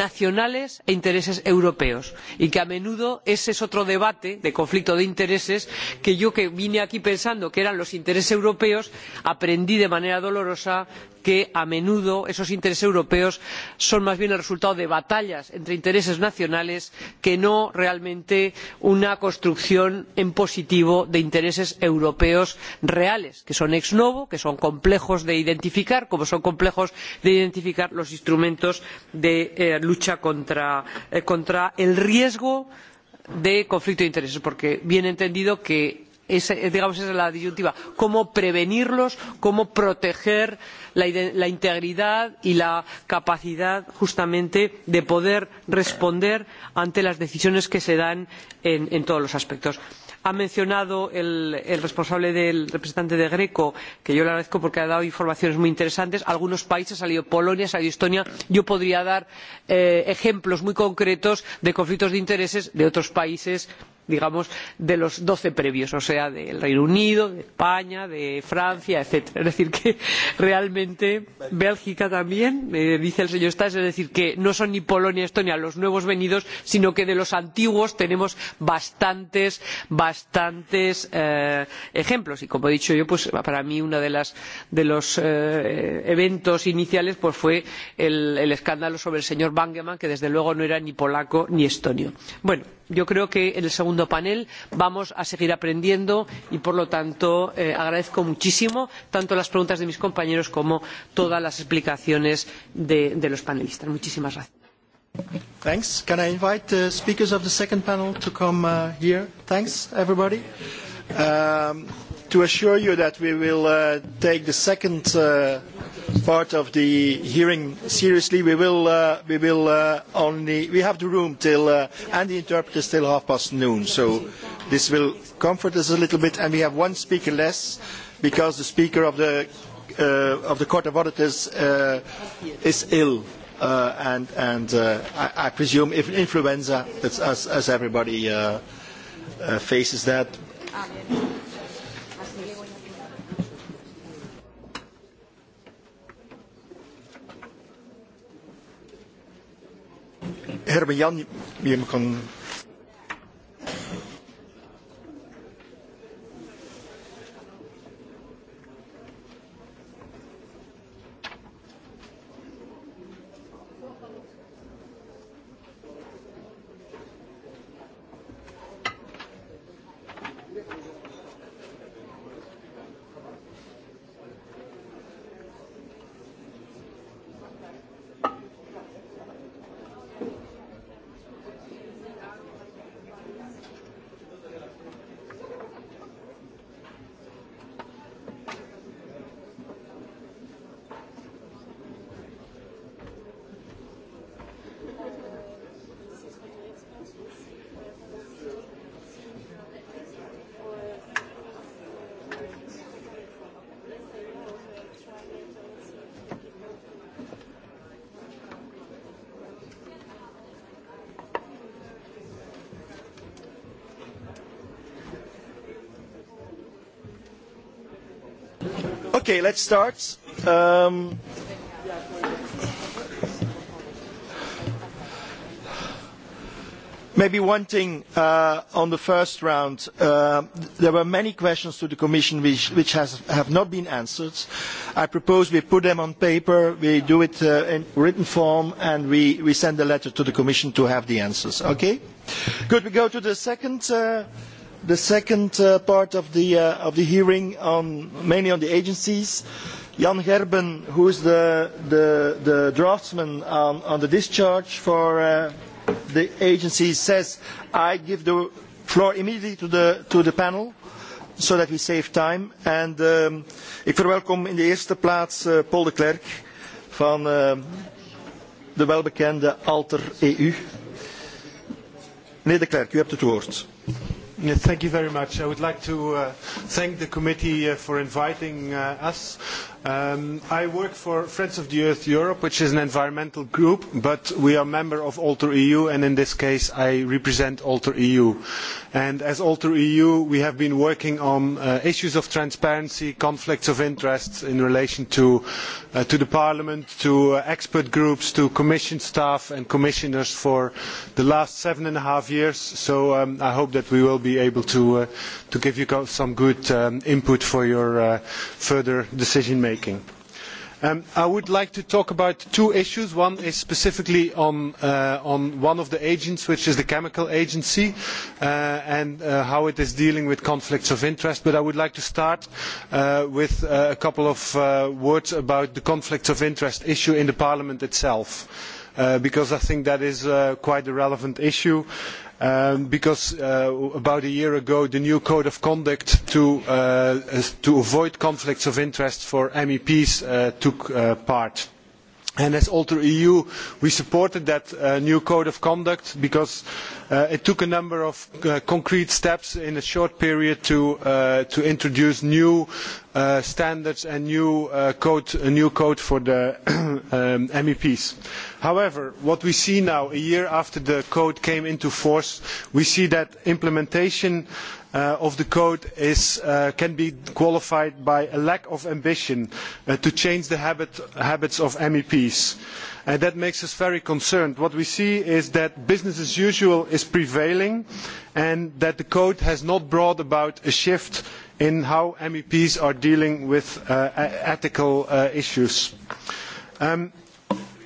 nacionales e intereses europeos y que a menudo ese es otro debate de conflicto de intereses que yo que vine aquí pensando que eran los intereses europeos aprendí de manera dolorosa que que a menudo esos intereses europeos son más bien el resultado de batallas entre intereses nacionales que no realmente una construcción en positivo de intereses europeos reales que son ex novo que son complejos de identificar como son complejos de identificar los instrumentos de eh, lucha eh, contra el riesgo de conflicto de intereses porque bien entendido que Eh, digamos, esa es la disyuntiva cómo prevenirlos, cómo proteger la, la integridad y la capacidad justamente de poder responder ante las decisiones que se dan en, en todos los aspectos. Ha mencionado el, el responsable del representante de Greco, que yo le agradezco porque ha dado informaciones muy interesantes. Algunos países, ha salido Polonia, ha salido Estonia. Yo podría dar eh, ejemplos muy concretos de conflictos de intereses de otros países digamos de los doce previos o sea del reino unido de españa de francia etc. es decir que realmente bélgica también dice el señor staes es decir que no son ni polonia ni estonia los nuevos venidos sino que de los antiguos tenemos bastantes bastantes eh, ejemplos y como he dicho yo pues para mí uno de los de eh, los eventos iniciales pues fue el, el escándalo sobre el señor bangemann que desde luego no era ni polaco ni estonio. bueno yo creo que en el segundo panel vamos a seguir aprendiendo y por lo tanto eh, agradezco muchísimo tanto las preguntas de mis compañeros como todas las explicaciones de los panelistas. muchísimas gracias. thanks. can i invite the speakers of the second panel to come uh, here? thanks, everybody. Um, to assure you that we will uh, take the second uh, part of the hearing seriously. We will, uh, we will uh, only, we have the room till, uh, and the interpreter till half past noon. So this will comfort us a little bit, and we have one speaker less because the speaker of the, uh, of the Court of Auditors uh, is ill. Uh, and and uh, I, I presume if influenza, as, as everybody uh, uh, faces that. Amen. herman jan je me kan Okay, let's start. Um, maybe one thing uh, on the first round. Uh, there were many questions to the Commission which, which has, have not been answered. I propose we put them on paper, we do it uh, in written form, and we, we send a letter to the Commission to have the answers. Okay? Good, we go to the second. Uh, the second uh, part of the uh, of the hearing on mainly on the agencies Jan Gerben who is the the the draftsman on, on the discharge for uh, the agencies says I give the floor immediately to the to the panel so that we save time and um, ik verwelkom in de eerste plaats uh, Paul de Klerk van uh, de welbekende Alter EU Meneer de Klerk u hebt het woord Yes, thank you very much. I would like to uh, thank the committee uh, for inviting uh, us. Um, I work for Friends of the Earth Europe, which is an environmental group, but we are member of Alter EU, and in this case, I represent Alter EU. And as Alter EU, we have been working on uh, issues of transparency, conflicts of interest in relation to, uh, to the Parliament, to uh, expert groups, to Commission staff and commissioners for the last seven and a half years. So um, I hope that we will be able to uh, to give you some good um, input for your uh, further decision making. Um, I would like to talk about two issues. One is specifically on uh, on one of the agents, which is the chemical agency, uh, and uh, how it is dealing with conflicts of interest. But I would like to start uh, with uh, a couple of uh, words about the conflicts of interest issue in the Parliament itself. Uh, because I think that is uh, quite a relevant issue. Uh, Um, because uh, about a year ago the new code of conduct to uh, avoid conflicts of interest for meps uh, took effect as alter eu we supported that uh, new code of conduct because uh, it took a number of uh, concrete steps in a short period to introduce new standards and a new code for meps. Um, however what we see now a year after the code came into force is that implementation Uh, of the code uh, can be qualified by a lack of ambition uh, to change the habits of meps and that makes us very concerned. what we see is that business as usual is prevailing and that the code has not brought about a shift in how meps are dealing with ethical issues. Um,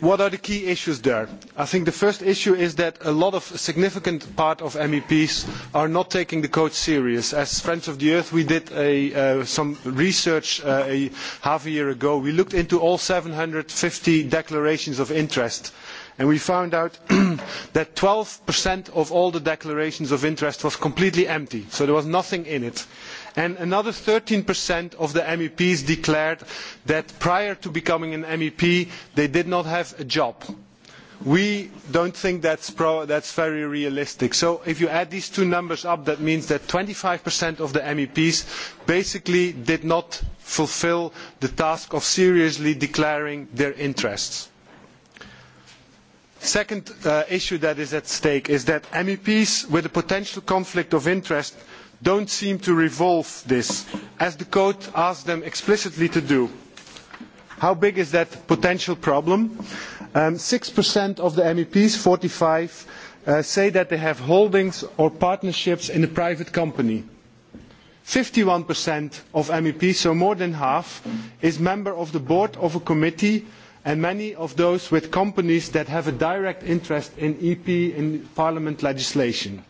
what are the key issues there? i think the first issue is that a lot of a significant part of meps are not taking the code serious. as friends of the earth, we did a, uh, some research uh, a half a year ago. we looked into all 750 declarations of interest. And we found out that 12% of all the declarations of interest was completely empty. So there was nothing in it and another thirteen of meps declared that prior to becoming an mep they did not have a job. we do not think that is very realistic so if you add these two numbers up that means that twenty five of meps basically did not fulfil the task of seriously declaring their interests. the second uh, issue that is at stake is that meps with a potential conflict of interest do not seem to resolve this as the code asks them explicitly to do. how big is that potential problem? Um, six um, percent of the meps, 45, uh, say that they have holdings or partnerships in a private company. 51% of MEPs, so more than half, is member of the board of a committee, and many of those with companies that have a direct interest in EP in Parliament legislation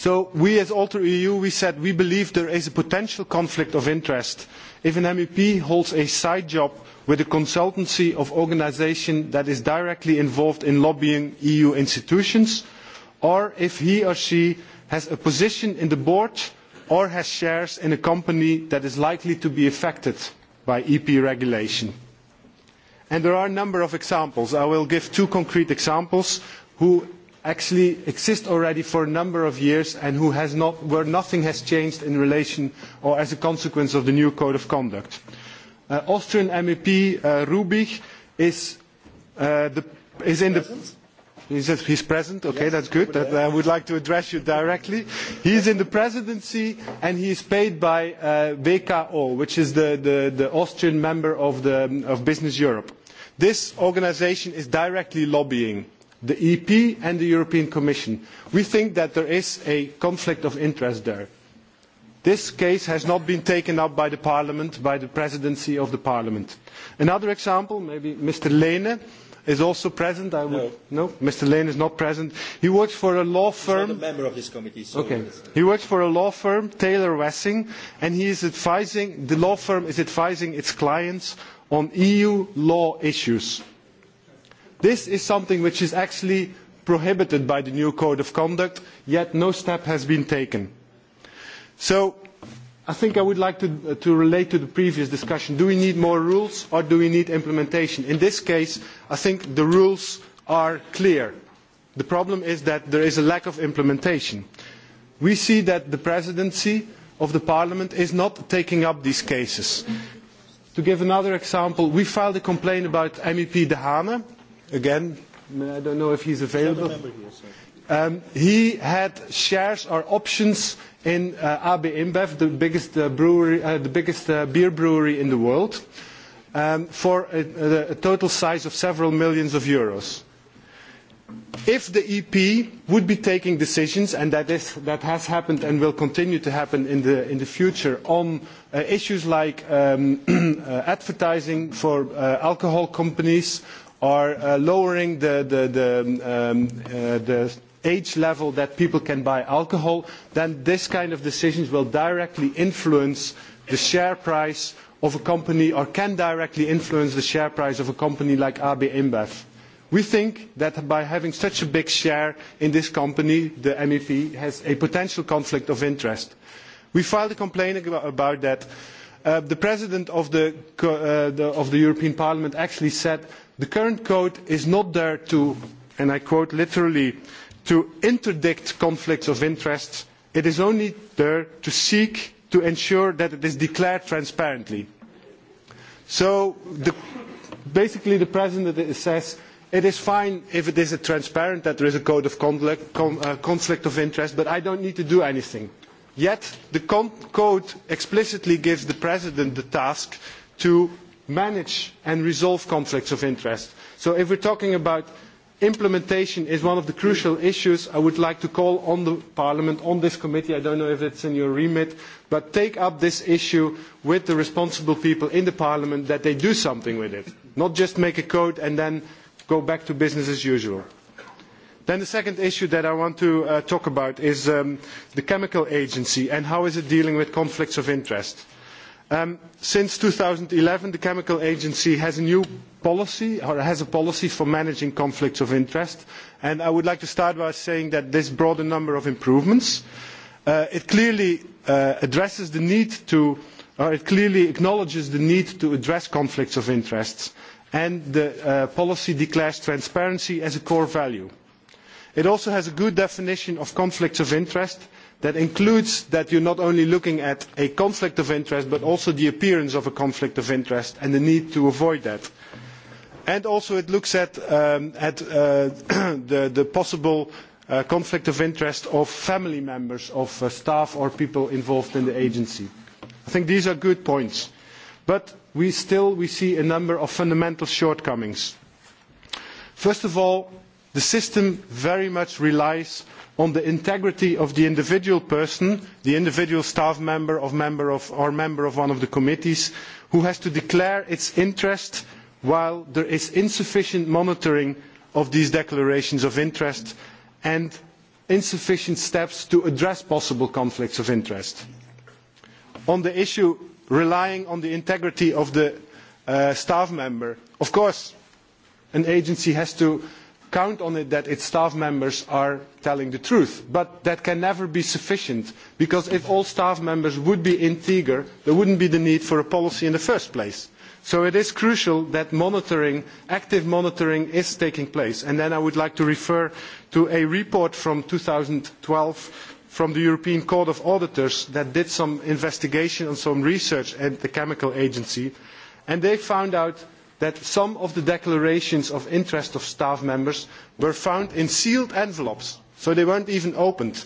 so we as alter eu said we believe there is a potential conflict of interest if an mep holds a side job with a consultancy of organisation that is directly involved in lobbying eu institutions or if he or she has a position in the board or has shares in a company that is likely to be affected by ep regulation and there are a number of examples i will give two concrete examples who actually exist already for a number of years and who has not, where nothing has changed in relation or as a consequence of the new code of conduct. Uh, Austrian MEP uh, Rubich is, uh, the, is in the... He says he's present, okay, yes, that's good. That, I would like to address you directly. He's in the presidency and he is paid by uh, WKO, which is the, the, the Austrian member of, the, of Business Europe. This organization is directly lobbying the ep and the european commission we think that there is a conflict of interest there. this case has not been taken up by parliament by the presidency of parliament. another example maybe mr lehne is also present i would no, no? mr lehne is not present he works for a law firm a member of this committee so okay. he works for a law firm taylor wessing and he is advising the law firm is advising its clients on eu law issues this is something which is actually prohibited by the new code of conduct yet no step has been taken so i think i would like to uh, to relate to the previous discussion do we need more rules or do we need implementation in this case i think the rules are clear the problem is that there is a lack of implementation we see that the presidency of the parliament is not taking up these cases to give another example we filed a complaint about mep de hane again. I don't know if he's available. Um, he had shares or options in uh, AB InBev, the biggest, uh, brewery, uh, the biggest uh, beer brewery in the world, um, for a, a, a total size of several millions of euros. If the EP would be taking decisions, and that, is, that has happened and will continue to happen in the, in the future, on uh, issues like um, uh, advertising for uh, alcohol companies are uh, lowering um, um, uh, the age level that people can buy alcohol, then this kind of decisions will directly influence the share price of a company or can directly influence the share price of a company like AB InBev. We think that by having such a big share in this company, the MEP has a potential conflict of interest. We filed a complaint about that. Uh, the president of the European Parliament actually said the current code is not there to and i quote literally to interdict conflicts of interest it is only there to seek to ensure that it is declared transparently so the, basically the president says it is fine if it is transparent that there is a code of conflict, com, uh, conflict of interest, but I don't need to do anything. Yet, the com- code explicitly gives the president the task to manage and resolve conflicts of interest. so if we are talking about implementation as one of the crucial issues i would like to call on parliament on this committee i do not know if it is in your remit but take up this issue with the responsible people in parliament that they do something with it not just make a code and then go back to business as usual. then the second issue that i want to uh, talk about is um, the chemical agency and how is it dealing with conflicts of interest. Um, since two thousand and eleven the chemical agency has a new policy or has a policy for managing conflicts of interest and i would like to start by saying that this brought a number of improvements. Uh, it clearly uh, addresses the need to or it clearly acknowledges the need to address conflicts of interest and the uh, policy declares transparency as a core value. it also has a good definition of conflicts of interest that includes not only looking at a conflict of interest but also the appearance of a conflict of interest and the need to avoid that. it also looks at um, uh, the possible uh, conflict of interest of family members of uh, staff or people involved in the agency. i think these are good points but we still see a number of fundamental shortcomings. first of all the system very much relies on the integrity of the individual person the individual staff member or member of one of the committees who has to declare his interest while there is insufficient monitoring of these declarations of interest and insufficient steps to address possible conflicts of interest. on the issue of relying on the integrity of the uh, staff member of course an agency has count on it that its staff members are telling the truth but that can never be sufficient because if all staff members would be integer there would not be the need for a policy in the first place. so it is crucial that monitoring active monitoring is taking place and then i would like to refer to a report from two thousand and twelve from the european court of auditors that did some investigation and some research at the chemical agency and they found out that some of the declarations of interest of staff members were found in sealed envelopes so they were not even opened.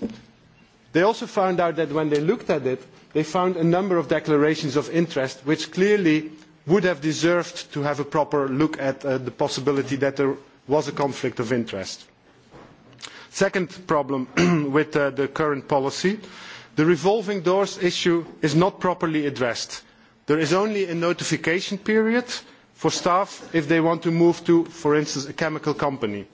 they also found out that when they looked at it they found a number of declarations of interest which clearly would have deserved to have a proper look at uh, the possibility that there was a conflict of interest. second problem with uh, the current policy the revolving doors issue is not properly addressed. there is only a notification period uh, for staff if they want to move to for instance a chemical company.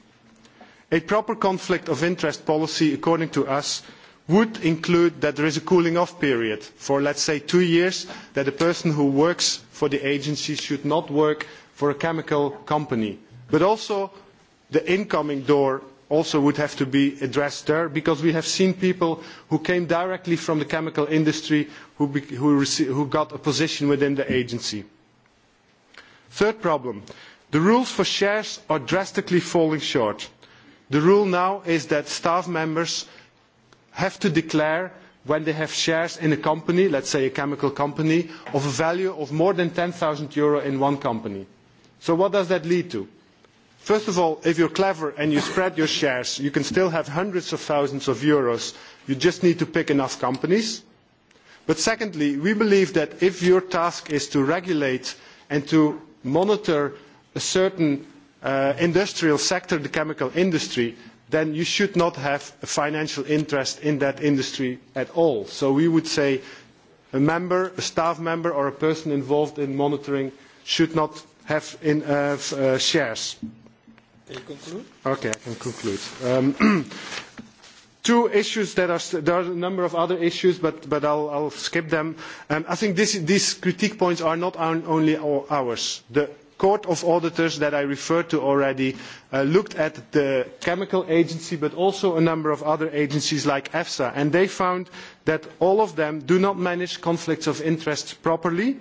a proper conflict of interest policy according to us would include that there is a cooling off period for let us say two years that a person who works for the agency should not work for a chemical company but also the incoming door also would have to be addressed there because we have seen people who came directly from the chemical industry who, who, who got a position within the agency. Third problem, the rules for shares are drastically falling short. The rule now is that staff members have to declare when they have shares in a company, let's say a chemical company, of a value of more than €10,000 in one company. So what does that lead to? First of all, if you're clever and you spread your shares, you can still have hundreds of thousands of euros. You just need to pick enough companies. But secondly, we believe that if your task is to regulate and to monitor a certain uh, industrial sector, the chemical industry, then you should not have a financial interest in that industry at all. So we would say a member, a staff member or a person involved in monitoring should not have in, uh, uh, shares. Can you conclude? Okay, I can conclude. Um, two issues that are there are a number of other issues but but i'll i'll skip them um, i think this these critique points are not on, only ours the court of auditors that i referred to already uh, looked at the chemical agency but also a number of other agencies like efsa and they found that all of them do not manage conflicts of interest properly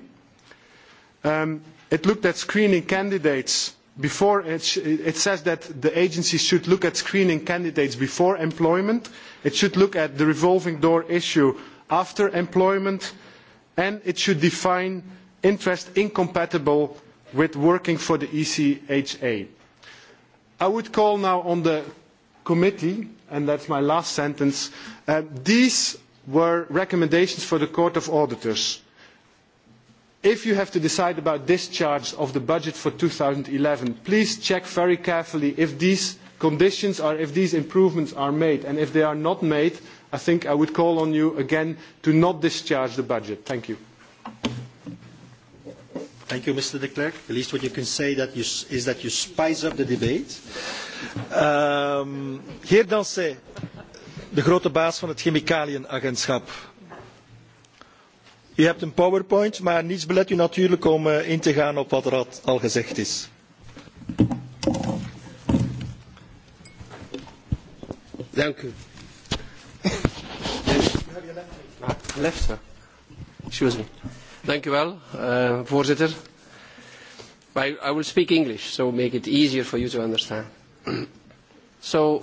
um, it looked at screening candidates before it says that the agency should look at screening candidates before employment it should look at the revolving door issue after employment and it should define interest incompatible with working for the ECHA. I would call now on the committee, and that's my last sentence, uh, these were recommendations for the Court of Auditors if you have to decide about discharge of the budget for two thousand and eleven please check very carefully if these conditions or if these improvements are made and if they are not made i think i would call on you again to not discharge the budget. thank you. thank you mr de klerk. at least what you can say that you, is that you spice up the debate. Um, heer Danse, de grote baas van het chemicaliënagentschap u hebt een powerpoint maar niets belet u natuurlijk om eh, in te gaan op wat er al gezegd is. Dank u. Excuse me. Thank you eh, well, uh, voorzitter. I, I will speak English, so make it easier for you to understand. so,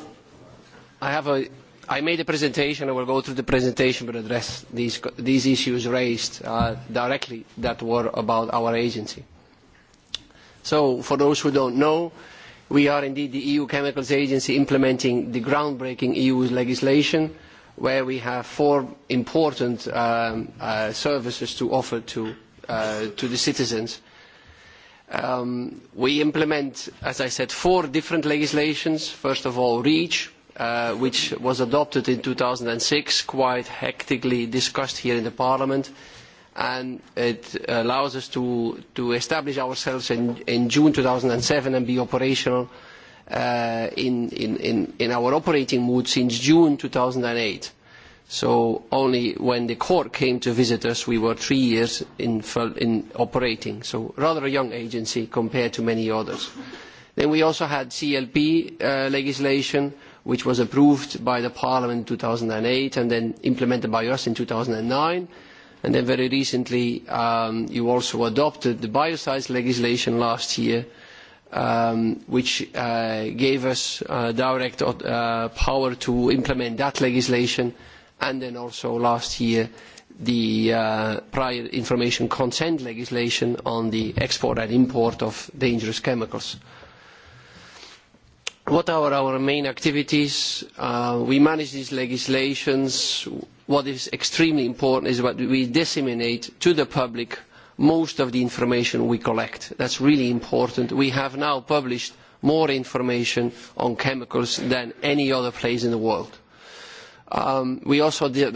I have a I made a presentation, I will go through the presentation but address these, these issues raised uh, directly that were about our agency. So for those who don't know, we are indeed the EU Chemicals Agency implementing the groundbreaking EU legislation where we have four important um, uh, services to offer to, uh, to the citizens. Um, we implement, as I said, four different legislations. First of all, REACH, Uh, which was adopted in 2006, quite hectically discussed here in the Parliament. And it allows us to, to establish ourselves in, in June 2007 and be operational uh, in, in, in, in our operating mood since June 2008. So only when the court came to visit us, we were three years in, in operating. So rather a young agency compared to many others. then we also had CLP uh, legislation, uh, which was approved by the Parliament in 2008 and then implemented by us in 2009. And then very recently, um, you also adopted the biocides legislation last year, um, which uh, gave us uh, direct uh, power to implement that legislation. And then also last year, the uh, prior information consent legislation on the export and import of dangerous chemicals. Uh, what are our main activities? Uh, we manage these legislations. What is extremely important is that we disseminate to the public most of the information we collect. That's really important. We have now published more information on chemicals than any other place in the world. Um, we also de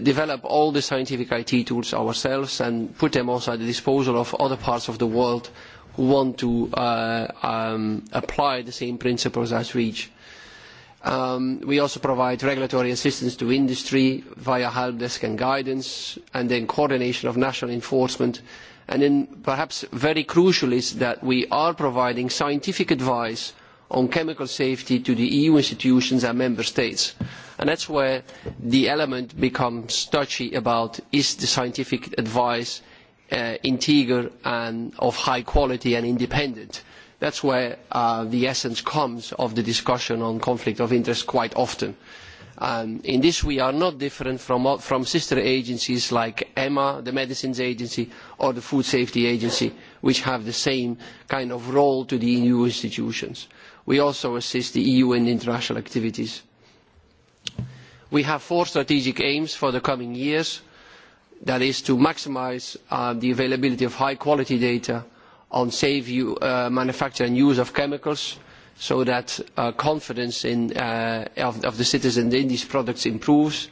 develop all the scientific IT tools ourselves and put them also at the disposal of other parts of the world want to uh, um, apply the same principles as REACH. Um, we also provide regulatory assistance to industry via help desk and guidance and then coordination of national enforcement. And then perhaps very crucial is that we are providing scientific advice on chemical safety to the EU institutions and member states. And that's where the element becomes touchy about is the scientific advice uh, integre and of high quality and independent. That is where uh, the essence comes of the discussion on conflict of interest quite often. Um, in this we are not different from, uh, from sister agencies like EMA, the Medicines Agency or the Food Safety Agency which have the same kind of role to the EU institutions. We also assist the EU in international activities. We have four strategic aims for the coming years that is to maximise uh, the availability of high quality data on safe uh, manufacture and use of chemicals so that uh, confidence of the citizens in these products improves.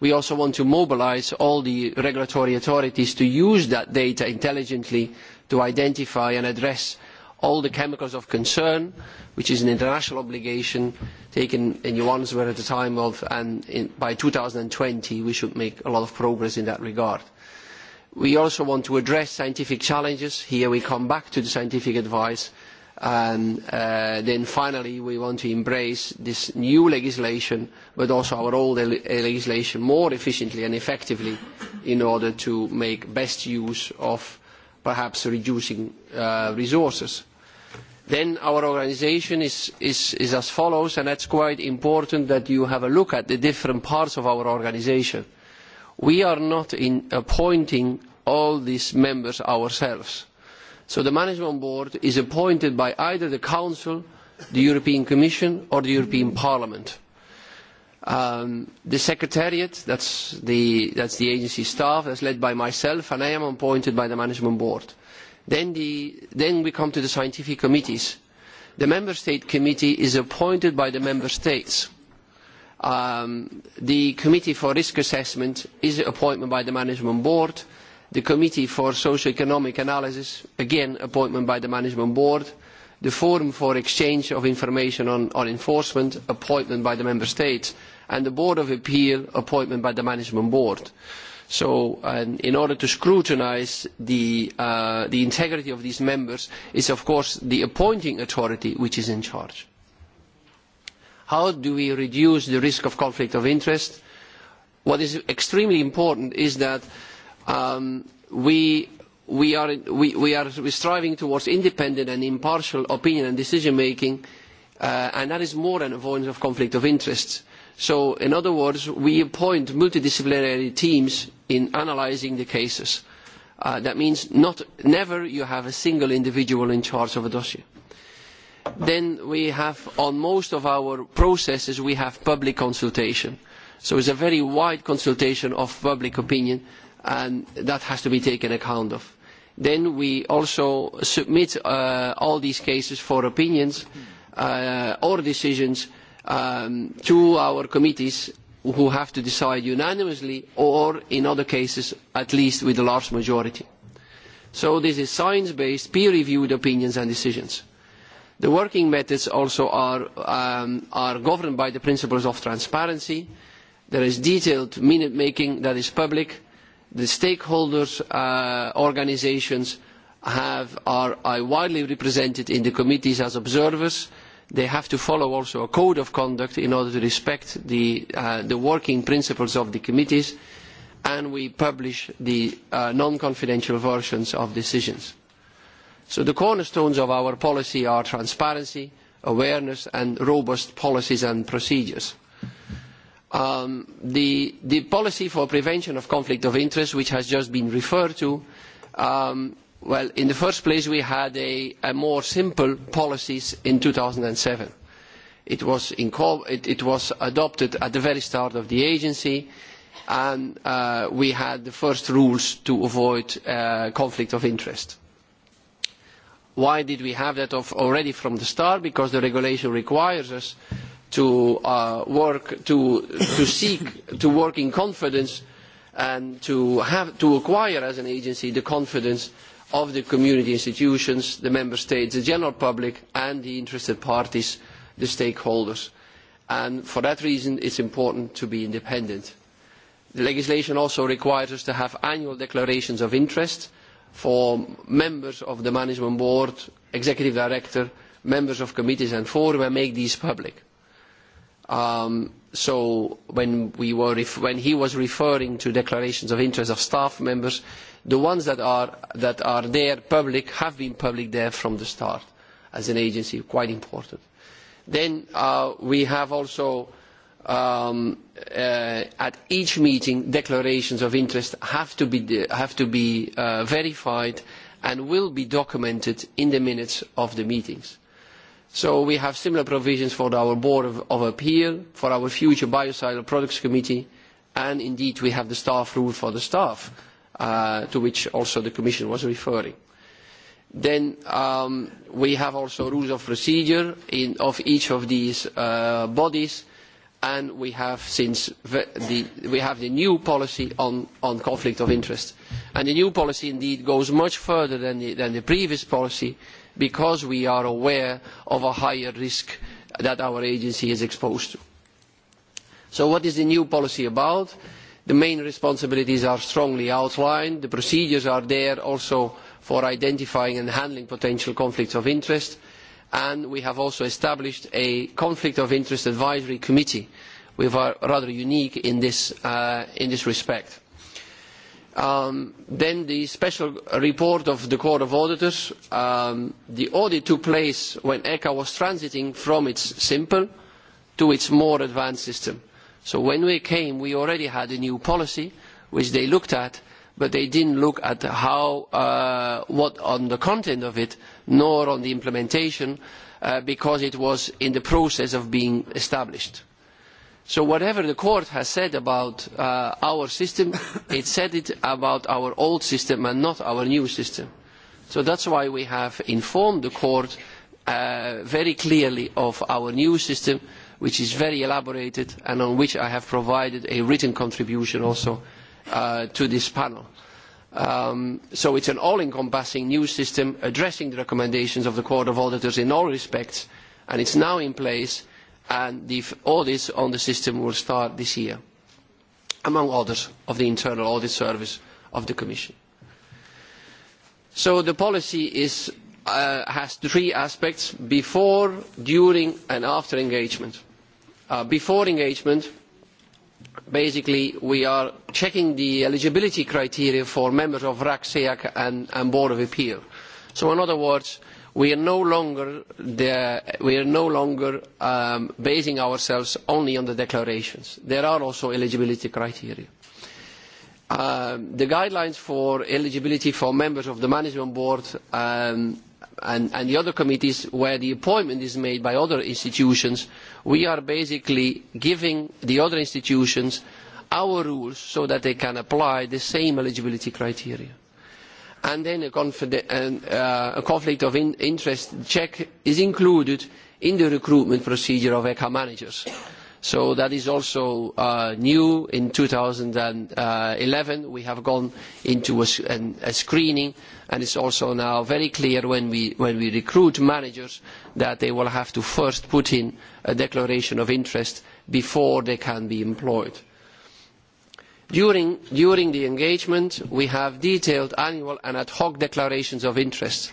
we also want to mobilise all the regulatory authorities to use that data intelligently to identify and address all the chemicals of concern, which is an international obligation taken in Yuan's word at the time of, and in, by 2020 we should make a lot of progress in that regard. We also want to address scientific challenges. Here we come back to the scientific advice. And uh, then finally, we want to embrace this new legislation, but also our old legislation more efficiently and effectively in order to make best use of perhaps reducing uh, resources then our organisation is as follows and it is quite important that you have a look at the different parts of our organisation we are not appointing all these members ourselves so the management board is appointed by either the council the european commission or the european parliament um, the secretariat that's the that's the agency staff is led by myself and i am appointed by the management board then we come to the scientific committees. the member state committee is appointed by the member states. Um, the committee for risk assessment is an appointment by the management board. the committee for socio economic analysis again an appointment by the management board. the forum for exchange of information on enforcement an appointment by the member states and the board of appeal an appointment by the management board so um, in order to scrutinise the, uh, the integrity of these members it is of course the appointing authority which is in charge. How do we reduce the risk of conflict of interest? What is extremely important is that um, we, we, are, we, we are striving towards independent and impartial opinion and decision making uh, and that is more an avoidance of conflict of interest. So in other words, we appoint multidisciplinary teams in analysing the cases. Uh, that means not, never you have a single individual in charge of a dossier. Then we have, on most of our processes, we have public consultation. So it's a very wide consultation of public opinion, and that has to be taken account of. Then we also submit uh, all these cases for opinions uh, or decisions um, to our committees who have to decide unanimously or in other cases at least with a large majority. So this is science based, peer reviewed opinions and decisions. The working methods also are, um, are governed by the principles of transparency. There is detailed minute making that is public. The stakeholders uh, organisations have, are, are widely represented in the committees as observers. Uh, they have to follow a code of conduct in order to respect uh, the working principles of the committees and we publish the uh, non confidential versions of decisions. so the cornerstones of our policy are transparency awareness and robust policies and procedures. Um, the, the policy for prevention of conflict of interest which has just been referred to um, in the first place we had more simple policies in two thousand and seven it was adopted at the very start of the agency and uh, we had the first rules to avoid uh, conflict of interest. why did we have that already from the start? because the regulation requires us to uh, seek to work in confidence and to acquire as an agency the confidence of the community institutions the member states the general public and the interested parties the stakeholders and for that reason it is important to be independent. the legislation also requires us to have annual declarations of interest for members of the management board executive director members of committees and forums and make these public. Um, so when he was referring to declarations of interest of staff members the ones that are there public have been public there from the start as an agency quite important. then uh, we have also um, uh, at each meeting declarations of interest have to be uh, verified and will be documented in the minutes of the meetings. so we have similar provisions for our board of appeal for our future biocidal products committee and indeed we have the staff rule for the staff uh, to which also the Commission was referring. Then um, we have also rules of procedure in, of each of these uh, bodies, and we have since the, the, we have the new policy on, on conflict of interest. And the new policy indeed goes much further than the, than the previous policy because we are aware of a higher risk that our agency is exposed to. So what is the new policy about? the main responsibilities are strongly outlined the procedures are there also for identifying and handling potential conflicts of interest and we have also established a conflict of interest advisory committee which is rather unique in this uh, respect. Um, then the special report of the court of auditors um, the audit took place when echa was transiting from its simple to its more advanced system so when we came we already had a new policy which they looked at but they didn't look at how, uh, what on the content of it nor on the implementation uh, because it was in the process of being established. So whatever the court has said about uh, our system, it said it about our old system and not our new system. So that's why we have informed the court uh, very clearly of our new system which is very elaborated and on which I have provided a written contribution also uh, to this panel. Um, so it's an all-encompassing new system addressing the recommendations of the Court of Auditors in all respects, and it's now in place, and the audits on the system will start this year, among others of the Internal Audit Service of the Commission. So the policy is, uh, has three aspects, before, during and after engagement. Uh, before engagement basically we are checking the eligibility criteria for members of rac ceac and board of appeal so in other words we are no longer no um, basing ourselves only on the declarations there are also eligibility criteria. Uh, the guidelines for eligibility for members of the management board um, and, and the other committees where the appointment is made by other institutions, we are basically giving the other institutions our rules so that they can apply the same eligibility criteria. And then a, and, uh, a conflict of in interest check is included in the recruitment procedure of ECA managers. That is also uh, new. In 2011, we have gone into a screening, and it's also now very clear when we recruit managers that they will have to first put in a declaration of interest before they can be employed. During the engagement, we have detailed annual and ad hoc declarations of interest.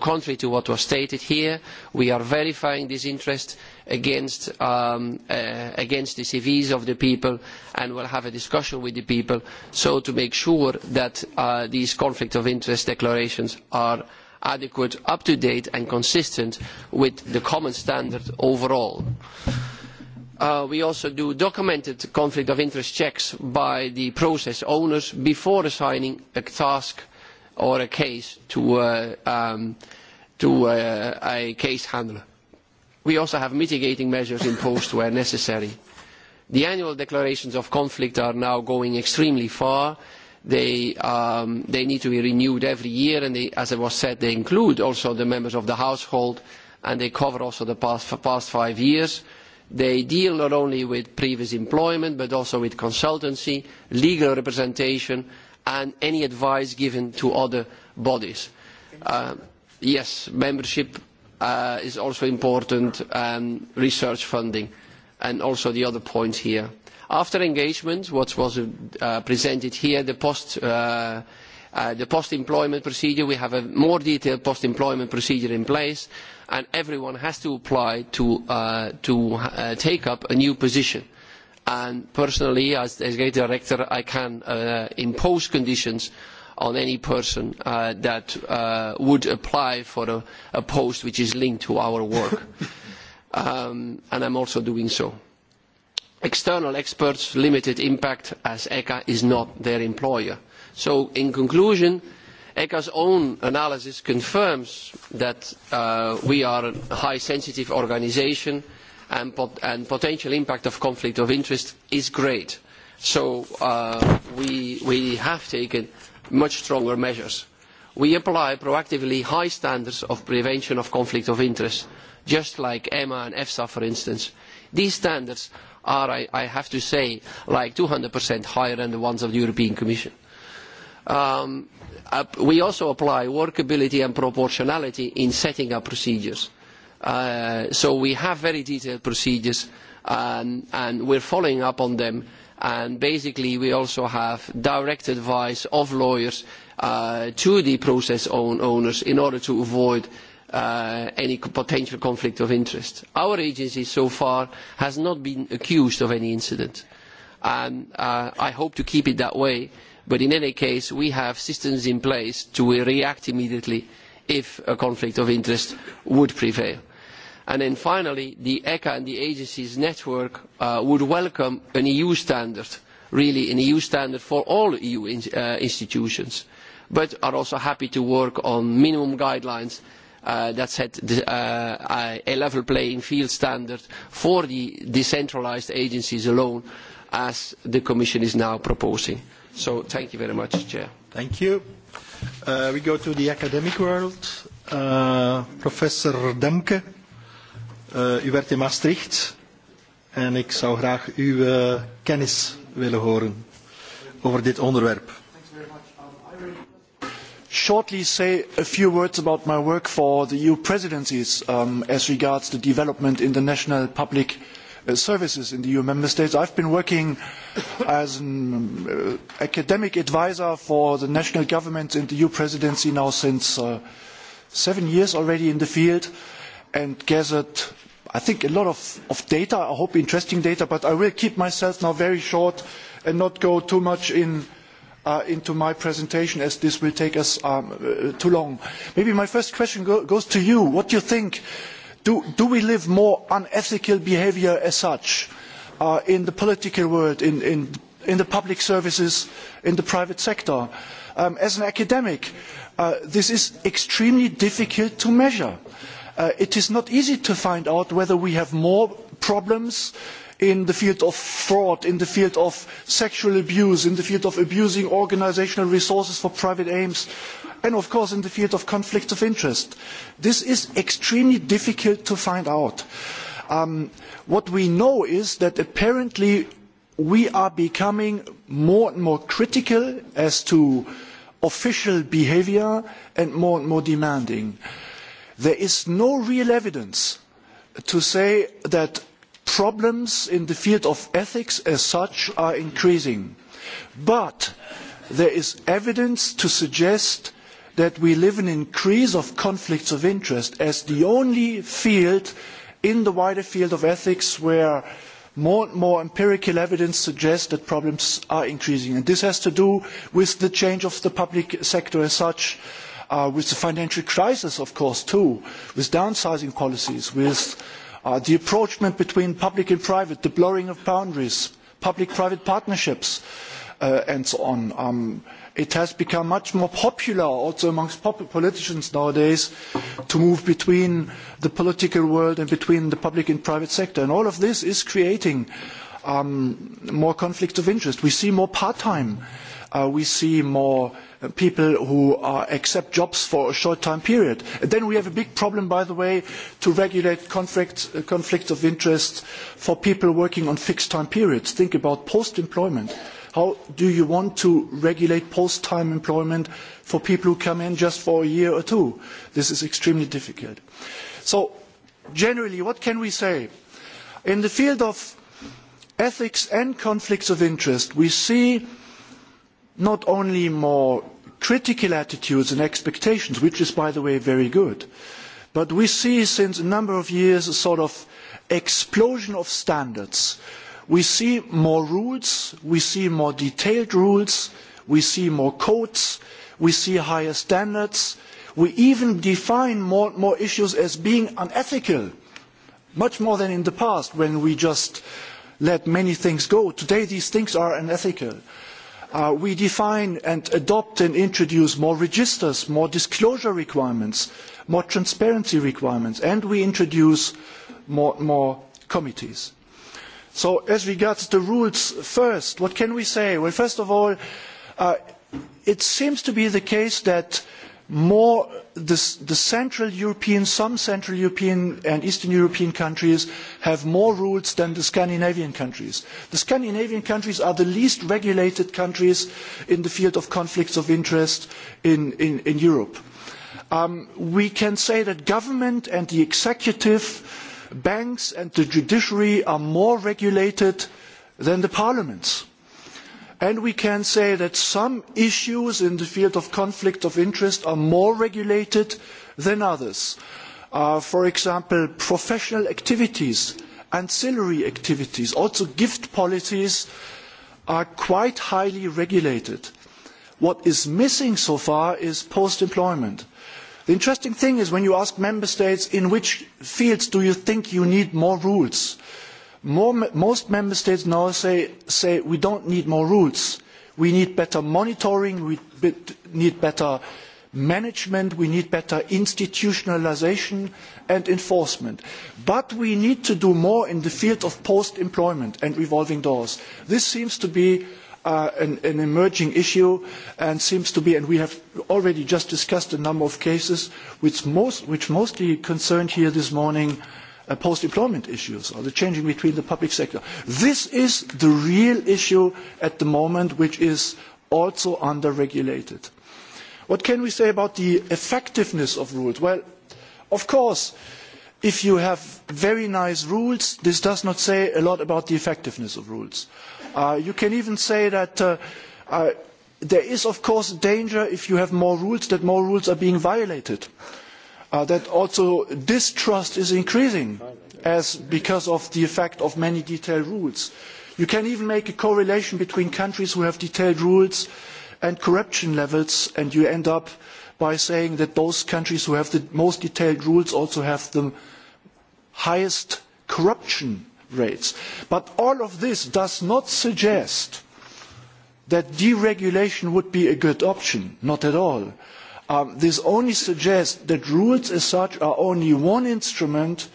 Contrary to what was stated here, we are verifying this interest against um, uh, against the CVs of the people and will have a discussion with the people so to make sure that uh, these conflict of interest declarations are adequate, up to date and consistent with the common standard overall. Uh, we also do documented conflict of interest checks by the process owners before assigning a task or a case to, uh, um, to uh, a case handler. We also have mitigating measures imposed where necessary. The annual declarations of conflict are now going extremely far. They, um, they need to be renewed every year, and they, as I was said, they include also the members of the household, and they cover also the past, for past five years. They deal not only with previous employment, but also with consultancy, legal representation, and any advice given to other bodies. Uh, yes, membership uh, is also important um, research funding and also the other points here. After engagement, what was uh, presented here, the post uh, uh, the post-employment procedure, we have a more detailed post-employment procedure in place and everyone has to apply to, uh, to uh, take up a new position. And personally, as, as Gate Director, I can uh, impose conditions on any person uh, that uh, would apply for a, a post which is linked to our work. um, and I'm also doing so. External experts, limited impact, as ECA is not their employer. So in conclusion, ECA's own analysis confirms that uh, we are a high sensitive organization and, pot and potential impact of conflict of interest is great. So uh, we, we have taken much stronger measures. we apply proactively high standards of prevention of conflict of interest just like emma and efsa for instance. these standards are i have to say like two hundred higher than the ones of the european commission. Um, uh, we also apply workability and proportionality in setting up procedures. Uh, so we have very detailed procedures um, and, and we are following up on them and basically we also have direct advice of lawyers uh, to the process own owners in order to avoid uh, any potential conflict of interest. Our agency so far has not been accused of any incident. and uh, I hope to keep it that way, but in any case, we have systems in place to react immediately if a conflict of interest would prevail finally the echa and the agencies network uh, would welcome an eu standard really an eu standard for all eu uh, institutions but are also happy to work on minimum guidelines uh, that set a level playing field standard for the decentralised agencies alone as the commission is now proposing. so thank you very much chair. thank you. Uh, we go to the academic world. Uh, professor demke. Uh, u werkt in Maastricht en ik zou graag uw uh, kennis willen horen over dit onderwerp. Shortly say a few words about my work for the EU presidencies um, as regards the development in the national public uh, services in the EU member states. I've been working as an uh, academic advisor for the national government in the EU presidency now since uh, seven years already in the field. Uh, and gathered I think a lot of, of data, I hope interesting data, but I will keep myself now very short and not go too much in, uh, into my presentation as this will take us um, uh, too long. Maybe my first question go goes to you. What do you think? Do, do we live more unethical behavior as such uh, in the political world, in, in, in the public services, in the private sector? Um, as an academic, uh, this is extremely difficult to measure. Uh, it is not easy to find out whether we have more problems in the field of fraud in the field of sexual abuse in the field of abusing organisational resources for private aims and of course in the field of conflicts of interest. this is extremely difficult to find out. Um, what we know is that apparently we are becoming more and more critical as to official behaviour and more and more demanding there is no real evidence to say that problems in the field of ethics as such are increasing. But there is evidence to suggest that we live in an increase of conflicts of interest as the only field in the wider field of ethics where more and more empirical evidence suggests that problems are increasing. And this has to do with the change of the public sector as such uh, with the financial crisis, of course, too, with downsizing policies, with uh, the approachment between public and private, the blurring of boundaries, public-private partnerships, uh, and so on. Um, it has become much more popular also amongst pop politicians nowadays to move between the political world and between the public and private sector. And all of this is creating um, more conflicts of interest. We see more part-time uh, uh, we see more people who uh, accept jobs for a short time period. And then we have a big problem, by the way, to regulate conflicts uh, conflict of interest for people working on fixed time periods. Think about post-employment. How do you want to regulate post-time employment for people who come in just for a year or two? This is extremely difficult. So generally, what can we say? In the field of ethics and conflicts of interest, we see not only more critical attitudes and expectations, which is, by the way, very good, but we see since a number of years a sort of explosion of standards. We see more rules, we see more detailed rules, we see more codes, we see higher standards, we even define more and more issues as being unethical, much more than in the past when we just let many things go. Today these things are unethical uh, we define and adopt and introduce more registers, more disclosure requirements, more transparency requirements, and we introduce more, more committees. So as regards the rules first, what can we say? Well, first of all, uh, it seems to be the case that more the, the central european some central european and eastern european countries have more rules than the scandinavian countries the scandinavian countries are the least regulated countries in the field of conflicts of interest in, in, in europe um, we can say that government and the executive banks and the judiciary are more regulated than the parliaments and we can say that some issues in the field of conflict of interest are more regulated than others uh, for example professional activities ancillary activities also gift policies are quite highly regulated what is missing so far is post employment the interesting thing is when you ask member states in which fields do you think you need more rules most member states now say that we do not need more rules we need better monitoring we need better management we need better institutionalisation and enforcement but we need to do more in the field of post employment and revolving doors. this seems to be uh, an emerging issue and seems to be and we have already just discussed a number of cases which mostly concerned here this morning uh, post-employment issues or the changing between the public sector. This is the real issue at the moment which is also under-regulated. What can we say about the effectiveness of rules? Well, of course, if you have very nice rules, this does not say a lot about the effectiveness of rules. Uh, you can even say that uh, uh, there is, of course, danger if you have more rules that more rules are being violated. Uh, uh, that also distrust is increasing as because of the effect of many detailed rules. You can even make a correlation between countries who have detailed rules and corruption levels, and you end up by saying that those countries who have the most detailed rules also have the highest corruption rates. But all of this does not suggest that deregulation would be a good option, not at all um, this only suggests that rules as such are only one instrument,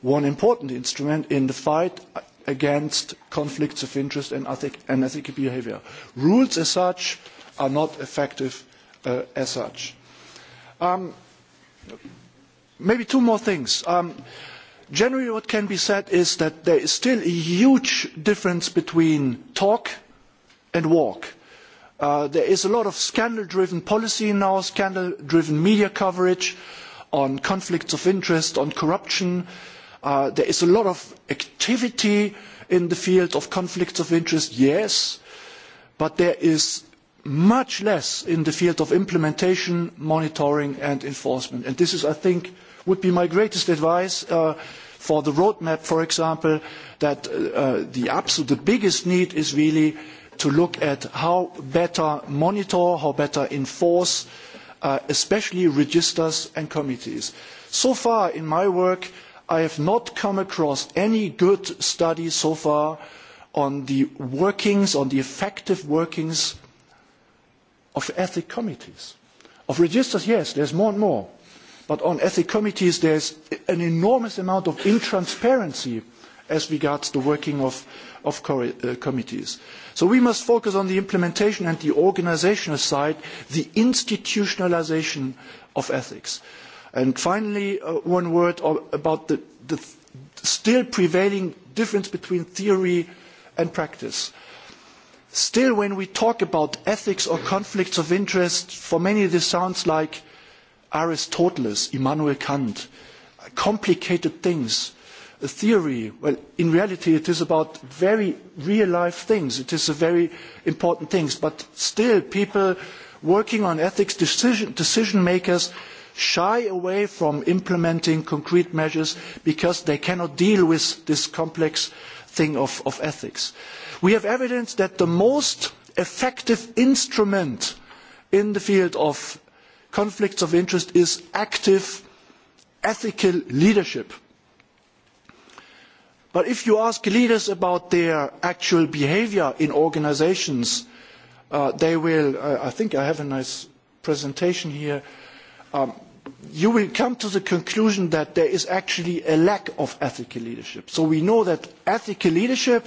one important instrument in the fight against conflicts of interest and, ethic, and ethical behavior. Rules as such are not effective uh, as such. Um, maybe two more things. Um, generally what can be said is that there is still a huge difference between talk and walk. Uh, there is a lot of scandal driven policy now scandal driven media coverage on conflicts of interest on corruption uh, there is a lot of activity in the field of conflicts of interest yes but there is much less in the field of implementation monitoring and enforcement and this is i think would be my greatest advice uh, for the roadmap, for example, that uh, uh the absolute the biggest need is really to look at how better monitor, how better enforce, uh, especially registers and committees. So far in my work, I have not come across any good study so far on the workings, on the effective workings of ethic committees. Of registers, yes, there's more and more. But on ethic committees, there's an enormous amount of intransparency as regards the working of, of co- uh, committees. So we must focus on the implementation and the organizational side, the institutionalization of ethics. And finally, uh, one word about the, the still prevailing difference between theory and practice. Still, when we talk about ethics or conflicts of interest, for many this sounds like Aristoteles, Immanuel Kant, complicated things theory. Well, in reality, it is about very real life things. It is a very important thing. But still, people working on ethics, decision, decision makers, shy away from implementing concrete measures because they cannot deal with this complex thing of, of ethics. We have evidence that the most effective instrument in the field of conflicts of interest is active ethical leadership. But if you ask leaders about their actual behavior in organizations, uh, they will, uh, I think I have a nice presentation here, um, you will come to the conclusion that there is actually a lack of ethical leadership. So we know that ethical leadership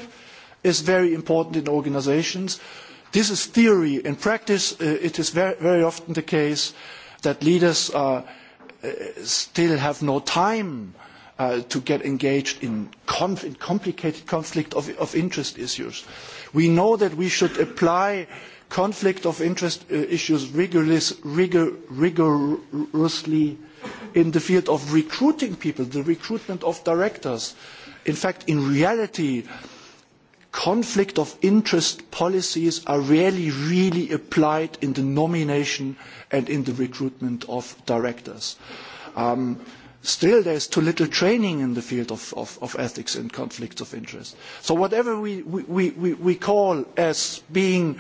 is very important in organizations. This is theory. In practice, uh, it is very, very often the case that leaders uh, still have no time uh, uh, to get engaged in, conf- in complicated conflict of, of interest issues. We know that we should apply conflict of interest uh, issues rigorous, rigor, rigorously in the field of recruiting people, the recruitment of directors. In fact, in reality, conflict of interest policies are really, really applied in the nomination and in the recruitment of directors. Um, still there is too little training in the field of, of, of ethics and conflicts of interest. So whatever we, we, we, we call as being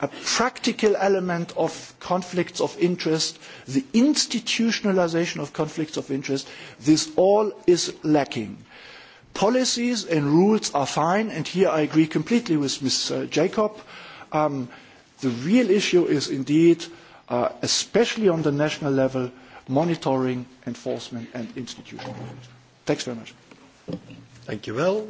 a practical element of conflicts of interest, the institutionalization of conflicts of interest, this all is lacking. Policies and rules are fine, and here I agree completely with Mr. Uh, Jacob. Um, the real issue is indeed, uh, especially on the national level, monitoring, enforcement and institutional monitoring. Thanks very much. Dank je wel.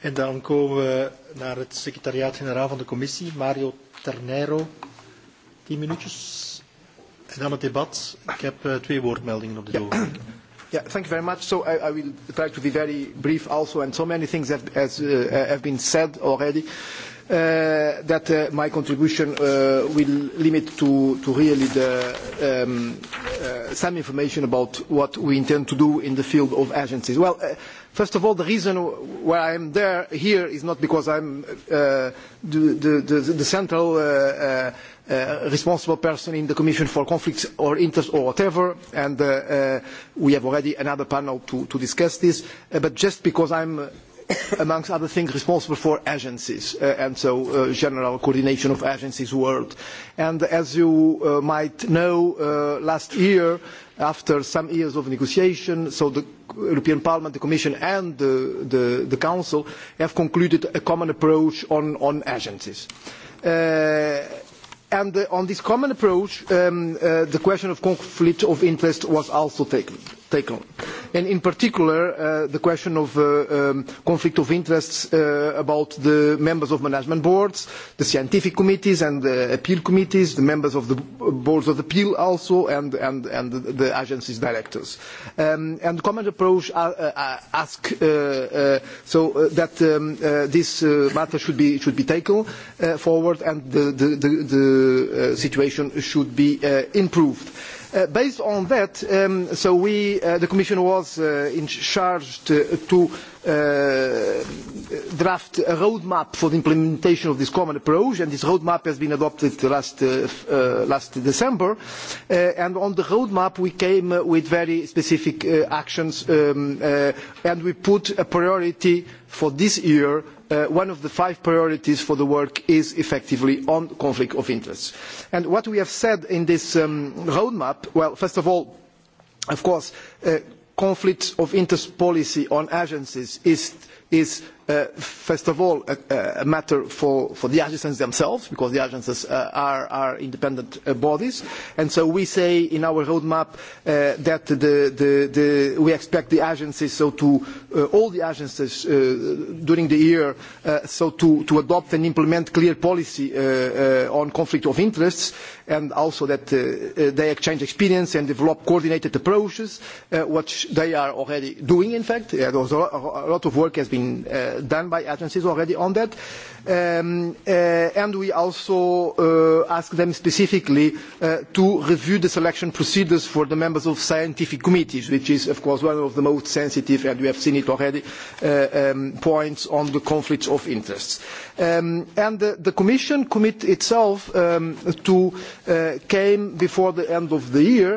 En dan komen we naar het secretariaat-generaal van de commissie, Mario Ternero. Tien minuutjes. En dan het debat. Ik heb uh, twee woordmeldingen op de ja. doel. Ja. Yeah, thank you very much. So I, I will try to be very brief also, and so many things have, has, uh, eh, have been said already uh, that uh, my contribution uh, will limit to, to really the, um, uh, some information about what we intend to do in the field of agencies. Well, uh, first of all, the reason why I'm there here is not because I'm uh, the, the, the, the central uh, uh, uh responsible person in the Commission for Conflicts or Interest or whatever, and uh, uh, we have already another panel to, to discuss this, uh, but just because I'm uh, amongst other things, responsible for agencies, uh, and so uh, general coordination of agencies world. And as you uh, might know, uh, last year, after some years of negotiation, so the European Parliament, the Commission and the, the, the Council have concluded a common approach on, on agencies. Uh, and uh, on this common approach, um, uh, the question of conflict of interest was also taken take on. And in particular, uh, the question of uh, um, conflict of interests uh, about the members of management boards, the scientific committees and the appeal committees, the members of the boards of appeal also, and, and, and the agency's directors. Um, and the common approach uh, uh, asks uh, uh, so uh, that um, uh, this uh, matter should be, should be taken uh, forward and the, the, the, the uh, situation should be uh, improved. Uh, based on that, um, so we, uh, the Commission was uh, in charge to, to uh, draft a roadmap for the implementation of this common approach, and this roadmap has been adopted last, uh, uh, last December. Uh, and on the roadmap, we came uh, with very specific uh, actions, um, uh, and we put a priority for this year. Uh, one of the five priorities for the work is effectively on conflict of interests. And what we have said in this um, roadmap, well, first of all, of course, uh, conflict of interest policy on agencies is Uh, first of all, a, a matter for, for the agencies themselves, because the agencies uh, are, are independent uh, bodies. And so we say in our roadmap uh, that the, the, the, we expect the agencies, so to uh, all the agencies uh, during the year, uh, so to, to adopt and implement clear policy uh, uh, on conflict of interests, and also that uh, uh they exchange experience and develop coordinated approaches, uh, which they are already doing, in fact. Yeah, a lot of work has been uh, done by agencies already on that. Um, uh, and we also uh, ask them specifically uh, to review the selection procedures for the members of scientific committees, which is, of course, one of the most sensitive, and we have seen it already, uh, um, points on the conflicts of interests. Um, and the, the Commission commit itself um, to uh, came before the end of the year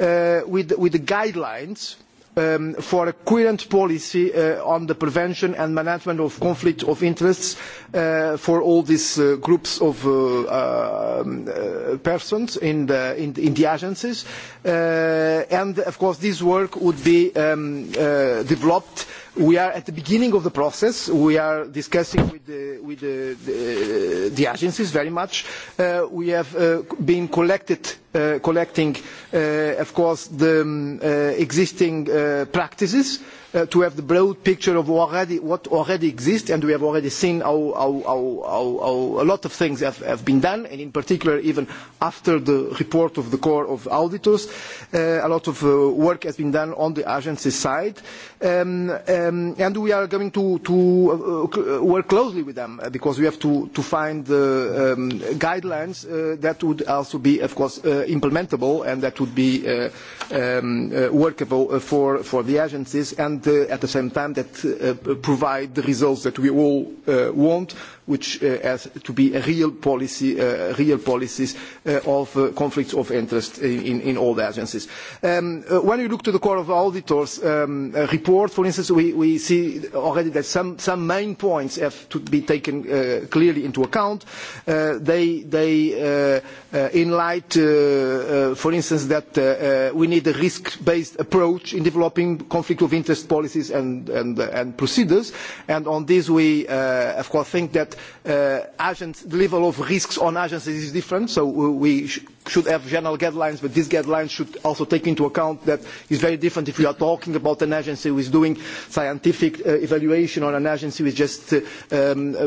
uh, with, with the guidelines – um, for a coherent policy uh, on the prevention and management of conflict of interests uh, for all these uh, groups of uh, um, uh, persons in the, in the, in the agencies. Uh, and, of course, this work would be um, uh, developed uh, We are at the beginning of the process. We are discussing with the, with the, the, the agencies very much. Uh, we have uh, been collected, uh, collecting, uh, of course, the um, uh, existing uh, practices uh, to have the broad picture of already, what already exists. And we have already seen how, how, how, how, how a lot of things have, have been done. And in particular, even after the report of the Corps of Auditors, uh, a lot of uh, work has been done on the agency side um, um, and we are going to, to uh, work closely with them uh, because we have to, to find uh, um, guidelines uh, that would also be, of course, uh, implementable and that would be uh, um, uh, workable uh, for, for the agencies and uh, at the same time that uh, provide the results that we all uh, want which uh, has to be a real, policy, uh, real policies uh, of uh, conflicts of interest in, in, in all the agencies. Um, uh, when you look to the Court of Auditors um, uh, report, for instance, we, we see already that some, some main points have to be taken uh, clearly into account. Uh, they they uh, uh, in light, uh, uh, for instance, that uh, uh, we need a risk-based approach in developing conflict of interest policies and, and, uh, and procedures. And on this, we, uh, of course, think that uh, agent, the level of risks on agents is different, so we, we sh should have general guidelines, but these guidelines should also take into account that it's very different if you are talking about an agency who is doing scientific uh, evaluation or an agency who is just uh, um, uh,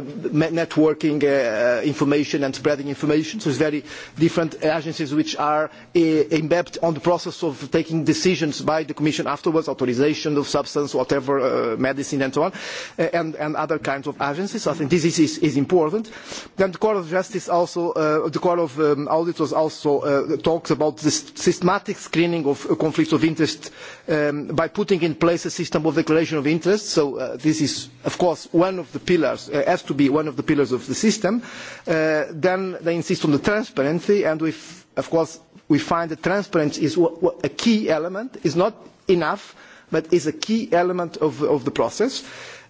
networking uh, uh, information and spreading information. So it's very different agencies which are uh, embedded on the process of taking decisions by the Commission afterwards, authorization of substance, whatever, uh, medicine and so on, uh, and, and other kinds of agencies. So I think this is, is important. Then the Court of Justice also, uh, the Court of um, Auditors also also uh, talks about the systematic screening of uh, conflicts of interest um, by putting in place a system of declaration of interest. So uh, this is, of course, one of the pillars, uh, has to be one of the pillars of the system. Uh, then they insist on the transparency, and we, of course, we find that transparency is what, what a key element. It's not enough, but is a key element of, of the process. Uh,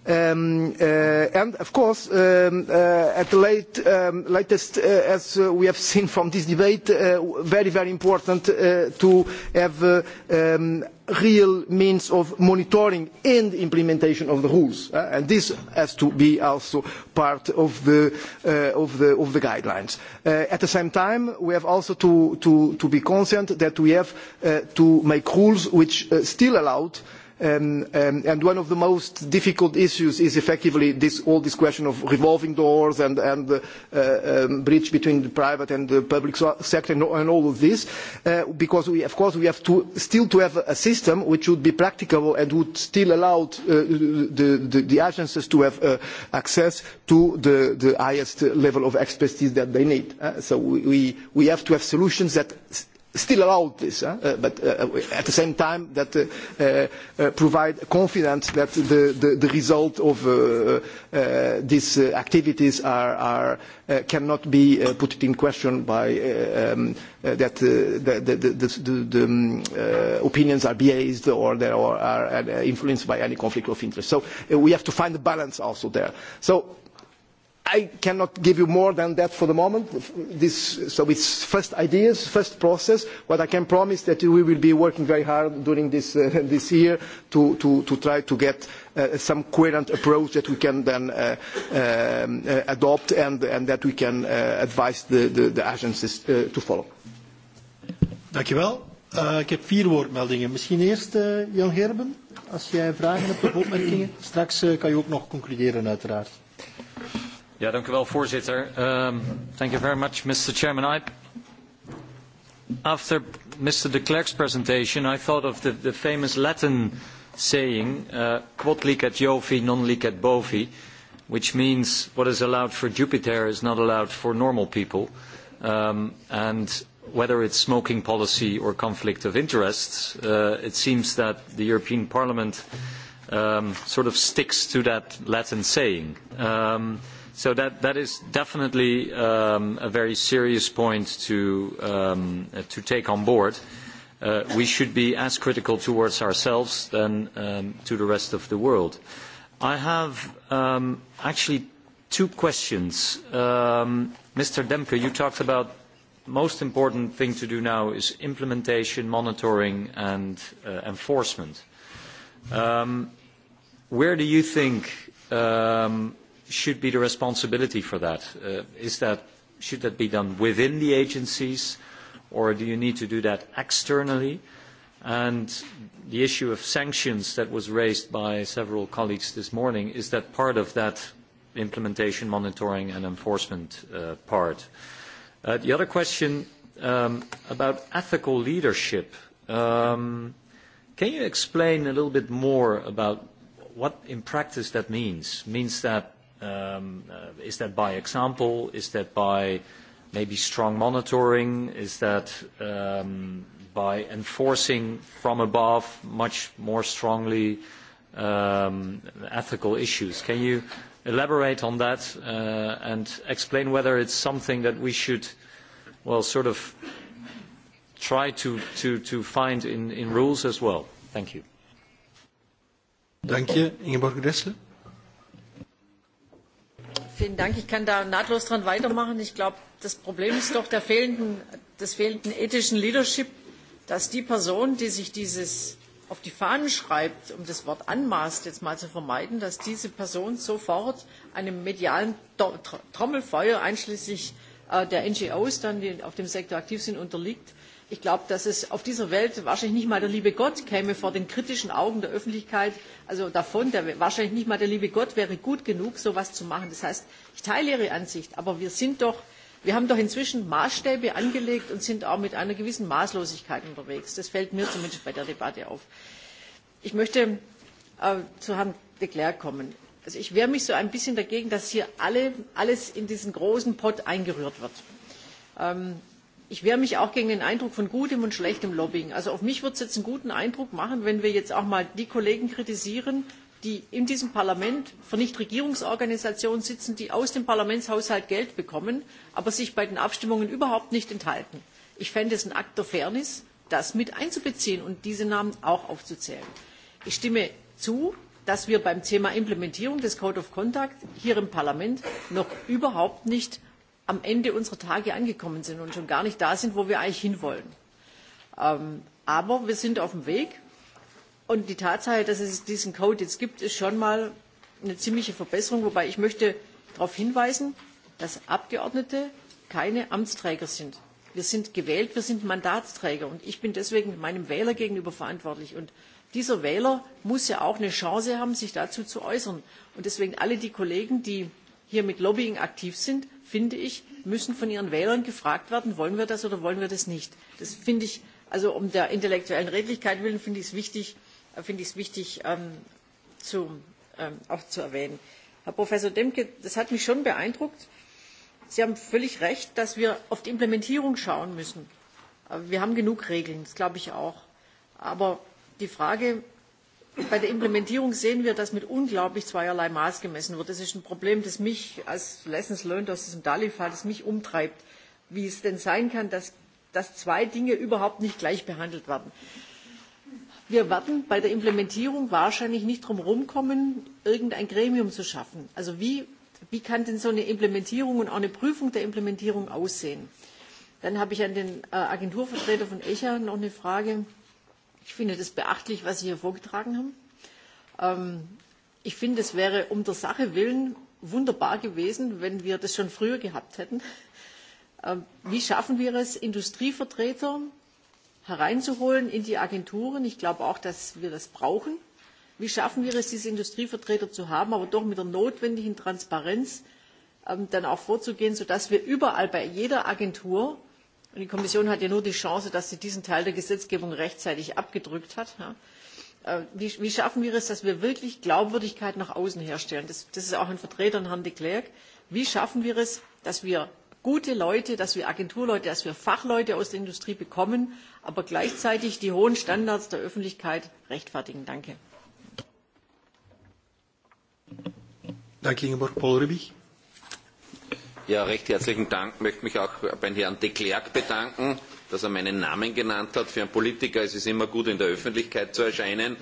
um, uh, and of course, um, uh, at the late, um, latest, uh, as uh, we have seen from this debate, uh, very, very important uh, to have uh, um, real means of monitoring and implementation of the rules. Uh, and this has to be also part of the, uh, of the, of the guidelines. Uh, at the same time, we have also to, to, to be conscient that we have uh, to make rules which uh, still allowed uh, Um, um, one of the most difficult issues is effectively this, all this question of revolving doors and uh, um, bridge between the private and the public sector and all of this. Uh, because we, of course, we have to still to have a system which would be practicable and would still allow uh, the agencies to have access to the highest level of expertise that they need. We have to have solutions that still allowed this, huh? Eh? uh, but uh, uh at the same time that uh, uh, uh, provide confidence that the, the, the result of uh, uh, these uh, activities are, are, uh, cannot be uh, put in question by uh, um, uh, that uh, the, the, the, the, the, the um, uh, opinions are biased or they are, are uh, influenced by any conflict of interest. So uh, we have to find the balance also there. So I cannot give you more than that for the moment. This, so it's first ideas, first process. What I can promise that we will be working very hard during this, uh, this year to, to, to try to get uh, some coherent approach that we can then uh, um, uh, adopt and, and that we can uh, advise the, the, the agencies uh, to follow. Thank you. Well. Uh, eh, ik heb vier woordmeldingen. Misschien eerst uh, Jan Gerben, als jij vragen hebt of opmerkingen. Straks uh, kan je ook nog concluderen uiteraard. Ja, dank u wel, voorzitter. Um, thank you very much, Mr. Chairman. I, after Mr. de Klerk's presentation, I thought of the, the famous Latin saying, uh, quod licet jovi, non licet bovi, which means what is allowed for Jupiter is not allowed for normal people. Um, and whether it's smoking policy or conflict of interests, uh, it seems that the European Parliament um, sort of sticks to that Latin saying. Um, That is definitely um, a very serious point to um, uh, take on board. Uh, we should be as critical towards ourselves than um, to the rest of the world. I have actually two questions. Mr. Dempker, you talked about most important thing to do now is implementation, monitoring, and uh, enforcement. Where do you think should be the responsibility for that? Uh, is that should that be done within the agencies, or do you need to do that externally? And the issue of sanctions that was raised by several colleagues this morning, is that part of that implementation, monitoring, and enforcement uh, part? Uh, the other question um, about ethical leadership, um, can you explain a little bit more about what in practice that means? Means that Um, uh, is that by example? Is that by maybe strong monitoring? Is that um, by enforcing from above much more strongly um, ethical issues? Can you elaborate on that uh, and explain whether it's something that we should, well, sort of try to, to, to find in, in rules as well? Thank you. Thank you. Ingeborg Dressler. Vielen Dank. Ich kann da nahtlos dran weitermachen. Ich glaube, das Problem ist doch der fehlenden, des fehlenden ethischen Leadership, dass die Person, die sich dieses auf die Fahnen schreibt, um das Wort anmaßt jetzt mal zu vermeiden, dass diese Person sofort einem medialen Trommelfeuer einschließlich äh, der NGOs, dann, die auf dem Sektor aktiv sind, unterliegt ich glaube, dass es auf dieser Welt wahrscheinlich nicht mal der liebe Gott käme vor den kritischen Augen der Öffentlichkeit, also davon, der, wahrscheinlich nicht mal der liebe Gott wäre gut genug, so etwas zu machen. Das heißt, ich teile Ihre Ansicht, aber wir sind doch, wir haben doch inzwischen Maßstäbe angelegt und sind auch mit einer gewissen Maßlosigkeit unterwegs. Das fällt mir zumindest bei der Debatte auf. Ich möchte äh, zu Herrn de Clare kommen. Also ich wehre mich so ein bisschen dagegen, dass hier alle, alles in diesen großen Pott eingerührt wird. Ähm, ich wehre mich auch gegen den Eindruck von gutem und schlechtem Lobbying. Also auf mich wird es jetzt einen guten Eindruck machen, wenn wir jetzt auch mal die Kollegen kritisieren, die in diesem Parlament für Nichtregierungsorganisationen sitzen, die aus dem Parlamentshaushalt Geld bekommen, aber sich bei den Abstimmungen überhaupt nicht enthalten. Ich fände es ein Akt der Fairness, das mit einzubeziehen und diese Namen auch aufzuzählen. Ich stimme zu, dass wir beim Thema Implementierung des Code of Conduct hier im Parlament noch überhaupt nicht am Ende unserer Tage angekommen sind und schon gar nicht da sind, wo wir eigentlich hinwollen. Ähm, aber wir sind auf dem Weg und die Tatsache, dass es diesen Code jetzt gibt, ist schon mal eine ziemliche Verbesserung. Wobei ich möchte darauf hinweisen, dass Abgeordnete keine Amtsträger sind. Wir sind gewählt, wir sind Mandatsträger und ich bin deswegen meinem Wähler gegenüber verantwortlich. Und dieser Wähler muss ja auch eine Chance haben, sich dazu zu äußern. Und deswegen alle die Kollegen, die hier mit Lobbying aktiv sind, finde ich, müssen von ihren Wählern gefragt werden, wollen wir das oder wollen wir das nicht. Das finde ich, also um der intellektuellen Redlichkeit willen, finde ich es wichtig, äh, finde ich es wichtig ähm, zu, ähm, auch zu erwähnen. Herr Professor Demke, das hat mich schon beeindruckt. Sie haben völlig recht, dass wir auf die Implementierung schauen müssen. Äh, wir haben genug Regeln, das glaube ich auch. Aber die Frage bei der Implementierung sehen wir, dass mit unglaublich zweierlei Maß gemessen wird. Das ist ein Problem, das mich als Lessons learned aus diesem Dali-Fall, das mich umtreibt, wie es denn sein kann, dass, dass zwei Dinge überhaupt nicht gleich behandelt werden. Wir werden bei der Implementierung wahrscheinlich nicht drum rumkommen, irgendein Gremium zu schaffen. Also wie, wie kann denn so eine Implementierung und auch eine Prüfung der Implementierung aussehen? Dann habe ich an den äh, Agenturvertreter von ECHA noch eine Frage. Ich finde das beachtlich, was Sie hier vorgetragen haben. Ähm, ich finde, es wäre um der Sache willen wunderbar gewesen, wenn wir das schon früher gehabt hätten. Ähm, wie schaffen wir es, Industrievertreter hereinzuholen in die Agenturen? Ich glaube auch, dass wir das brauchen. Wie schaffen wir es, diese Industrievertreter zu haben, aber doch mit der notwendigen Transparenz ähm, dann auch vorzugehen, sodass wir überall bei jeder Agentur Die Kommission hat ja nur die Chance, dass sie diesen Teil der Gesetzgebung rechtzeitig abgedrückt hat. Ja. Äh, wie schaffen wir es, dass wir wirklich Glaubwürdigkeit nach außen herstellen? Das, das ist auch ein Vertreter, Herrn de Klerk. Wie schaffen wir es, dass wir gute Leute, dass wir Agenturleute, dass wir Fachleute aus der Industrie bekommen, aber gleichzeitig die hohen Standards der Öffentlichkeit rechtfertigen? Danke. Danke, Ingeborg Paul-Rübich. Ja, recht herzlichen Dank. Ich möchte mich auch beim Herrn de Klerk bedanken, dass er meinen Namen genannt hat. Für einen Politiker ist es immer gut, in der Öffentlichkeit zu erscheinen,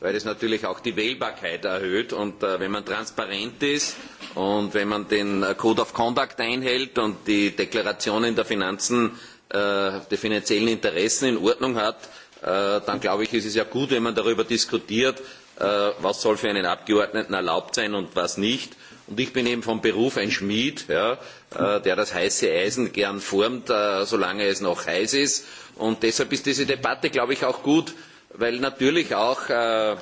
weil es natürlich auch die Wählbarkeit erhöht. Und äh, wenn man transparent ist und wenn man den Code of Conduct einhält und die Deklarationen der Finanzen, äh, die finanziellen Interessen in Ordnung hat, äh, dann glaube ich, ist es ja gut, wenn man darüber diskutiert, äh, was soll für einen Abgeordneten erlaubt sein und was nicht. Und ich bin eben vom Beruf ein Schmied, ja, äh, der das heiße Eisen gern formt, äh, solange es noch heiß ist. Und deshalb ist diese Debatte, glaube ich, auch gut, weil natürlich auch äh,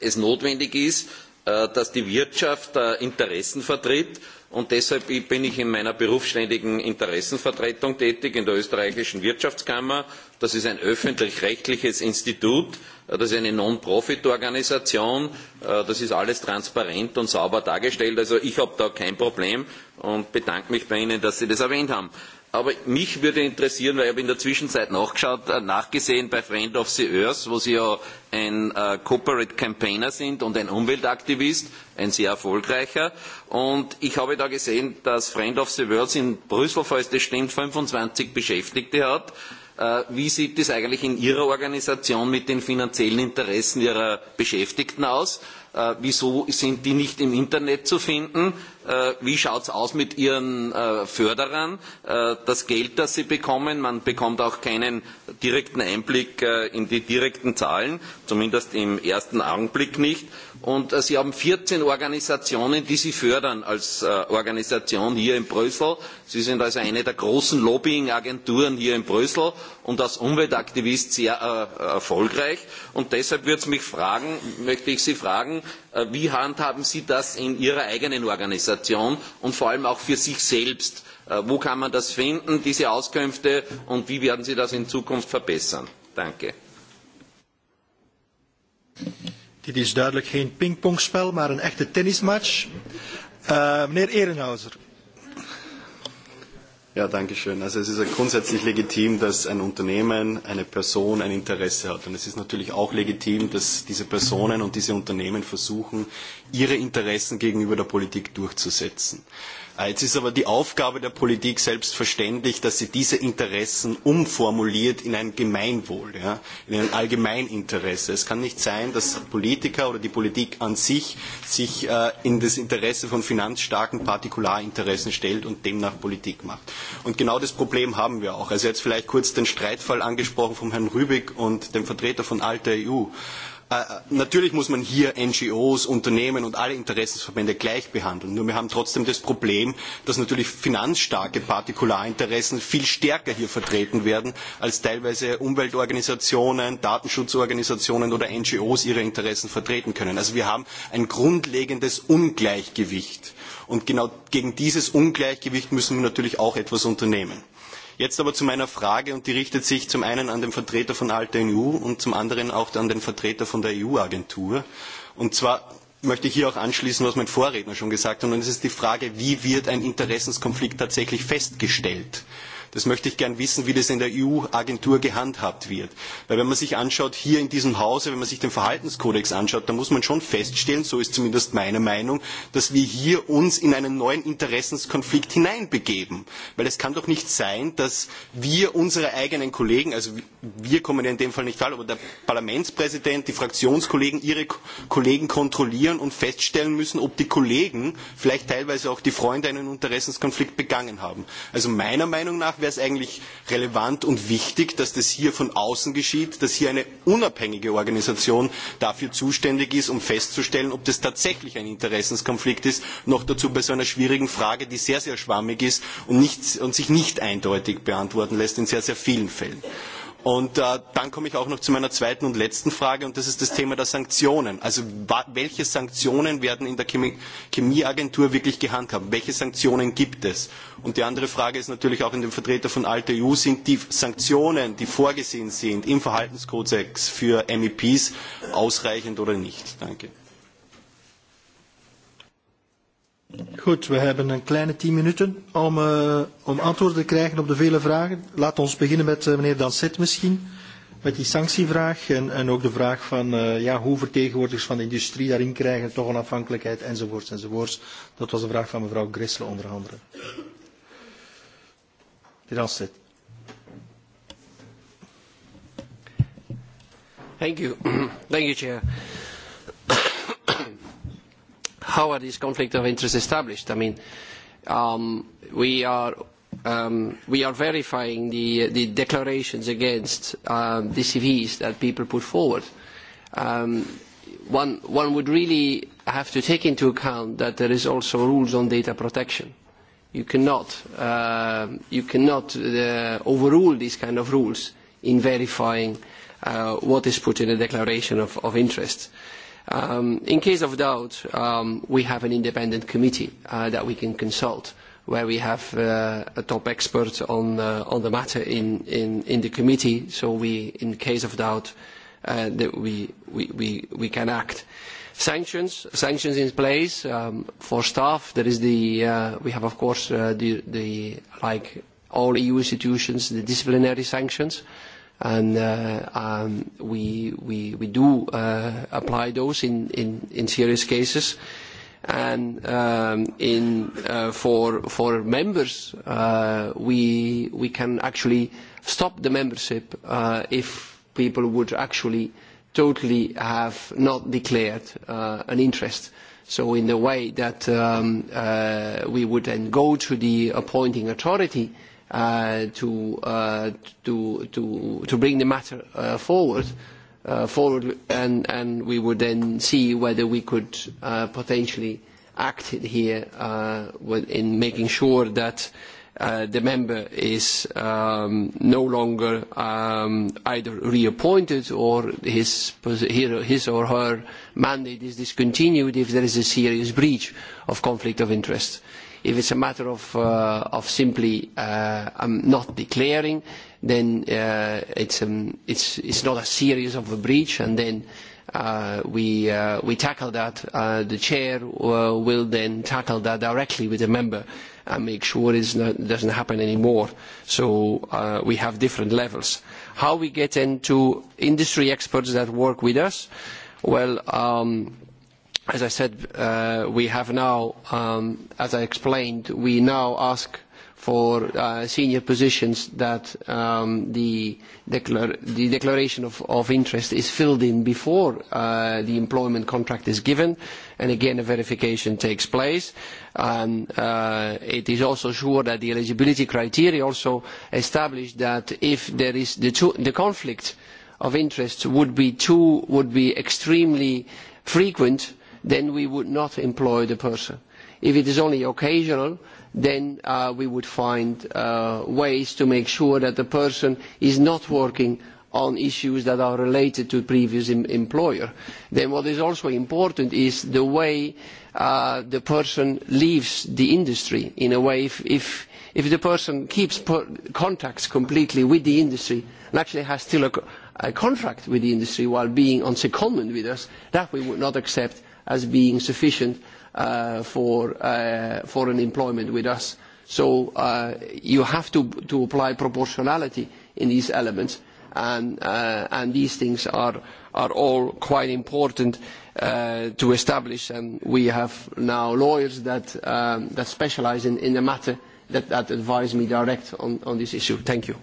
es notwendig ist, äh, dass die Wirtschaft äh, Interessen vertritt und deshalb bin ich in meiner berufsständigen Interessenvertretung tätig in der österreichischen Wirtschaftskammer. Das ist ein öffentlich-rechtliches Institut, das ist eine Non-Profit-Organisation, das ist alles transparent und sauber dargestellt. Also ich habe da kein Problem und bedanke mich bei Ihnen, dass Sie das erwähnt haben. Aber mich würde interessieren, weil ich habe in der Zwischenzeit nachgeschaut, äh, nachgesehen bei Friend of the Earth, wo Sie ja ein äh, Corporate Campaigner sind und ein Umweltaktivist, ein sehr erfolgreicher. Und ich habe da gesehen, dass Friend of the Earth in Brüssel, falls das stimmt, 25 Beschäftigte hat. Äh, wie sieht es eigentlich in Ihrer Organisation mit den finanziellen Interessen Ihrer Beschäftigten aus? Äh, wieso sind die nicht im Internet zu finden? Äh, wie schaut es aus mit Ihren Förderern? Das Geld, das Sie bekommen, man bekommt auch keinen direkten Einblick in die direkten Zahlen, zumindest im ersten Augenblick nicht und äh, sie haben vierzehn organisationen die sie fördern als äh, organisation hier in brüssel sie sind also eine der großen lobbying agenturen hier in brüssel und als umweltaktivist sehr äh, erfolgreich und deshalb möchte ich sie fragen wie handhaben sie das in ihrer eigenen organisation und vor allem auch für sich selbst wo kann man das finden diese auskünfte und wie werden sie das in zukunft verbessern? danke! Dit is duidelijk geen pingpongspel, maar een echte tennismatch. Uh, meneer Ehrenhauser. Ja, dankeschön. Also es ist ja grundsätzlich legitim, dass ein Unternehmen, eine Person ein Interesse hat. Und es ist natürlich auch legitim, dass diese Personen und diese Unternehmen versuchen, ihre Interessen gegenüber der Politik durchzusetzen. Äh, jetzt ist aber die Aufgabe der Politik selbstverständlich, dass sie diese Interessen umformuliert in ein Gemeinwohl, ja, in ein Allgemeininteresse. Es kann nicht sein, dass Politiker oder die Politik an sich sich äh, in das Interesse von finanzstarken Partikularinteressen stellt und demnach Politik macht. Und genau das Problem haben wir auch. Also jetzt vielleicht kurz den Streitfall angesprochen vom Herrn Rübig und dem Vertreter von Alter EU. Äh, äh, natürlich muss man hier NGOs, Unternehmen und alle Interessensverbände gleich behandeln. Nur wir haben trotzdem das Problem, dass natürlich finanzstarke Partikularinteressen viel stärker hier vertreten werden, als teilweise Umweltorganisationen, Datenschutzorganisationen oder NGOs ihre Interessen vertreten können. Also wir haben ein grundlegendes Ungleichgewicht. Und genau gegen dieses Ungleichgewicht müssen wir natürlich auch etwas unternehmen. Jetzt aber zu meiner Frage und die richtet sich zum einen an den Vertreter von Alter EU und zum anderen auch an den Vertreter von der EU-Agentur. Und zwar möchte ich hier auch anschließen, was mein Vorredner schon gesagt hat. Und es ist die Frage, wie wird ein Interessenskonflikt tatsächlich festgestellt? Das möchte ich gern wissen, wie das in der EU-Agentur gehandhabt wird. Weil wenn man sich anschaut, hier in diesem Hause, wenn man sich den Verhaltenskodex anschaut, dann muss man schon feststellen, so ist zumindest meine Meinung, dass wir hier uns in einen neuen Interessenskonflikt hineinbegeben. Weil es kann doch nicht sein, dass wir unsere eigenen Kollegen, also wir kommen ja in dem Fall nicht fall, aber der Parlamentspräsident, die Fraktionskollegen, ihre Kollegen kontrollieren und feststellen müssen, ob die Kollegen, vielleicht teilweise auch die Freunde, einen Interessenskonflikt begangen haben. Also meiner Meinung nach wäre wäre es eigentlich relevant und wichtig, dass das hier von außen geschieht, dass hier eine unabhängige Organisation dafür zuständig ist, um festzustellen, ob das tatsächlich ein Interessenskonflikt ist, noch dazu bei so einer schwierigen Frage, die sehr, sehr schwammig ist und, nicht, und sich nicht eindeutig beantworten lässt in sehr, sehr vielen Fällen. Und äh, dann komme ich auch noch zu meiner zweiten und letzten Frage, und das ist das Thema der Sanktionen. Also welche Sanktionen werden in der Chemie Chemieagentur wirklich gehandhabt? Welche Sanktionen gibt es? Und die andere Frage ist natürlich auch in dem Vertreter von Alte EU, sind die Sanktionen, die vorgesehen sind im Verhaltenskodex für MEPs, ausreichend oder nicht? Danke. Goed, we hebben een kleine tien minuten om, uh, om antwoorden te krijgen op de vele vragen. Laat ons beginnen met uh, meneer Danset misschien, met die sanctievraag en, en ook de vraag van uh, ja, hoe vertegenwoordigers van de industrie daarin krijgen, toch een afhankelijkheid enzovoorts enzovoorts. Dat was een vraag van mevrouw Grissel onder andere. Meneer Danset. Thank you. Thank you, Chair how are these conflict of interest established? I mean, um, we are um, we are verifying the the declarations against uh, um, DCVs that people put forward. Um, one one would really have to take into account that there is also rules on data protection. You cannot uh, you cannot uh, overrule these kind of rules in verifying uh, what is put in a declaration of, of interest. Uh, Um, in case of doubt, um, we have an independent committee uh, that we can consult where we have uh, a top expert on, uh, on the matter in, in, in the committee, so we, in case of doubt, uh, that we, we, we, we can act. Sanctions, sanctions in place um, for staff. There is the, uh, we have, of course, uh, the, the, like all EU institutions, the disciplinary sanctions. Uh, and uh, um, we, we, we do uh, apply those in, in, in serious cases. And um, in, uh, for, for members, uh, we, we can actually stop the membership uh, if people would actually totally have not declared uh, an interest. So in the way that um, uh, we would then go to the appointing authority uh, Uh, to, uh, to, to, to bring the matter uh, forward, uh, forward and, and we would then see whether we could uh, potentially act here uh, in making sure that uh, the member is um, no longer um, either reappointed or his, his or her mandate is discontinued if there is a serious breach of conflict of interest. Uh, if it's a matter of uh, of simply uh, um, not declaring, then uh, it's um, it's it's not a serious of a breach, and then uh, we uh, we tackle that. Uh, the chair uh, will then tackle that directly with the member and make sure it doesn't happen anymore. So uh, we have different levels. How we get into industry experts that work with us? Well. Um, as I said, uh, we have now, um, as I explained, we now ask for uh, senior positions that um, the, declar the declaration of, of interest is filled in before uh, the employment contract is given, and again a verification takes place. And, uh, it is also sure that the eligibility criteria also establish that if there is the, two, the conflict of interest would be, too, would be extremely frequent, uh, then we would not employ the person. If it is only occasional, then uh, we would find uh, ways to make sure that the person is not working on issues that are related to previous em employer. Then what is also important is the way uh, the person leaves the industry. In a way, if, if, if the person keeps per contacts completely with the industry and actually has still a, co a contract with the industry while being on secondment with us, that we would not accept as being sufficient uh, uh, for an employment with us. Uh, you have to apply proportionality in these elements, and these things are all quite important to establish. We have now lawyers that um, specialize in the matter that advise me direct on this issue. Thank you.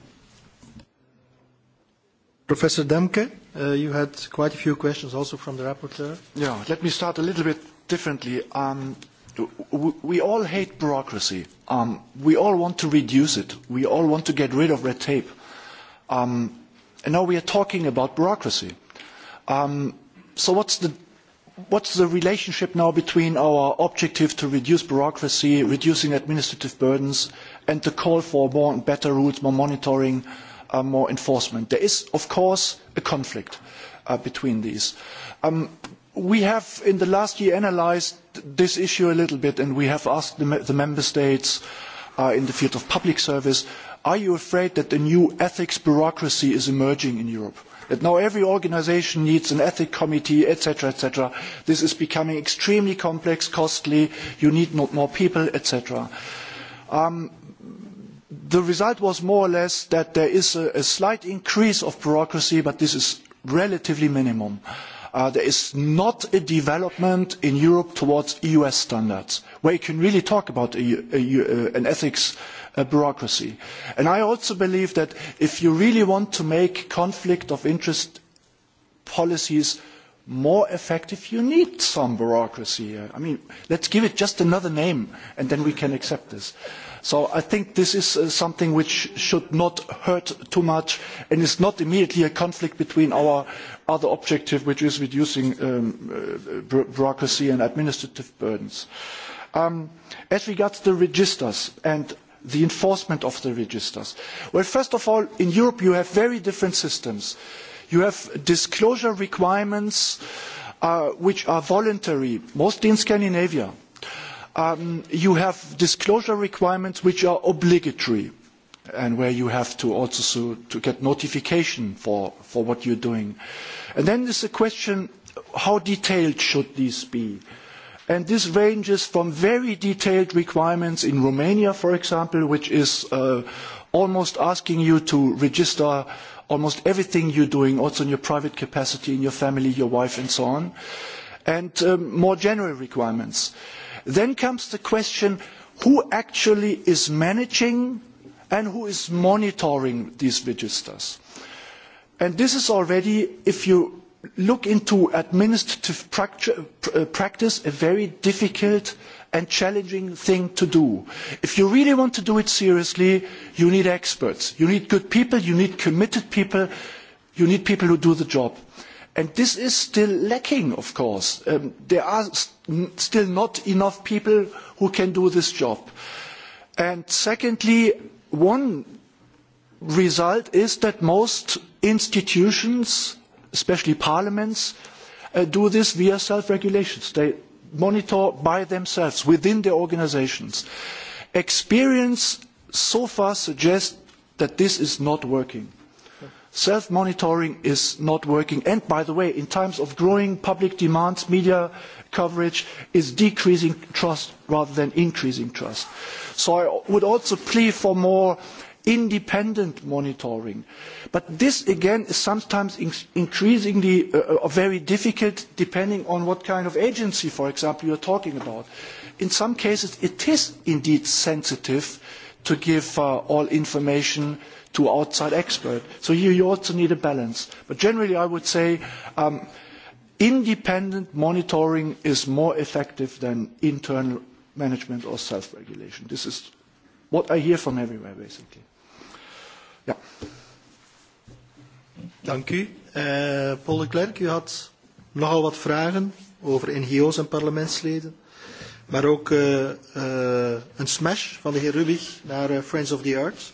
Professor Demke, uh, you had quite a few questions also from the rapporteur. Yeah, let me start a little bit differently. Um, we all hate bureaucracy. Um, we all want to reduce it. We all want to get rid of red tape. Um, and now we are talking about bureaucracy. Um, so what's the, what's the relationship now between our objective to reduce bureaucracy, reducing administrative burdens, and the call for more and better rules, more monitoring, uh, more enforcement. There is, of course, a conflict uh, between these. Um, we have, in the last year, analyzed this issue a little bit, and we have asked the, the member states uh, in the field of public service, are you afraid that the new ethics bureaucracy is emerging in Europe? That now every organization needs an ethic committee, etc., etc. This is becoming extremely complex, costly. You need not more people, etc. Um, the result was more or less that there is a, a slight increase of bureaucracy, but this is relatively minimum. Uh, there is not a development in Europe towards e US standards, where you can really talk about a, a, a, uh, an ethics a uh, bureaucracy. And I also believe that if you really want to make conflict of interest policies more effective, you need some bureaucracy. I mean, let's give it just another name, and then we can accept this. Uh, so i think this is uh, something which should not hurt too much and is not immediately a conflict between our other objective which is reducing um, uh, bureaucracy and administrative burdens um, as regards the registers and the enforcement of the registers well first of all in europe you have very different systems you have disclosure requirements uh, which are voluntary, mostly in Scandinavia, um, you have disclosure requirements which are obligatory and where you have to also so, to get notification for, for what you're doing. And then there's a question, how detailed should these be? And this ranges from very detailed requirements in Romania, for example, which is uh, almost asking you to register almost everything you're doing, also in your private capacity, in your family, your wife, and so on, and um, more general requirements. Uh, Then comes the question, who actually is managing and who is monitoring these registers? And this is already, if you look into administrative uh, practice, a very difficult and challenging thing to do. If you really want to do it seriously, you need experts. You need good people, you need committed people, you need people who do the job. And this is still lacking, of course. Um, there are st still not enough people who can do this job. And secondly, one result is that most institutions, especially parliaments, uh, do this via self-regulations. They monitor by themselves within their organizations. Experience so far suggests that this is not working self-monitoring is not working. And by the way, in times of growing public demands, media coverage is decreasing trust rather than increasing trust. So I would also plea for more independent monitoring. But this, again, is sometimes in increasingly uh, uh, very difficult depending on what kind of agency, for example, you're talking about. In some cases, it is indeed sensitive to give uh, all information to outside expert. So here you also need a balance. But generally, I would say um, independent monitoring is more effective than internal management or self-regulation. This is what I hear from everywhere, basically. Yeah. Thank you. Uh, eh, Paul de Klerk, you had nogal wat vragen over NGO's en parlementsleden, maar ook uh, uh, een smash van de heer Rubig naar uh, Friends of the Arts.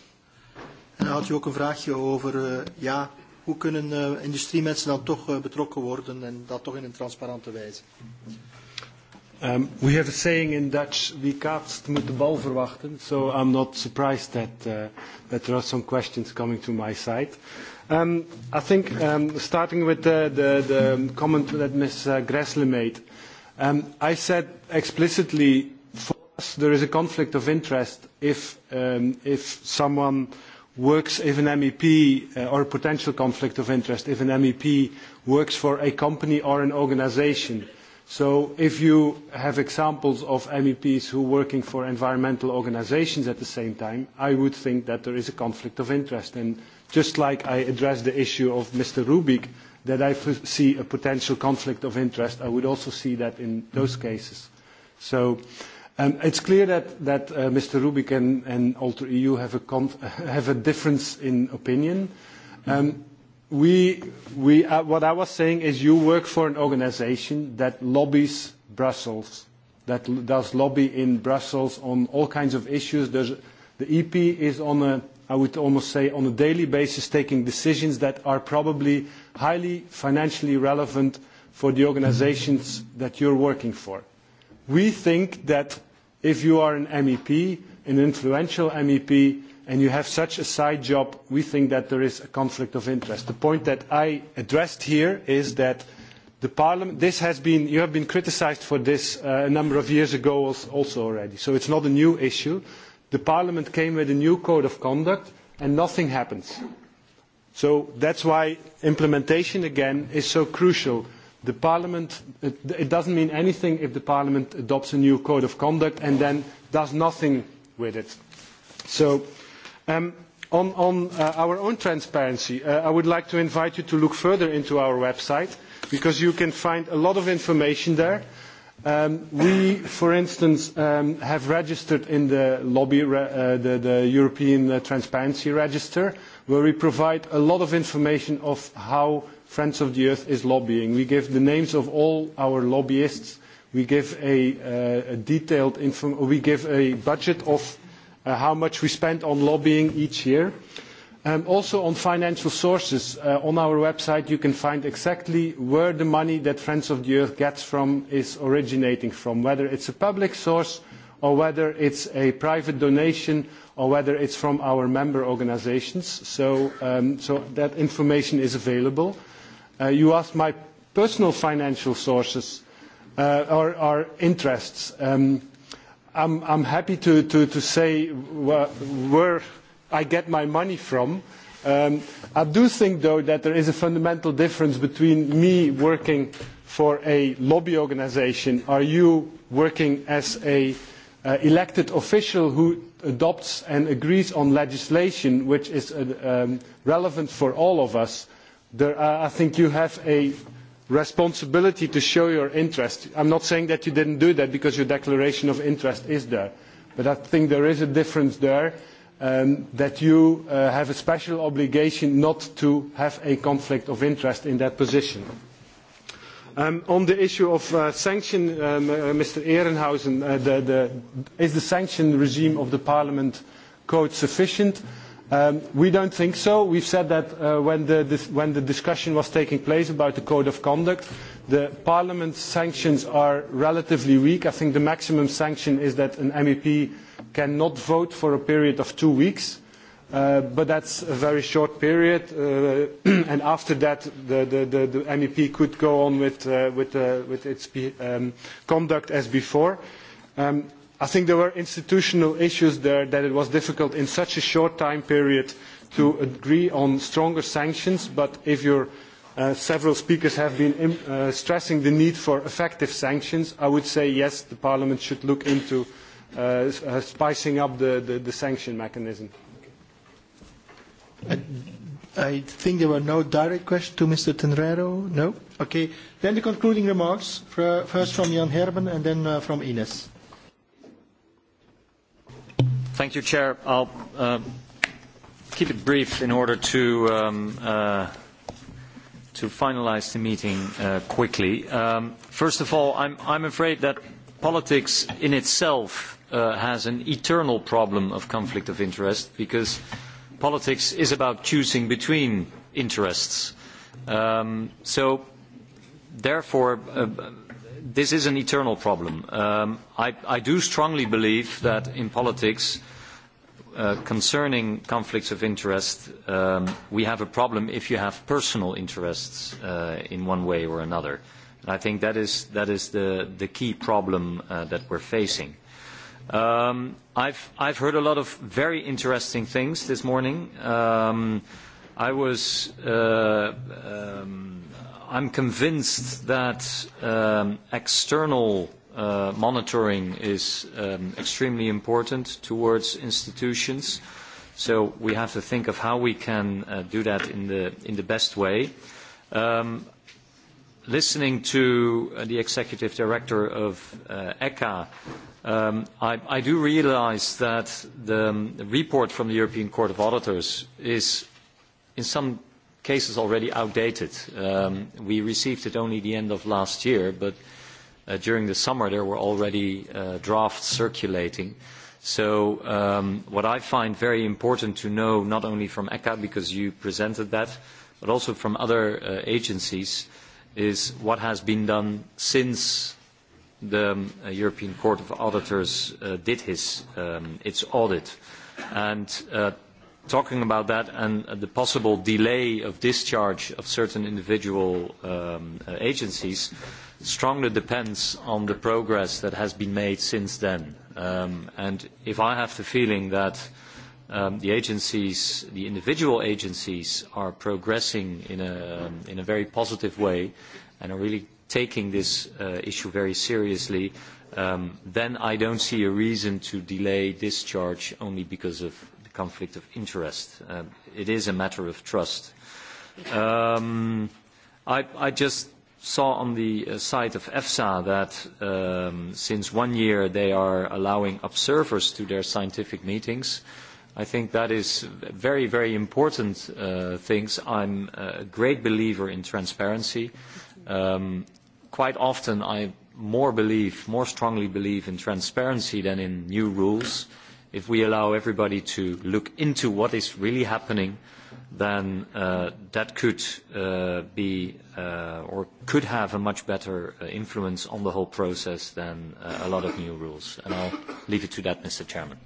En dan had u ook een vraagje over, uh, ja, hoe kunnen uh, industriemensen dan toch uh, betrokken worden en dat toch in een transparante wijze? Um, we have a saying in Dutch, wie kaatst moet de bal verwachten. So I'm not surprised that, uh, that there are some questions coming to my side. Um, I think um, starting with the, the, the comment that Ms. Uh, Gressle made, um, I said explicitly for us there is a conflict of interest if, um, if someone uh, works if an MEP uh, or a potential conflict of interest if an MEP works for a company or an organization. So if you have examples of MEPs who are working for environmental organizations at the same time, I would think that there is a conflict of interest. And just like I addressed the issue of Mr. Rubik, that I f- see a potential conflict of interest, I would also see that in those cases. So uh, Um, it's clear that uh, Mr. Rubik and Alter Ego have a difference in opinion. Mm-hmm. What I was saying is you work for an organization that lobbies Brussels, that does lobby in Brussels on all kinds of issues. The EP is on a, I would almost say, on a daily basis, taking decisions that are probably highly financially relevant for the organizations that you're working for. We think that if you are an MEP, an influential MEP, and you have such a side job, we think that there is a conflict of interest. The point that I addressed here is that the parliament, this has been, you have been criticized for this uh, a number of years ago also already, so it's not a new issue. The parliament came with a new code of conduct and nothing happens. So that's why implementation again is so crucial the parliament it, it doesn't mean anything if the parliament adopts a new code of conduct and then does nothing with it so um, on, on uh, our own transparency, uh, I would like to invite you to look further into our website because you can find a lot of information there. Um, we, for instance, um, have registered in the lobby, re- uh, the, the European uh, Transparency Register, where we provide a lot of information of how Friends of the Earth is lobbying. We give the names of all our lobbyists. We give a, uh, a detailed inform we give a budget of uh, how much we spend on lobbying each year. Um, also on financial sources, uh, on our website you can find exactly where the money that Friends of the Earth gets from is originating from, whether it's a public source or whether it's a private donation or whether it's from our member organizations. So, um, so that information is available. Uh, you asked my personal financial sources uh, or interests. Um, I'm happy to say where I get my money from. Um, I do think, though, that there is a fundamental difference between me working for a lobby organization or you working as an uh, elected official who adopts and agrees on legislation which is um, relevant for all of us there are, uh, I think you have a responsibility to show your interest. I'm not saying that you didn't do that because your declaration of interest is there. But I think there is a difference there um, that you uh, have a special obligation not to have a conflict of interest in that position. Um, on the issue of uh, sanction, um, uh, Mr. Ehrenhausen, uh, the, the, is the sanction regime of the Parliament Code sufficient? Mm-hmm. Um, we don't think so. We've said that uh, when the discussion was taking place about the code of conduct, the parliament sanctions are relatively weak. I think the maximum sanction is that an MEP cannot vote for a period of two weeks, uh, but that's a very short period. Uh, after that, the MEP could go on with its um, conduct as before. Um, I think there were institutional issues there that it was difficult in such a short time period to agree on stronger sanctions, but if your uh, several speakers have been um, uh, stressing the need for effective sanctions, I would say yes, the Parliament should look into uh, uh, spicing up the, the, the sanction mechanism. I, I think there were no direct questions to Mr. Tenrero. No? Okay. Then the concluding remarks, first from Jan Herben and then uh, from Ines. Thank you, Chair. I'll um, keep it brief in order to, um, uh, to finalize the meeting uh, quickly. Um, first of all, I'm, I'm afraid that politics in itself uh, has an eternal problem of conflict of interest because politics is about choosing between interests. Um, so therefore, uh, this is an eternal problem. Um, I, I do strongly believe that in politics, uh, concerning conflicts of interest, um, we have a problem if you have personal interests uh, in one way or another. And I think that is, that is the, the key problem uh, that we're facing. Um, I've, I've heard a lot of very interesting things this morning. Um, I was... Uh, um, I'm convinced that um, external uh, monitoring is um, extremely important towards institutions. So we have to think of how we can uh, do that in the, in the best way. Um, listening to uh, the executive director of uh, ECA, um, I, I do realize that the, um, the report from the European Court of Auditors is in some case is already outdated. Um, we received it only the end of last year, but uh, during the summer there were already uh, drafts circulating. So um, what I find very important to know, not only from ECA, because you presented that, but also from other uh, agencies, is what has been done since the um, uh, European Court of Auditors uh, did his, um, its audit. And uh, talking about that and uh, the possible delay of discharge of certain individual um, uh, agencies strongly depends on the progress that has been made since then. Um, and if I have the feeling that um, the agencies, the individual agencies, are progressing in a, um, in a very positive way and are really taking this uh, issue very seriously, um, then I don't see a reason to delay discharge only because of the conflict of interest. Um, it is a matter of trust. Um, I, I just saw on the uh, site of EFSA that um, since one year they are allowing observers to their scientific meetings. I think that is very, very important uh, things. I'm a great believer in transparency. Um, quite often I more believe, more strongly believe in transparency than in new rules if we allow everybody to look into what is really happening, then uh, that could uh, be uh, or could have a much better uh, influence on the whole process than uh, a lot of new rules. And I'll leave it to that, Mr. Chairman.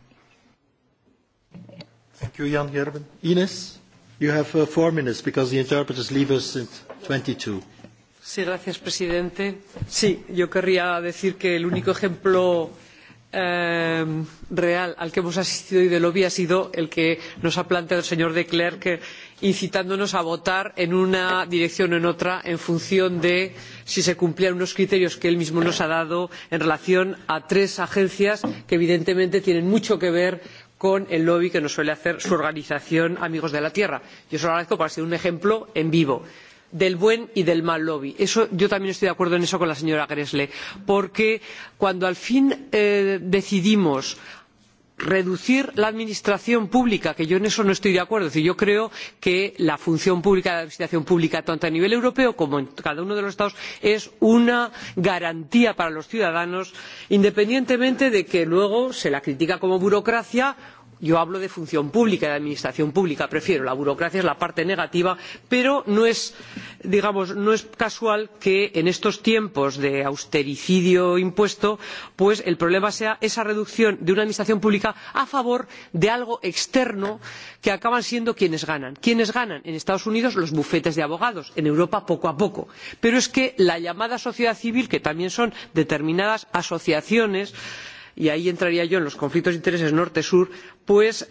Thank you, Jan Gerben. Ines, you have uh, four minutes because the interpreters leave us at 22. Sí, gracias, presidente. Sí, yo querría decir que el único ejemplo Eh, real al que hemos asistido hoy de lobby ha sido el que nos ha planteado el señor de clerck eh, incitándonos a votar en una dirección o en otra en función de si se cumplían unos criterios que él mismo nos ha dado en relación con tres agencias que evidentemente tienen mucho que ver con el lobby que nos suele hacer su organización amigos de la tierra. yo se lo agradezco porque ha sido un ejemplo en vivo del buen y del mal lobby. yo también estoy de acuerdo en eso con la señora grle porque cuando al fin eh, decidimos reducir la administración pública que yo en eso no estoy de acuerdo es decir yo creo que la función pública la administración pública tanto a nivel europeo como en cada uno de los estados es una garantía para los ciudadanos independientemente de que luego se la critica como burocracia yo hablo de función pública de administración pública prefiero la burocracia es la parte negativa pero no es no casual que en estos tiempos de austericidio impuesto el problema sea esa reducción de una administración pública a favor de algo externo que acaban siendo quienes ganan quienes ganan en los estados unidos los bufetes de abogados en europa poco a poco pero es que la llamada sociedad civil que también son determinadas asociaciones que y ahí entraría yo en los conflictos de intereses norte sur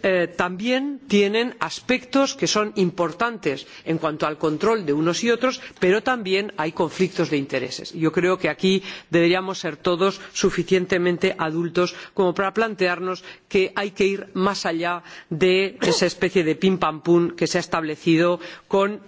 eh, también tienen aspectos que son importantes en cuanto al control de unos y otros pero también hay conflictos de intereses. yo creo que aquí deberíamos ser todos suficientemente adultos como para plantearnos que hay que ir más allá de esa especie de pim pam pum que se ha establecido con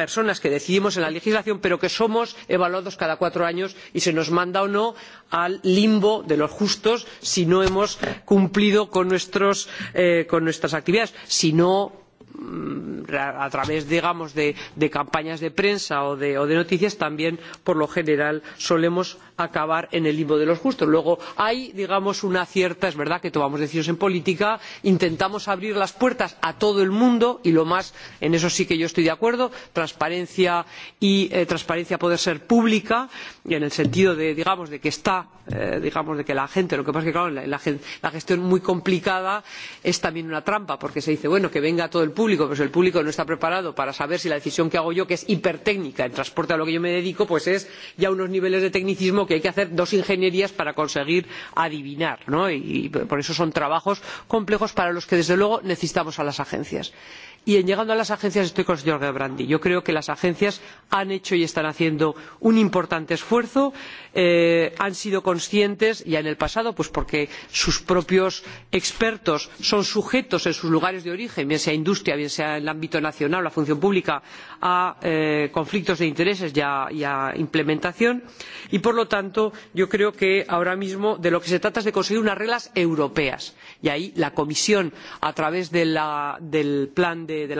personas que decidimos en la legislación pero que somos evaluados cada cuatro años y se nos manda o no al limbo de los justos si no hemos cumplido con eh, nuestras actividades si no hemos Mm, a través digamos de, de campañas de prensa o de, o de noticias también por lo general solemos acabar en el limbo de los justos. Luego hay digamos una cierta es verdad que tomamos decisiones en política, intentamos abrir las puertas a todo el mundo y lo más en eso sí que yo estoy de acuerdo transparencia y eh, transparencia poder ser pública en el sentido de digamos de que está eh, digamos de que la gente lo que pasa es que claro la, la, la gestión muy complicada es también una trampa porque se dice bueno que venga todo el público pero si el público no está preparado para saber si la decisión que tomo yo que es hipertécnica en transporte a lo que yo me dedico pues es ya unos niveles de tecnicismo que hay que hacer dos ingenierías para conseguir adivinar ¿no? y por eso son trabajos complejos para los que desde luego necesitamos a las agencias de viajes y en llegando a las agencias estoy con el señor gerbrandy yo creo que las agencias han hecho y están haciendo un importante esfuerzo eh, han sido conscientes ya en el pasado porque sus propios expertos son sujetos en sus lugares de origen bien sea en la industria bien sea en el ámbito nacional o en la función pública a eh, conflictos de intereses y a implementación y por lo tanto yo creo que ahora mismo de lo que se trata es de conseguir unas reglas europeas y ahí la comisión a través de la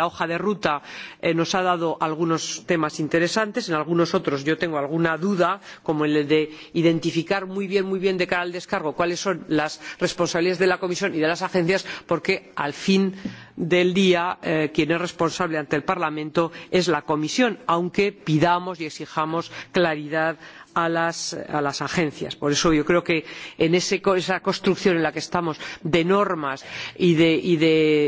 hoja de ruta eh, nos ha dado algunos temas interesantes en algunos otros yo tengo alguna duda como el de identificar muy bien muy bien de cara al descargue cuáles son las responsabilidades de la comisión y de las agencias porque al fin del día eh, quien es responsable ante el parlamento es la comisión aunque pidamos y exijamos claridad a las agencias. por eso yo creo que en esa construcción en la que estamos de normas y de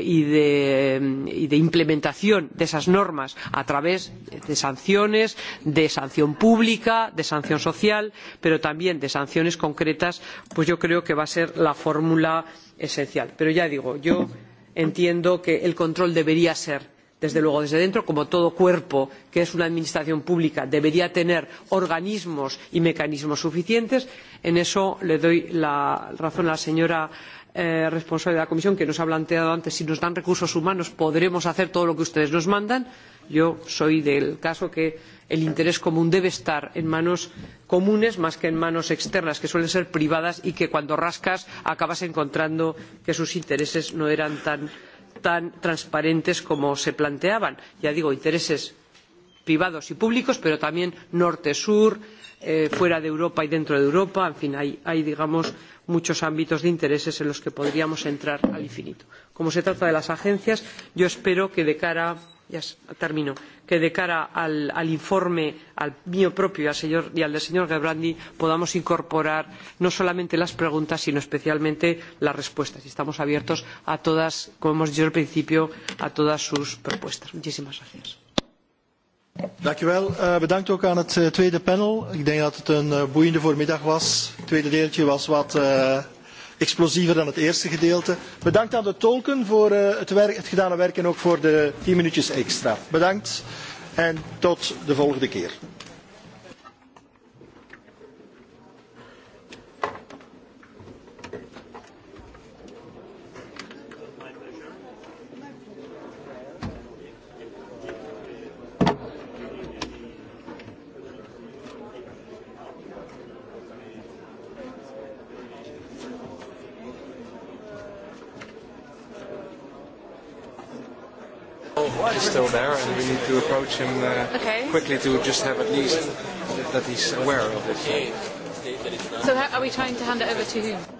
implementación de esas normas a través de sanciones de sanción pública de sanción social pero también de sanciones concretas pues yo creo que va a ser la fórmula esencial. pero ya digo yo entiendo que el control debería ser desde luego desde dentro como todo cuerpo que es una administración pública debería tener organismos y mecanismos suficientes en eso le doy la razón a la señora eh, responsable de la comisión que nos ha planteado antes si nos dan recursos humanos podremos hacer todo lo que ustedes nos mandan yo soy del caso que el interés común debe estar en manos comunes más que en manos externas, que suelen ser privadas y que cuando rascas acabas encontrando que sus intereses no eran tan tan transparentes como se planteaban ya digo intereses privados y públicos pero también norte sur eh, fuera de Europa y dentro de Europa en fin hay, hay digamos muchos ámbitos de intereses en los que podríamos entrar al infinito como se trata de las agencias yo espero que de cara al informe al mío propio y al del señor gerbrandy podamos incorporar no solamente las preguntas sino especialmente las respuestas y estamos abiertos a todas como hemos dicho al principio a todas sus propuestas. muchísimas gracias. Eh, bedankt ook aan het eh, tweede panel. ik denk dat het een eh, boeiende voormiddag was. het tweede deeltje was wat explosiever dan het eerste gedeelte. Bedankt aan de tolken voor uh, het, werk, het gedane werk en ook voor de tien minuutjes extra. Bedankt en tot de volgende keer. still there, and we need to approach him uh, okay. quickly to just have at least that he's aware of this. So, how are we trying to hand it over to whom?